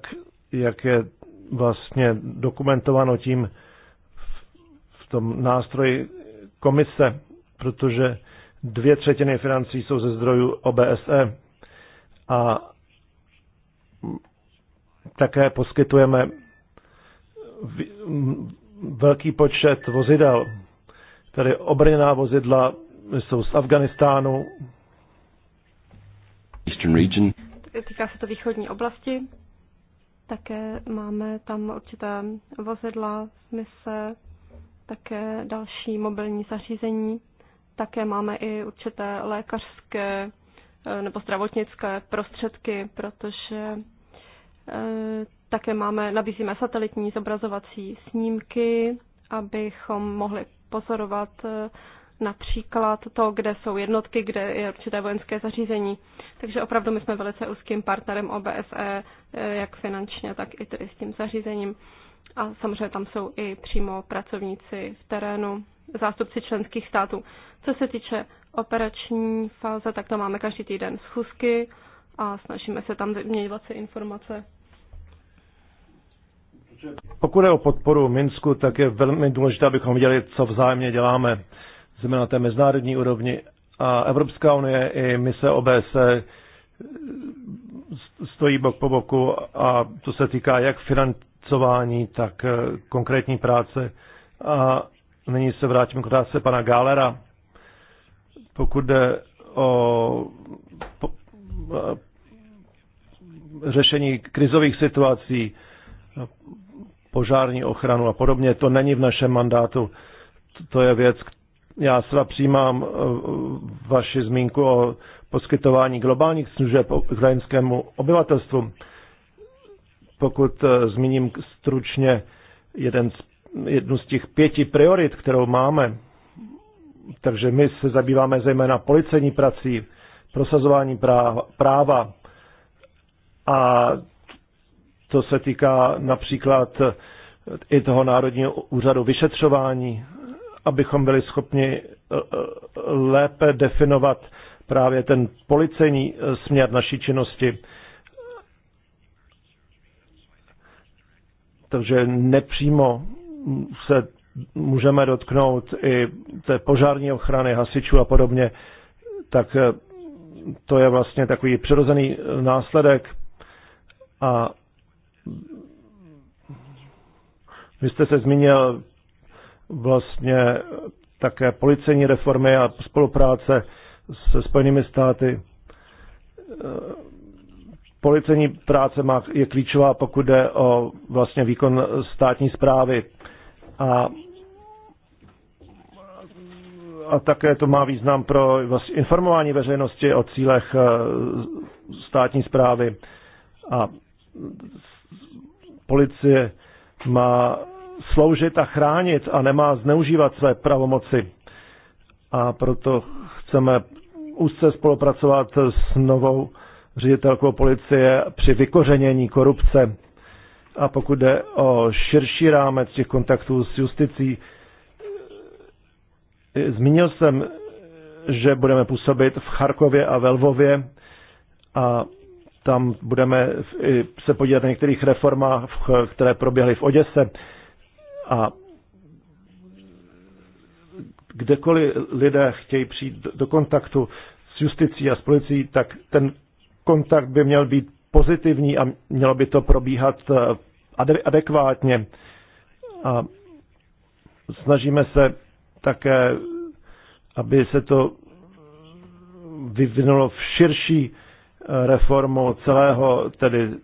jak je vlastně dokumentováno tím, tom nástroji komise, protože dvě třetiny financí jsou ze zdrojů OBSE a také poskytujeme velký počet vozidel, tedy obrněná vozidla jsou z Afganistánu. Týká se to východní oblasti. Také máme tam určité vozidla z mise také další mobilní zařízení. Také máme i určité lékařské eh, nebo zdravotnické prostředky, protože eh, také máme, nabízíme satelitní zobrazovací snímky, abychom mohli pozorovat eh, například to, kde jsou jednotky, kde je určité vojenské zařízení. Takže opravdu my jsme velice úzkým partnerem OBSE, jak finančně, tak i tedy s tím zařízením a samozřejmě tam jsou i přímo pracovníci v terénu, zástupci členských států. Co se týče operační fáze, tak to máme každý týden schůzky a snažíme se tam vyměňovat si informace. Pokud je o podporu Minsku, tak je velmi důležité, abychom viděli, co vzájemně děláme, zejména na té mezinárodní úrovni. A Evropská unie i mise OBSE stojí bok po boku a to se týká jak financí, vypracování, tak eh, konkrétní práce. A nyní se vrátím k otázce pana Gálera. Pokud jde o po, eh, řešení krizových situací, požární ochranu a podobně, to není v našem mandátu. To je věc, já sva přijímám eh, vaši zmínku o poskytování globálních služeb ukrajinskému obyvatelstvu. Pokud eh, zmíním stručně jeden z, jednu z těch pěti priorit, kterou máme, takže my se zabýváme zejména policejní prací, prosazování práva, práva a to se týká například eh, i toho Národního úřadu vyšetřování, abychom byli schopni eh, lépe definovat právě ten policejní směr naší činnosti. Takže nepřímo se můžeme dotknout i té požární ochrany, hasičů a podobně, tak eh, to je vlastně takový přirozený eh, následek a vy jste se zmínil vlastně také policejní reformy a spolupráce se Spojenými státy. Eh, policejní práce má, je klíčová, pokud jde o vlastně výkon státní zprávy. A, a také to má význam pro vlastně informování veřejnosti o cílech eh, státní zprávy. A policie má sloužit a chránit a nemá zneužívat své pravomoci. A proto chceme úzce spolupracovat s novou ředitelkou policie při vykořenění korupce. A pokud jde o širší rámec těch kontaktů s justicí, zmínil jsem, že budeme působit v Charkově a Velvově a tam budeme se podívat na některých reformách, které proběhly v Oděse. A kdekoliv lidé chtějí přijít do kontaktu s justicí a s policií, tak ten kontakt by měl být pozitivní a mělo by to probíhat eh, adekvátně. A snažíme se také, aby se to vyvinulo v širší eh, reformu celého tedy eh,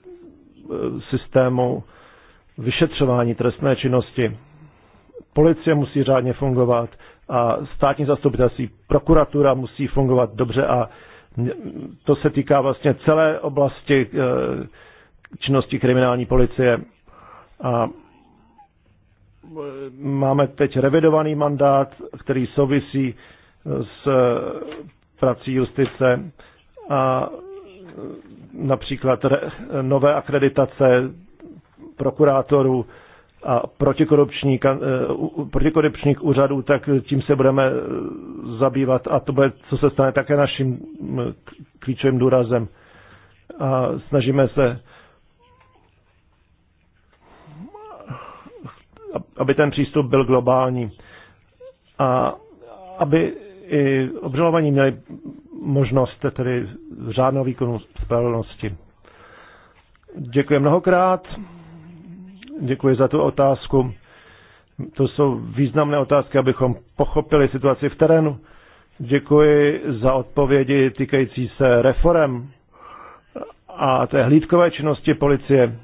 systému vyšetřování trestné činnosti. Policie musí řádně fungovat a státní zastupitelství, prokuratura musí fungovat dobře a to se týká vlastně celé oblasti eh, činnosti kriminální policie. A eh, máme teď revidovaný mandát, který souvisí eh, s prací justice a například nové akreditace prokurátorů a e, protikorupčních úřadů, tak tím se budeme e, zabývat a to bude, co se stane také naším klíčovým důrazem. A snažíme se, aby ten přístup byl globální a aby i obžalovaní měli možnost tedy řádného výkonu spravedlnosti. Děkuji mnohokrát. Děkuji za tu otázku. To jsou významné otázky, abychom pochopili situaci v terénu. Děkuji za odpovědi týkající se reform a té hlídkové činnosti policie.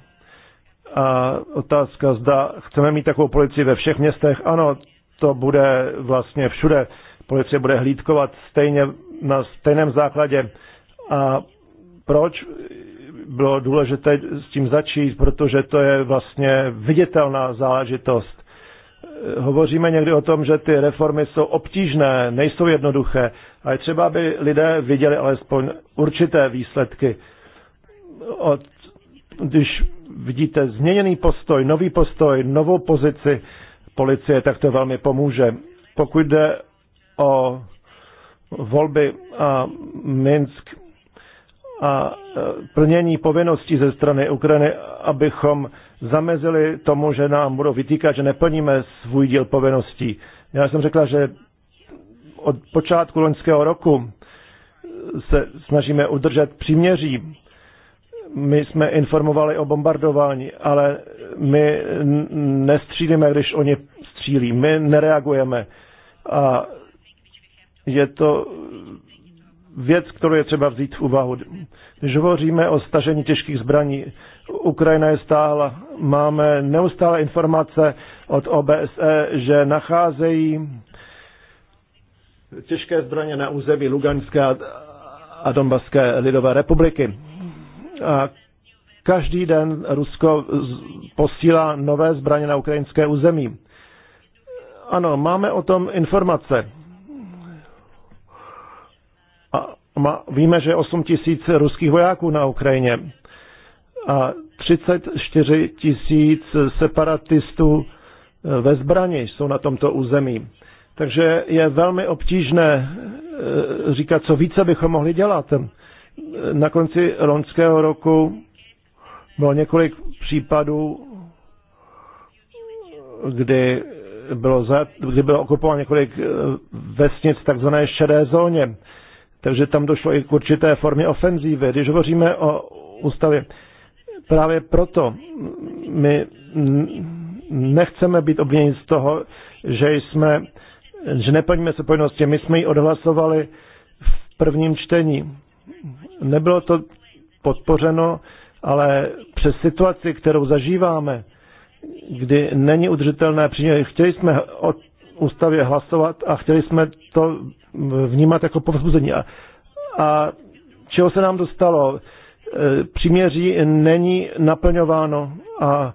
A otázka, zda chceme mít takovou policii ve všech městech. Ano, to bude vlastně všude. Policie bude hlídkovat stejně na stejném základě. A proč? bylo důležité s tím začít, protože to je vlastně viditelná záležitost. Hovoříme někdy o tom, že ty reformy jsou obtížné, nejsou jednoduché ale je třeba, aby lidé viděli alespoň určité výsledky. Od, když vidíte změněný postoj, nový postoj, novou pozici policie, tak to velmi pomůže. Pokud jde o volby a Minsk, a e, plnění povinností ze strany Ukrajiny, abychom zamezili tomu, že nám budou vytýkat, že neplníme svůj díl povinností. Já jsem řekla, že od počátku loňského roku se snažíme udržet příměří. My jsme informovali o bombardování, ale my nestřílíme, když oni střílí. My nereagujeme. A je to věc, kterou je třeba vzít v úvahu. Když hovoříme o stažení těžkých zbraní, Ukrajina je stála, máme neustále informace od OBSE, že nacházejí těžké zbraně na území Luganské a Donbaské lidové republiky. A každý den Rusko posílá nové zbraně na ukrajinské území. Ano, máme o tom informace. víme, že 8 tisíc ruských vojáků na Ukrajině a 34 tisíc separatistů eh, ve zbraně jsou na tomto území. Takže je velmi obtížné eh, říkat, co více bychom mohli dělat. Na konci loňského roku bylo několik případů, kdy bylo, za, kdy bylo okupováno několik eh, vesnic v takzvané šedé zóně. Takže tam došlo i k určité formě ofenzívy. Když hovoříme o ústavě, právě proto my nechceme být obviněni z toho, že jsme, že neplníme se povinnosti. My jsme ji odhlasovali v prvním čtení. Nebylo to podpořeno, ale přes situaci, kterou zažíváme, kdy není udržitelné přinění. Chtěli jsme o ústavě hlasovat a chtěli jsme to vnímat jako povzbuzení. A, a čeho se nám dostalo? E, příměří není naplňováno a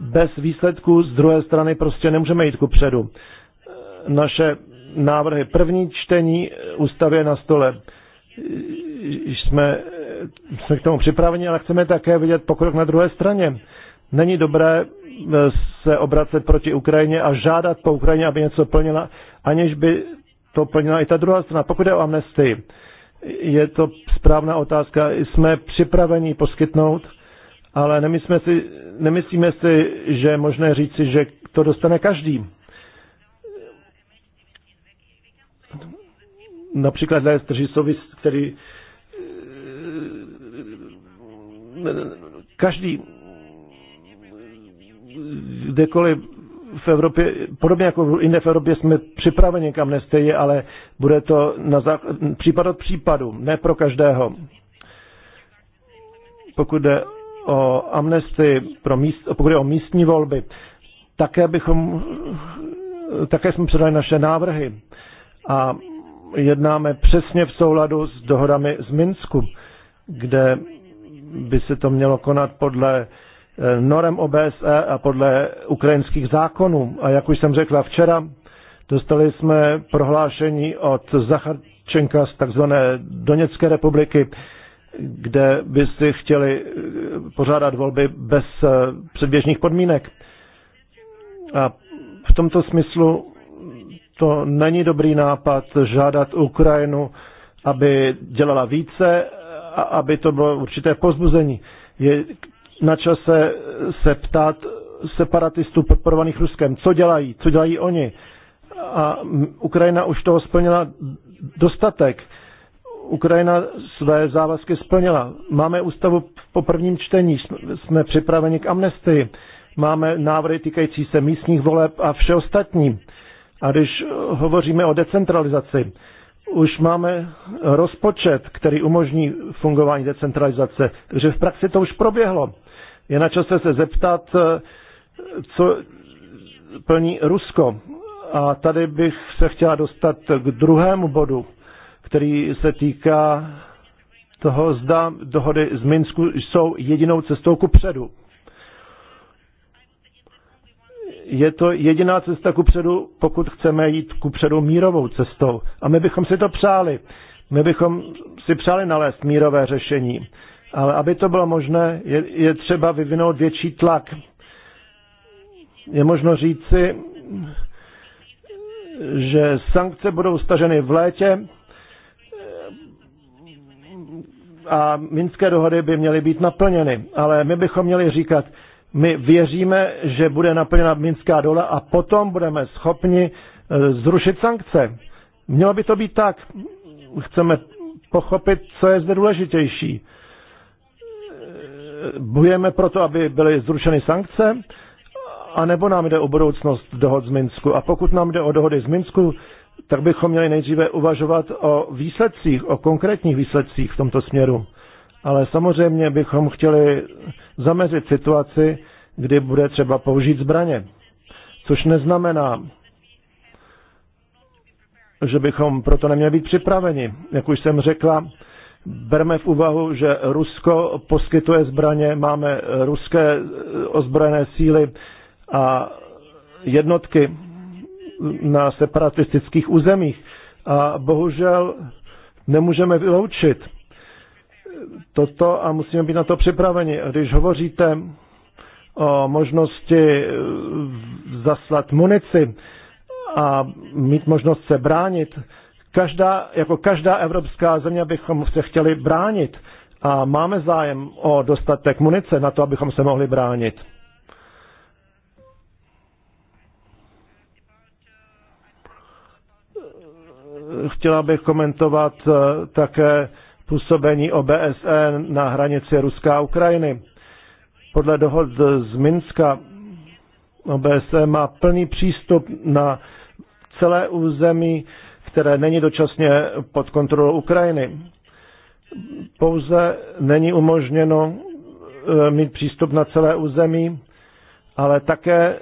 bez výsledků z druhé strany prostě nemůžeme jít ku předu. E, naše návrhy první čtení ústavě na stole. Jsme, jsme k tomu připraveni, ale chceme také vidět pokrok na druhé straně. Není dobré e, se obracet proti Ukrajině a žádat po Ukrajině, aby něco plnila, aniž by to plnila i ta druhá strana. Pokud je o amnestii, je to správná otázka. Jsme připraveni poskytnout, ale nemyslíme si, nemyslíme si, že je možné říci, že to dostane každý. Například Léz Stržisovi, který eh, každý kdekoliv v Evropě, podobně jako jinde v Evropě, jsme připraveni k amnestii, ale bude to na zá... případ od případu, ne pro každého. Pokud jde o amnestii, pro míst, pokud jde o místní volby, také bychom, také jsme předali naše návrhy a jednáme přesně v souladu s dohodami z Minsku, kde by se to mělo konat podle Eh, norem OBSE a podle ukrajinských zákonů. A jak už jsem řekla včera, dostali jsme prohlášení od Zacharčenka z takzvané Doněcké republiky, kde by si chtěli eh, pořádat volby bez eh, předběžných podmínek. A v tomto smyslu to není dobrý nápad žádat Ukrajinu, aby dělala více a aby to bylo určité pozbuzení. Je na čase se ptát separatistů podporovaných Ruskem, co dělají, co dělají oni. A Ukrajina už toho splnila dostatek. Ukrajina své závazky splnila. Máme ústavu po prvním čtení, jsme připraveni k amnestii, máme návrhy týkající se místních voleb a vše ostatní. A když hovoříme o decentralizaci, už máme rozpočet, který umožní fungování decentralizace. Takže v praxi to už proběhlo. Je na čase se zeptat, eh, co plní Rusko. A tady bych se chtěla dostat k druhému bodu, který se týká toho, zda dohody z Minsku jsou jedinou cestou ku předu. je to jediná cesta ku předu, pokud chceme jít ku předu mírovou cestou. A my bychom si to přáli. My bychom si přáli nalézt mírové řešení. Ale aby to bylo možné, je, je třeba vyvinout větší tlak. Je možno říci, že sankce budou staženy v létě a minské dohody by měly být naplněny. Ale my bychom měli říkat, my věříme, že bude naplněna Minská dole a potom budeme schopni e, zrušit sankce. Mělo by to být tak. Chceme pochopit, co je zde důležitější. E, bojujeme proto, aby byly zrušeny sankce, anebo nám jde o budoucnost dohod z Minsku. A pokud nám jde o dohody z Minsku, tak bychom měli nejdříve uvažovat o výsledcích, o konkrétních výsledcích v tomto směru ale samozřejmě bychom chtěli zamezit situaci, kdy bude třeba použít zbraně. Což neznamená, že bychom proto neměli být připraveni. Jak už jsem řekla, berme v úvahu, že Rusko poskytuje zbraně, máme ruské ozbrojené síly a jednotky na separatistických územích. A bohužel nemůžeme vyloučit, toto a musíme být na to připraveni. Když hovoříte o možnosti eh, zaslat munici a mít možnost se bránit, každá, jako každá evropská země bychom se chtěli bránit a máme zájem o dostatek munice na to, abychom se mohli bránit. Chtěla bych komentovat eh, také působení OBSE na hranici Ruska a Ukrajiny. Podle dohod z Minska OBSE má plný přístup na celé území, které není dočasně pod kontrolou Ukrajiny. Pouze není umožněno e, mít přístup na celé území, ale také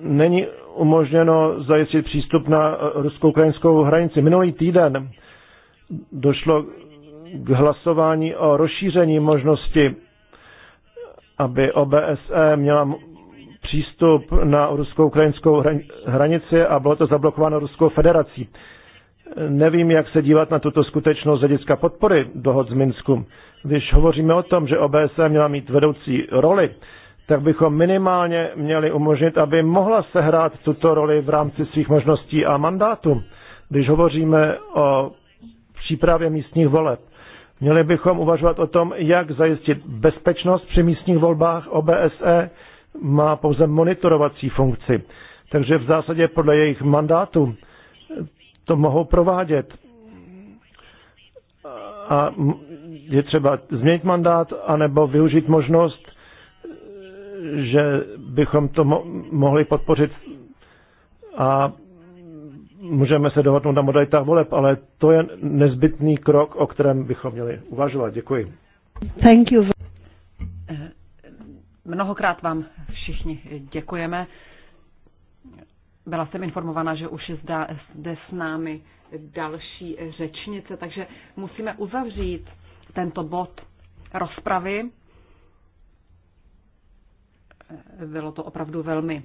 není umožněno zajistit přístup na e, rusko-ukrajinskou hranici. Minulý týden došlo hlasování o rozšíření možnosti, aby OBSE měla přístup na rusko-ukrajinskou hranici a bylo to zablokováno Ruskou federací. Nevím, jak se dívat na tuto skutečnost z hlediska podpory dohod z Minsku. Když hovoříme o tom, že OBSE měla mít vedoucí roli, tak bychom minimálně měli umožnit, aby mohla sehrát tuto roli v rámci svých možností a mandátu. Když hovoříme o přípravě místních voleb, Měli bychom uvažovat o tom, jak zajistit bezpečnost při místních volbách. OBSE má pouze monitorovací funkci, takže v zásadě podle jejich mandátu to mohou provádět. A je třeba změnit mandát, anebo využít možnost, že bychom to mo- mohli podpořit a můžeme se dohodnout na modalitách voleb, ale to je nezbytný krok, o kterém bychom měli uvažovat. Děkuji. Thank you. Eh, mnohokrát vám všichni děkujeme. Byla jsem informovaná, že už je zde s námi další řečnice, takže musíme uzavřít tento bod rozpravy. Eh, bylo to opravdu velmi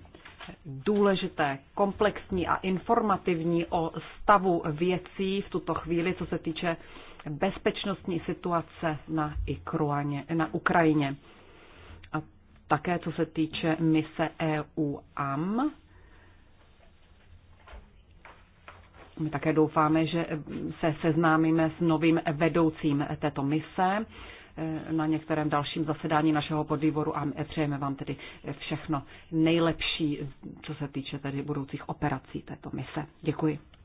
důležité, komplexní a informativní o stavu věcí v tuto chvíli, co se týče bezpečnostní situace na, Ikruaně, na Ukrajině. A také co se týče mise EU-AM. My také doufáme, že se seznámíme s novým vedoucím této mise na některém dalším zasedání našeho podvýboru a přejeme vám tedy všechno nejlepší, co se týče tedy budoucích operací této mise. Děkuji.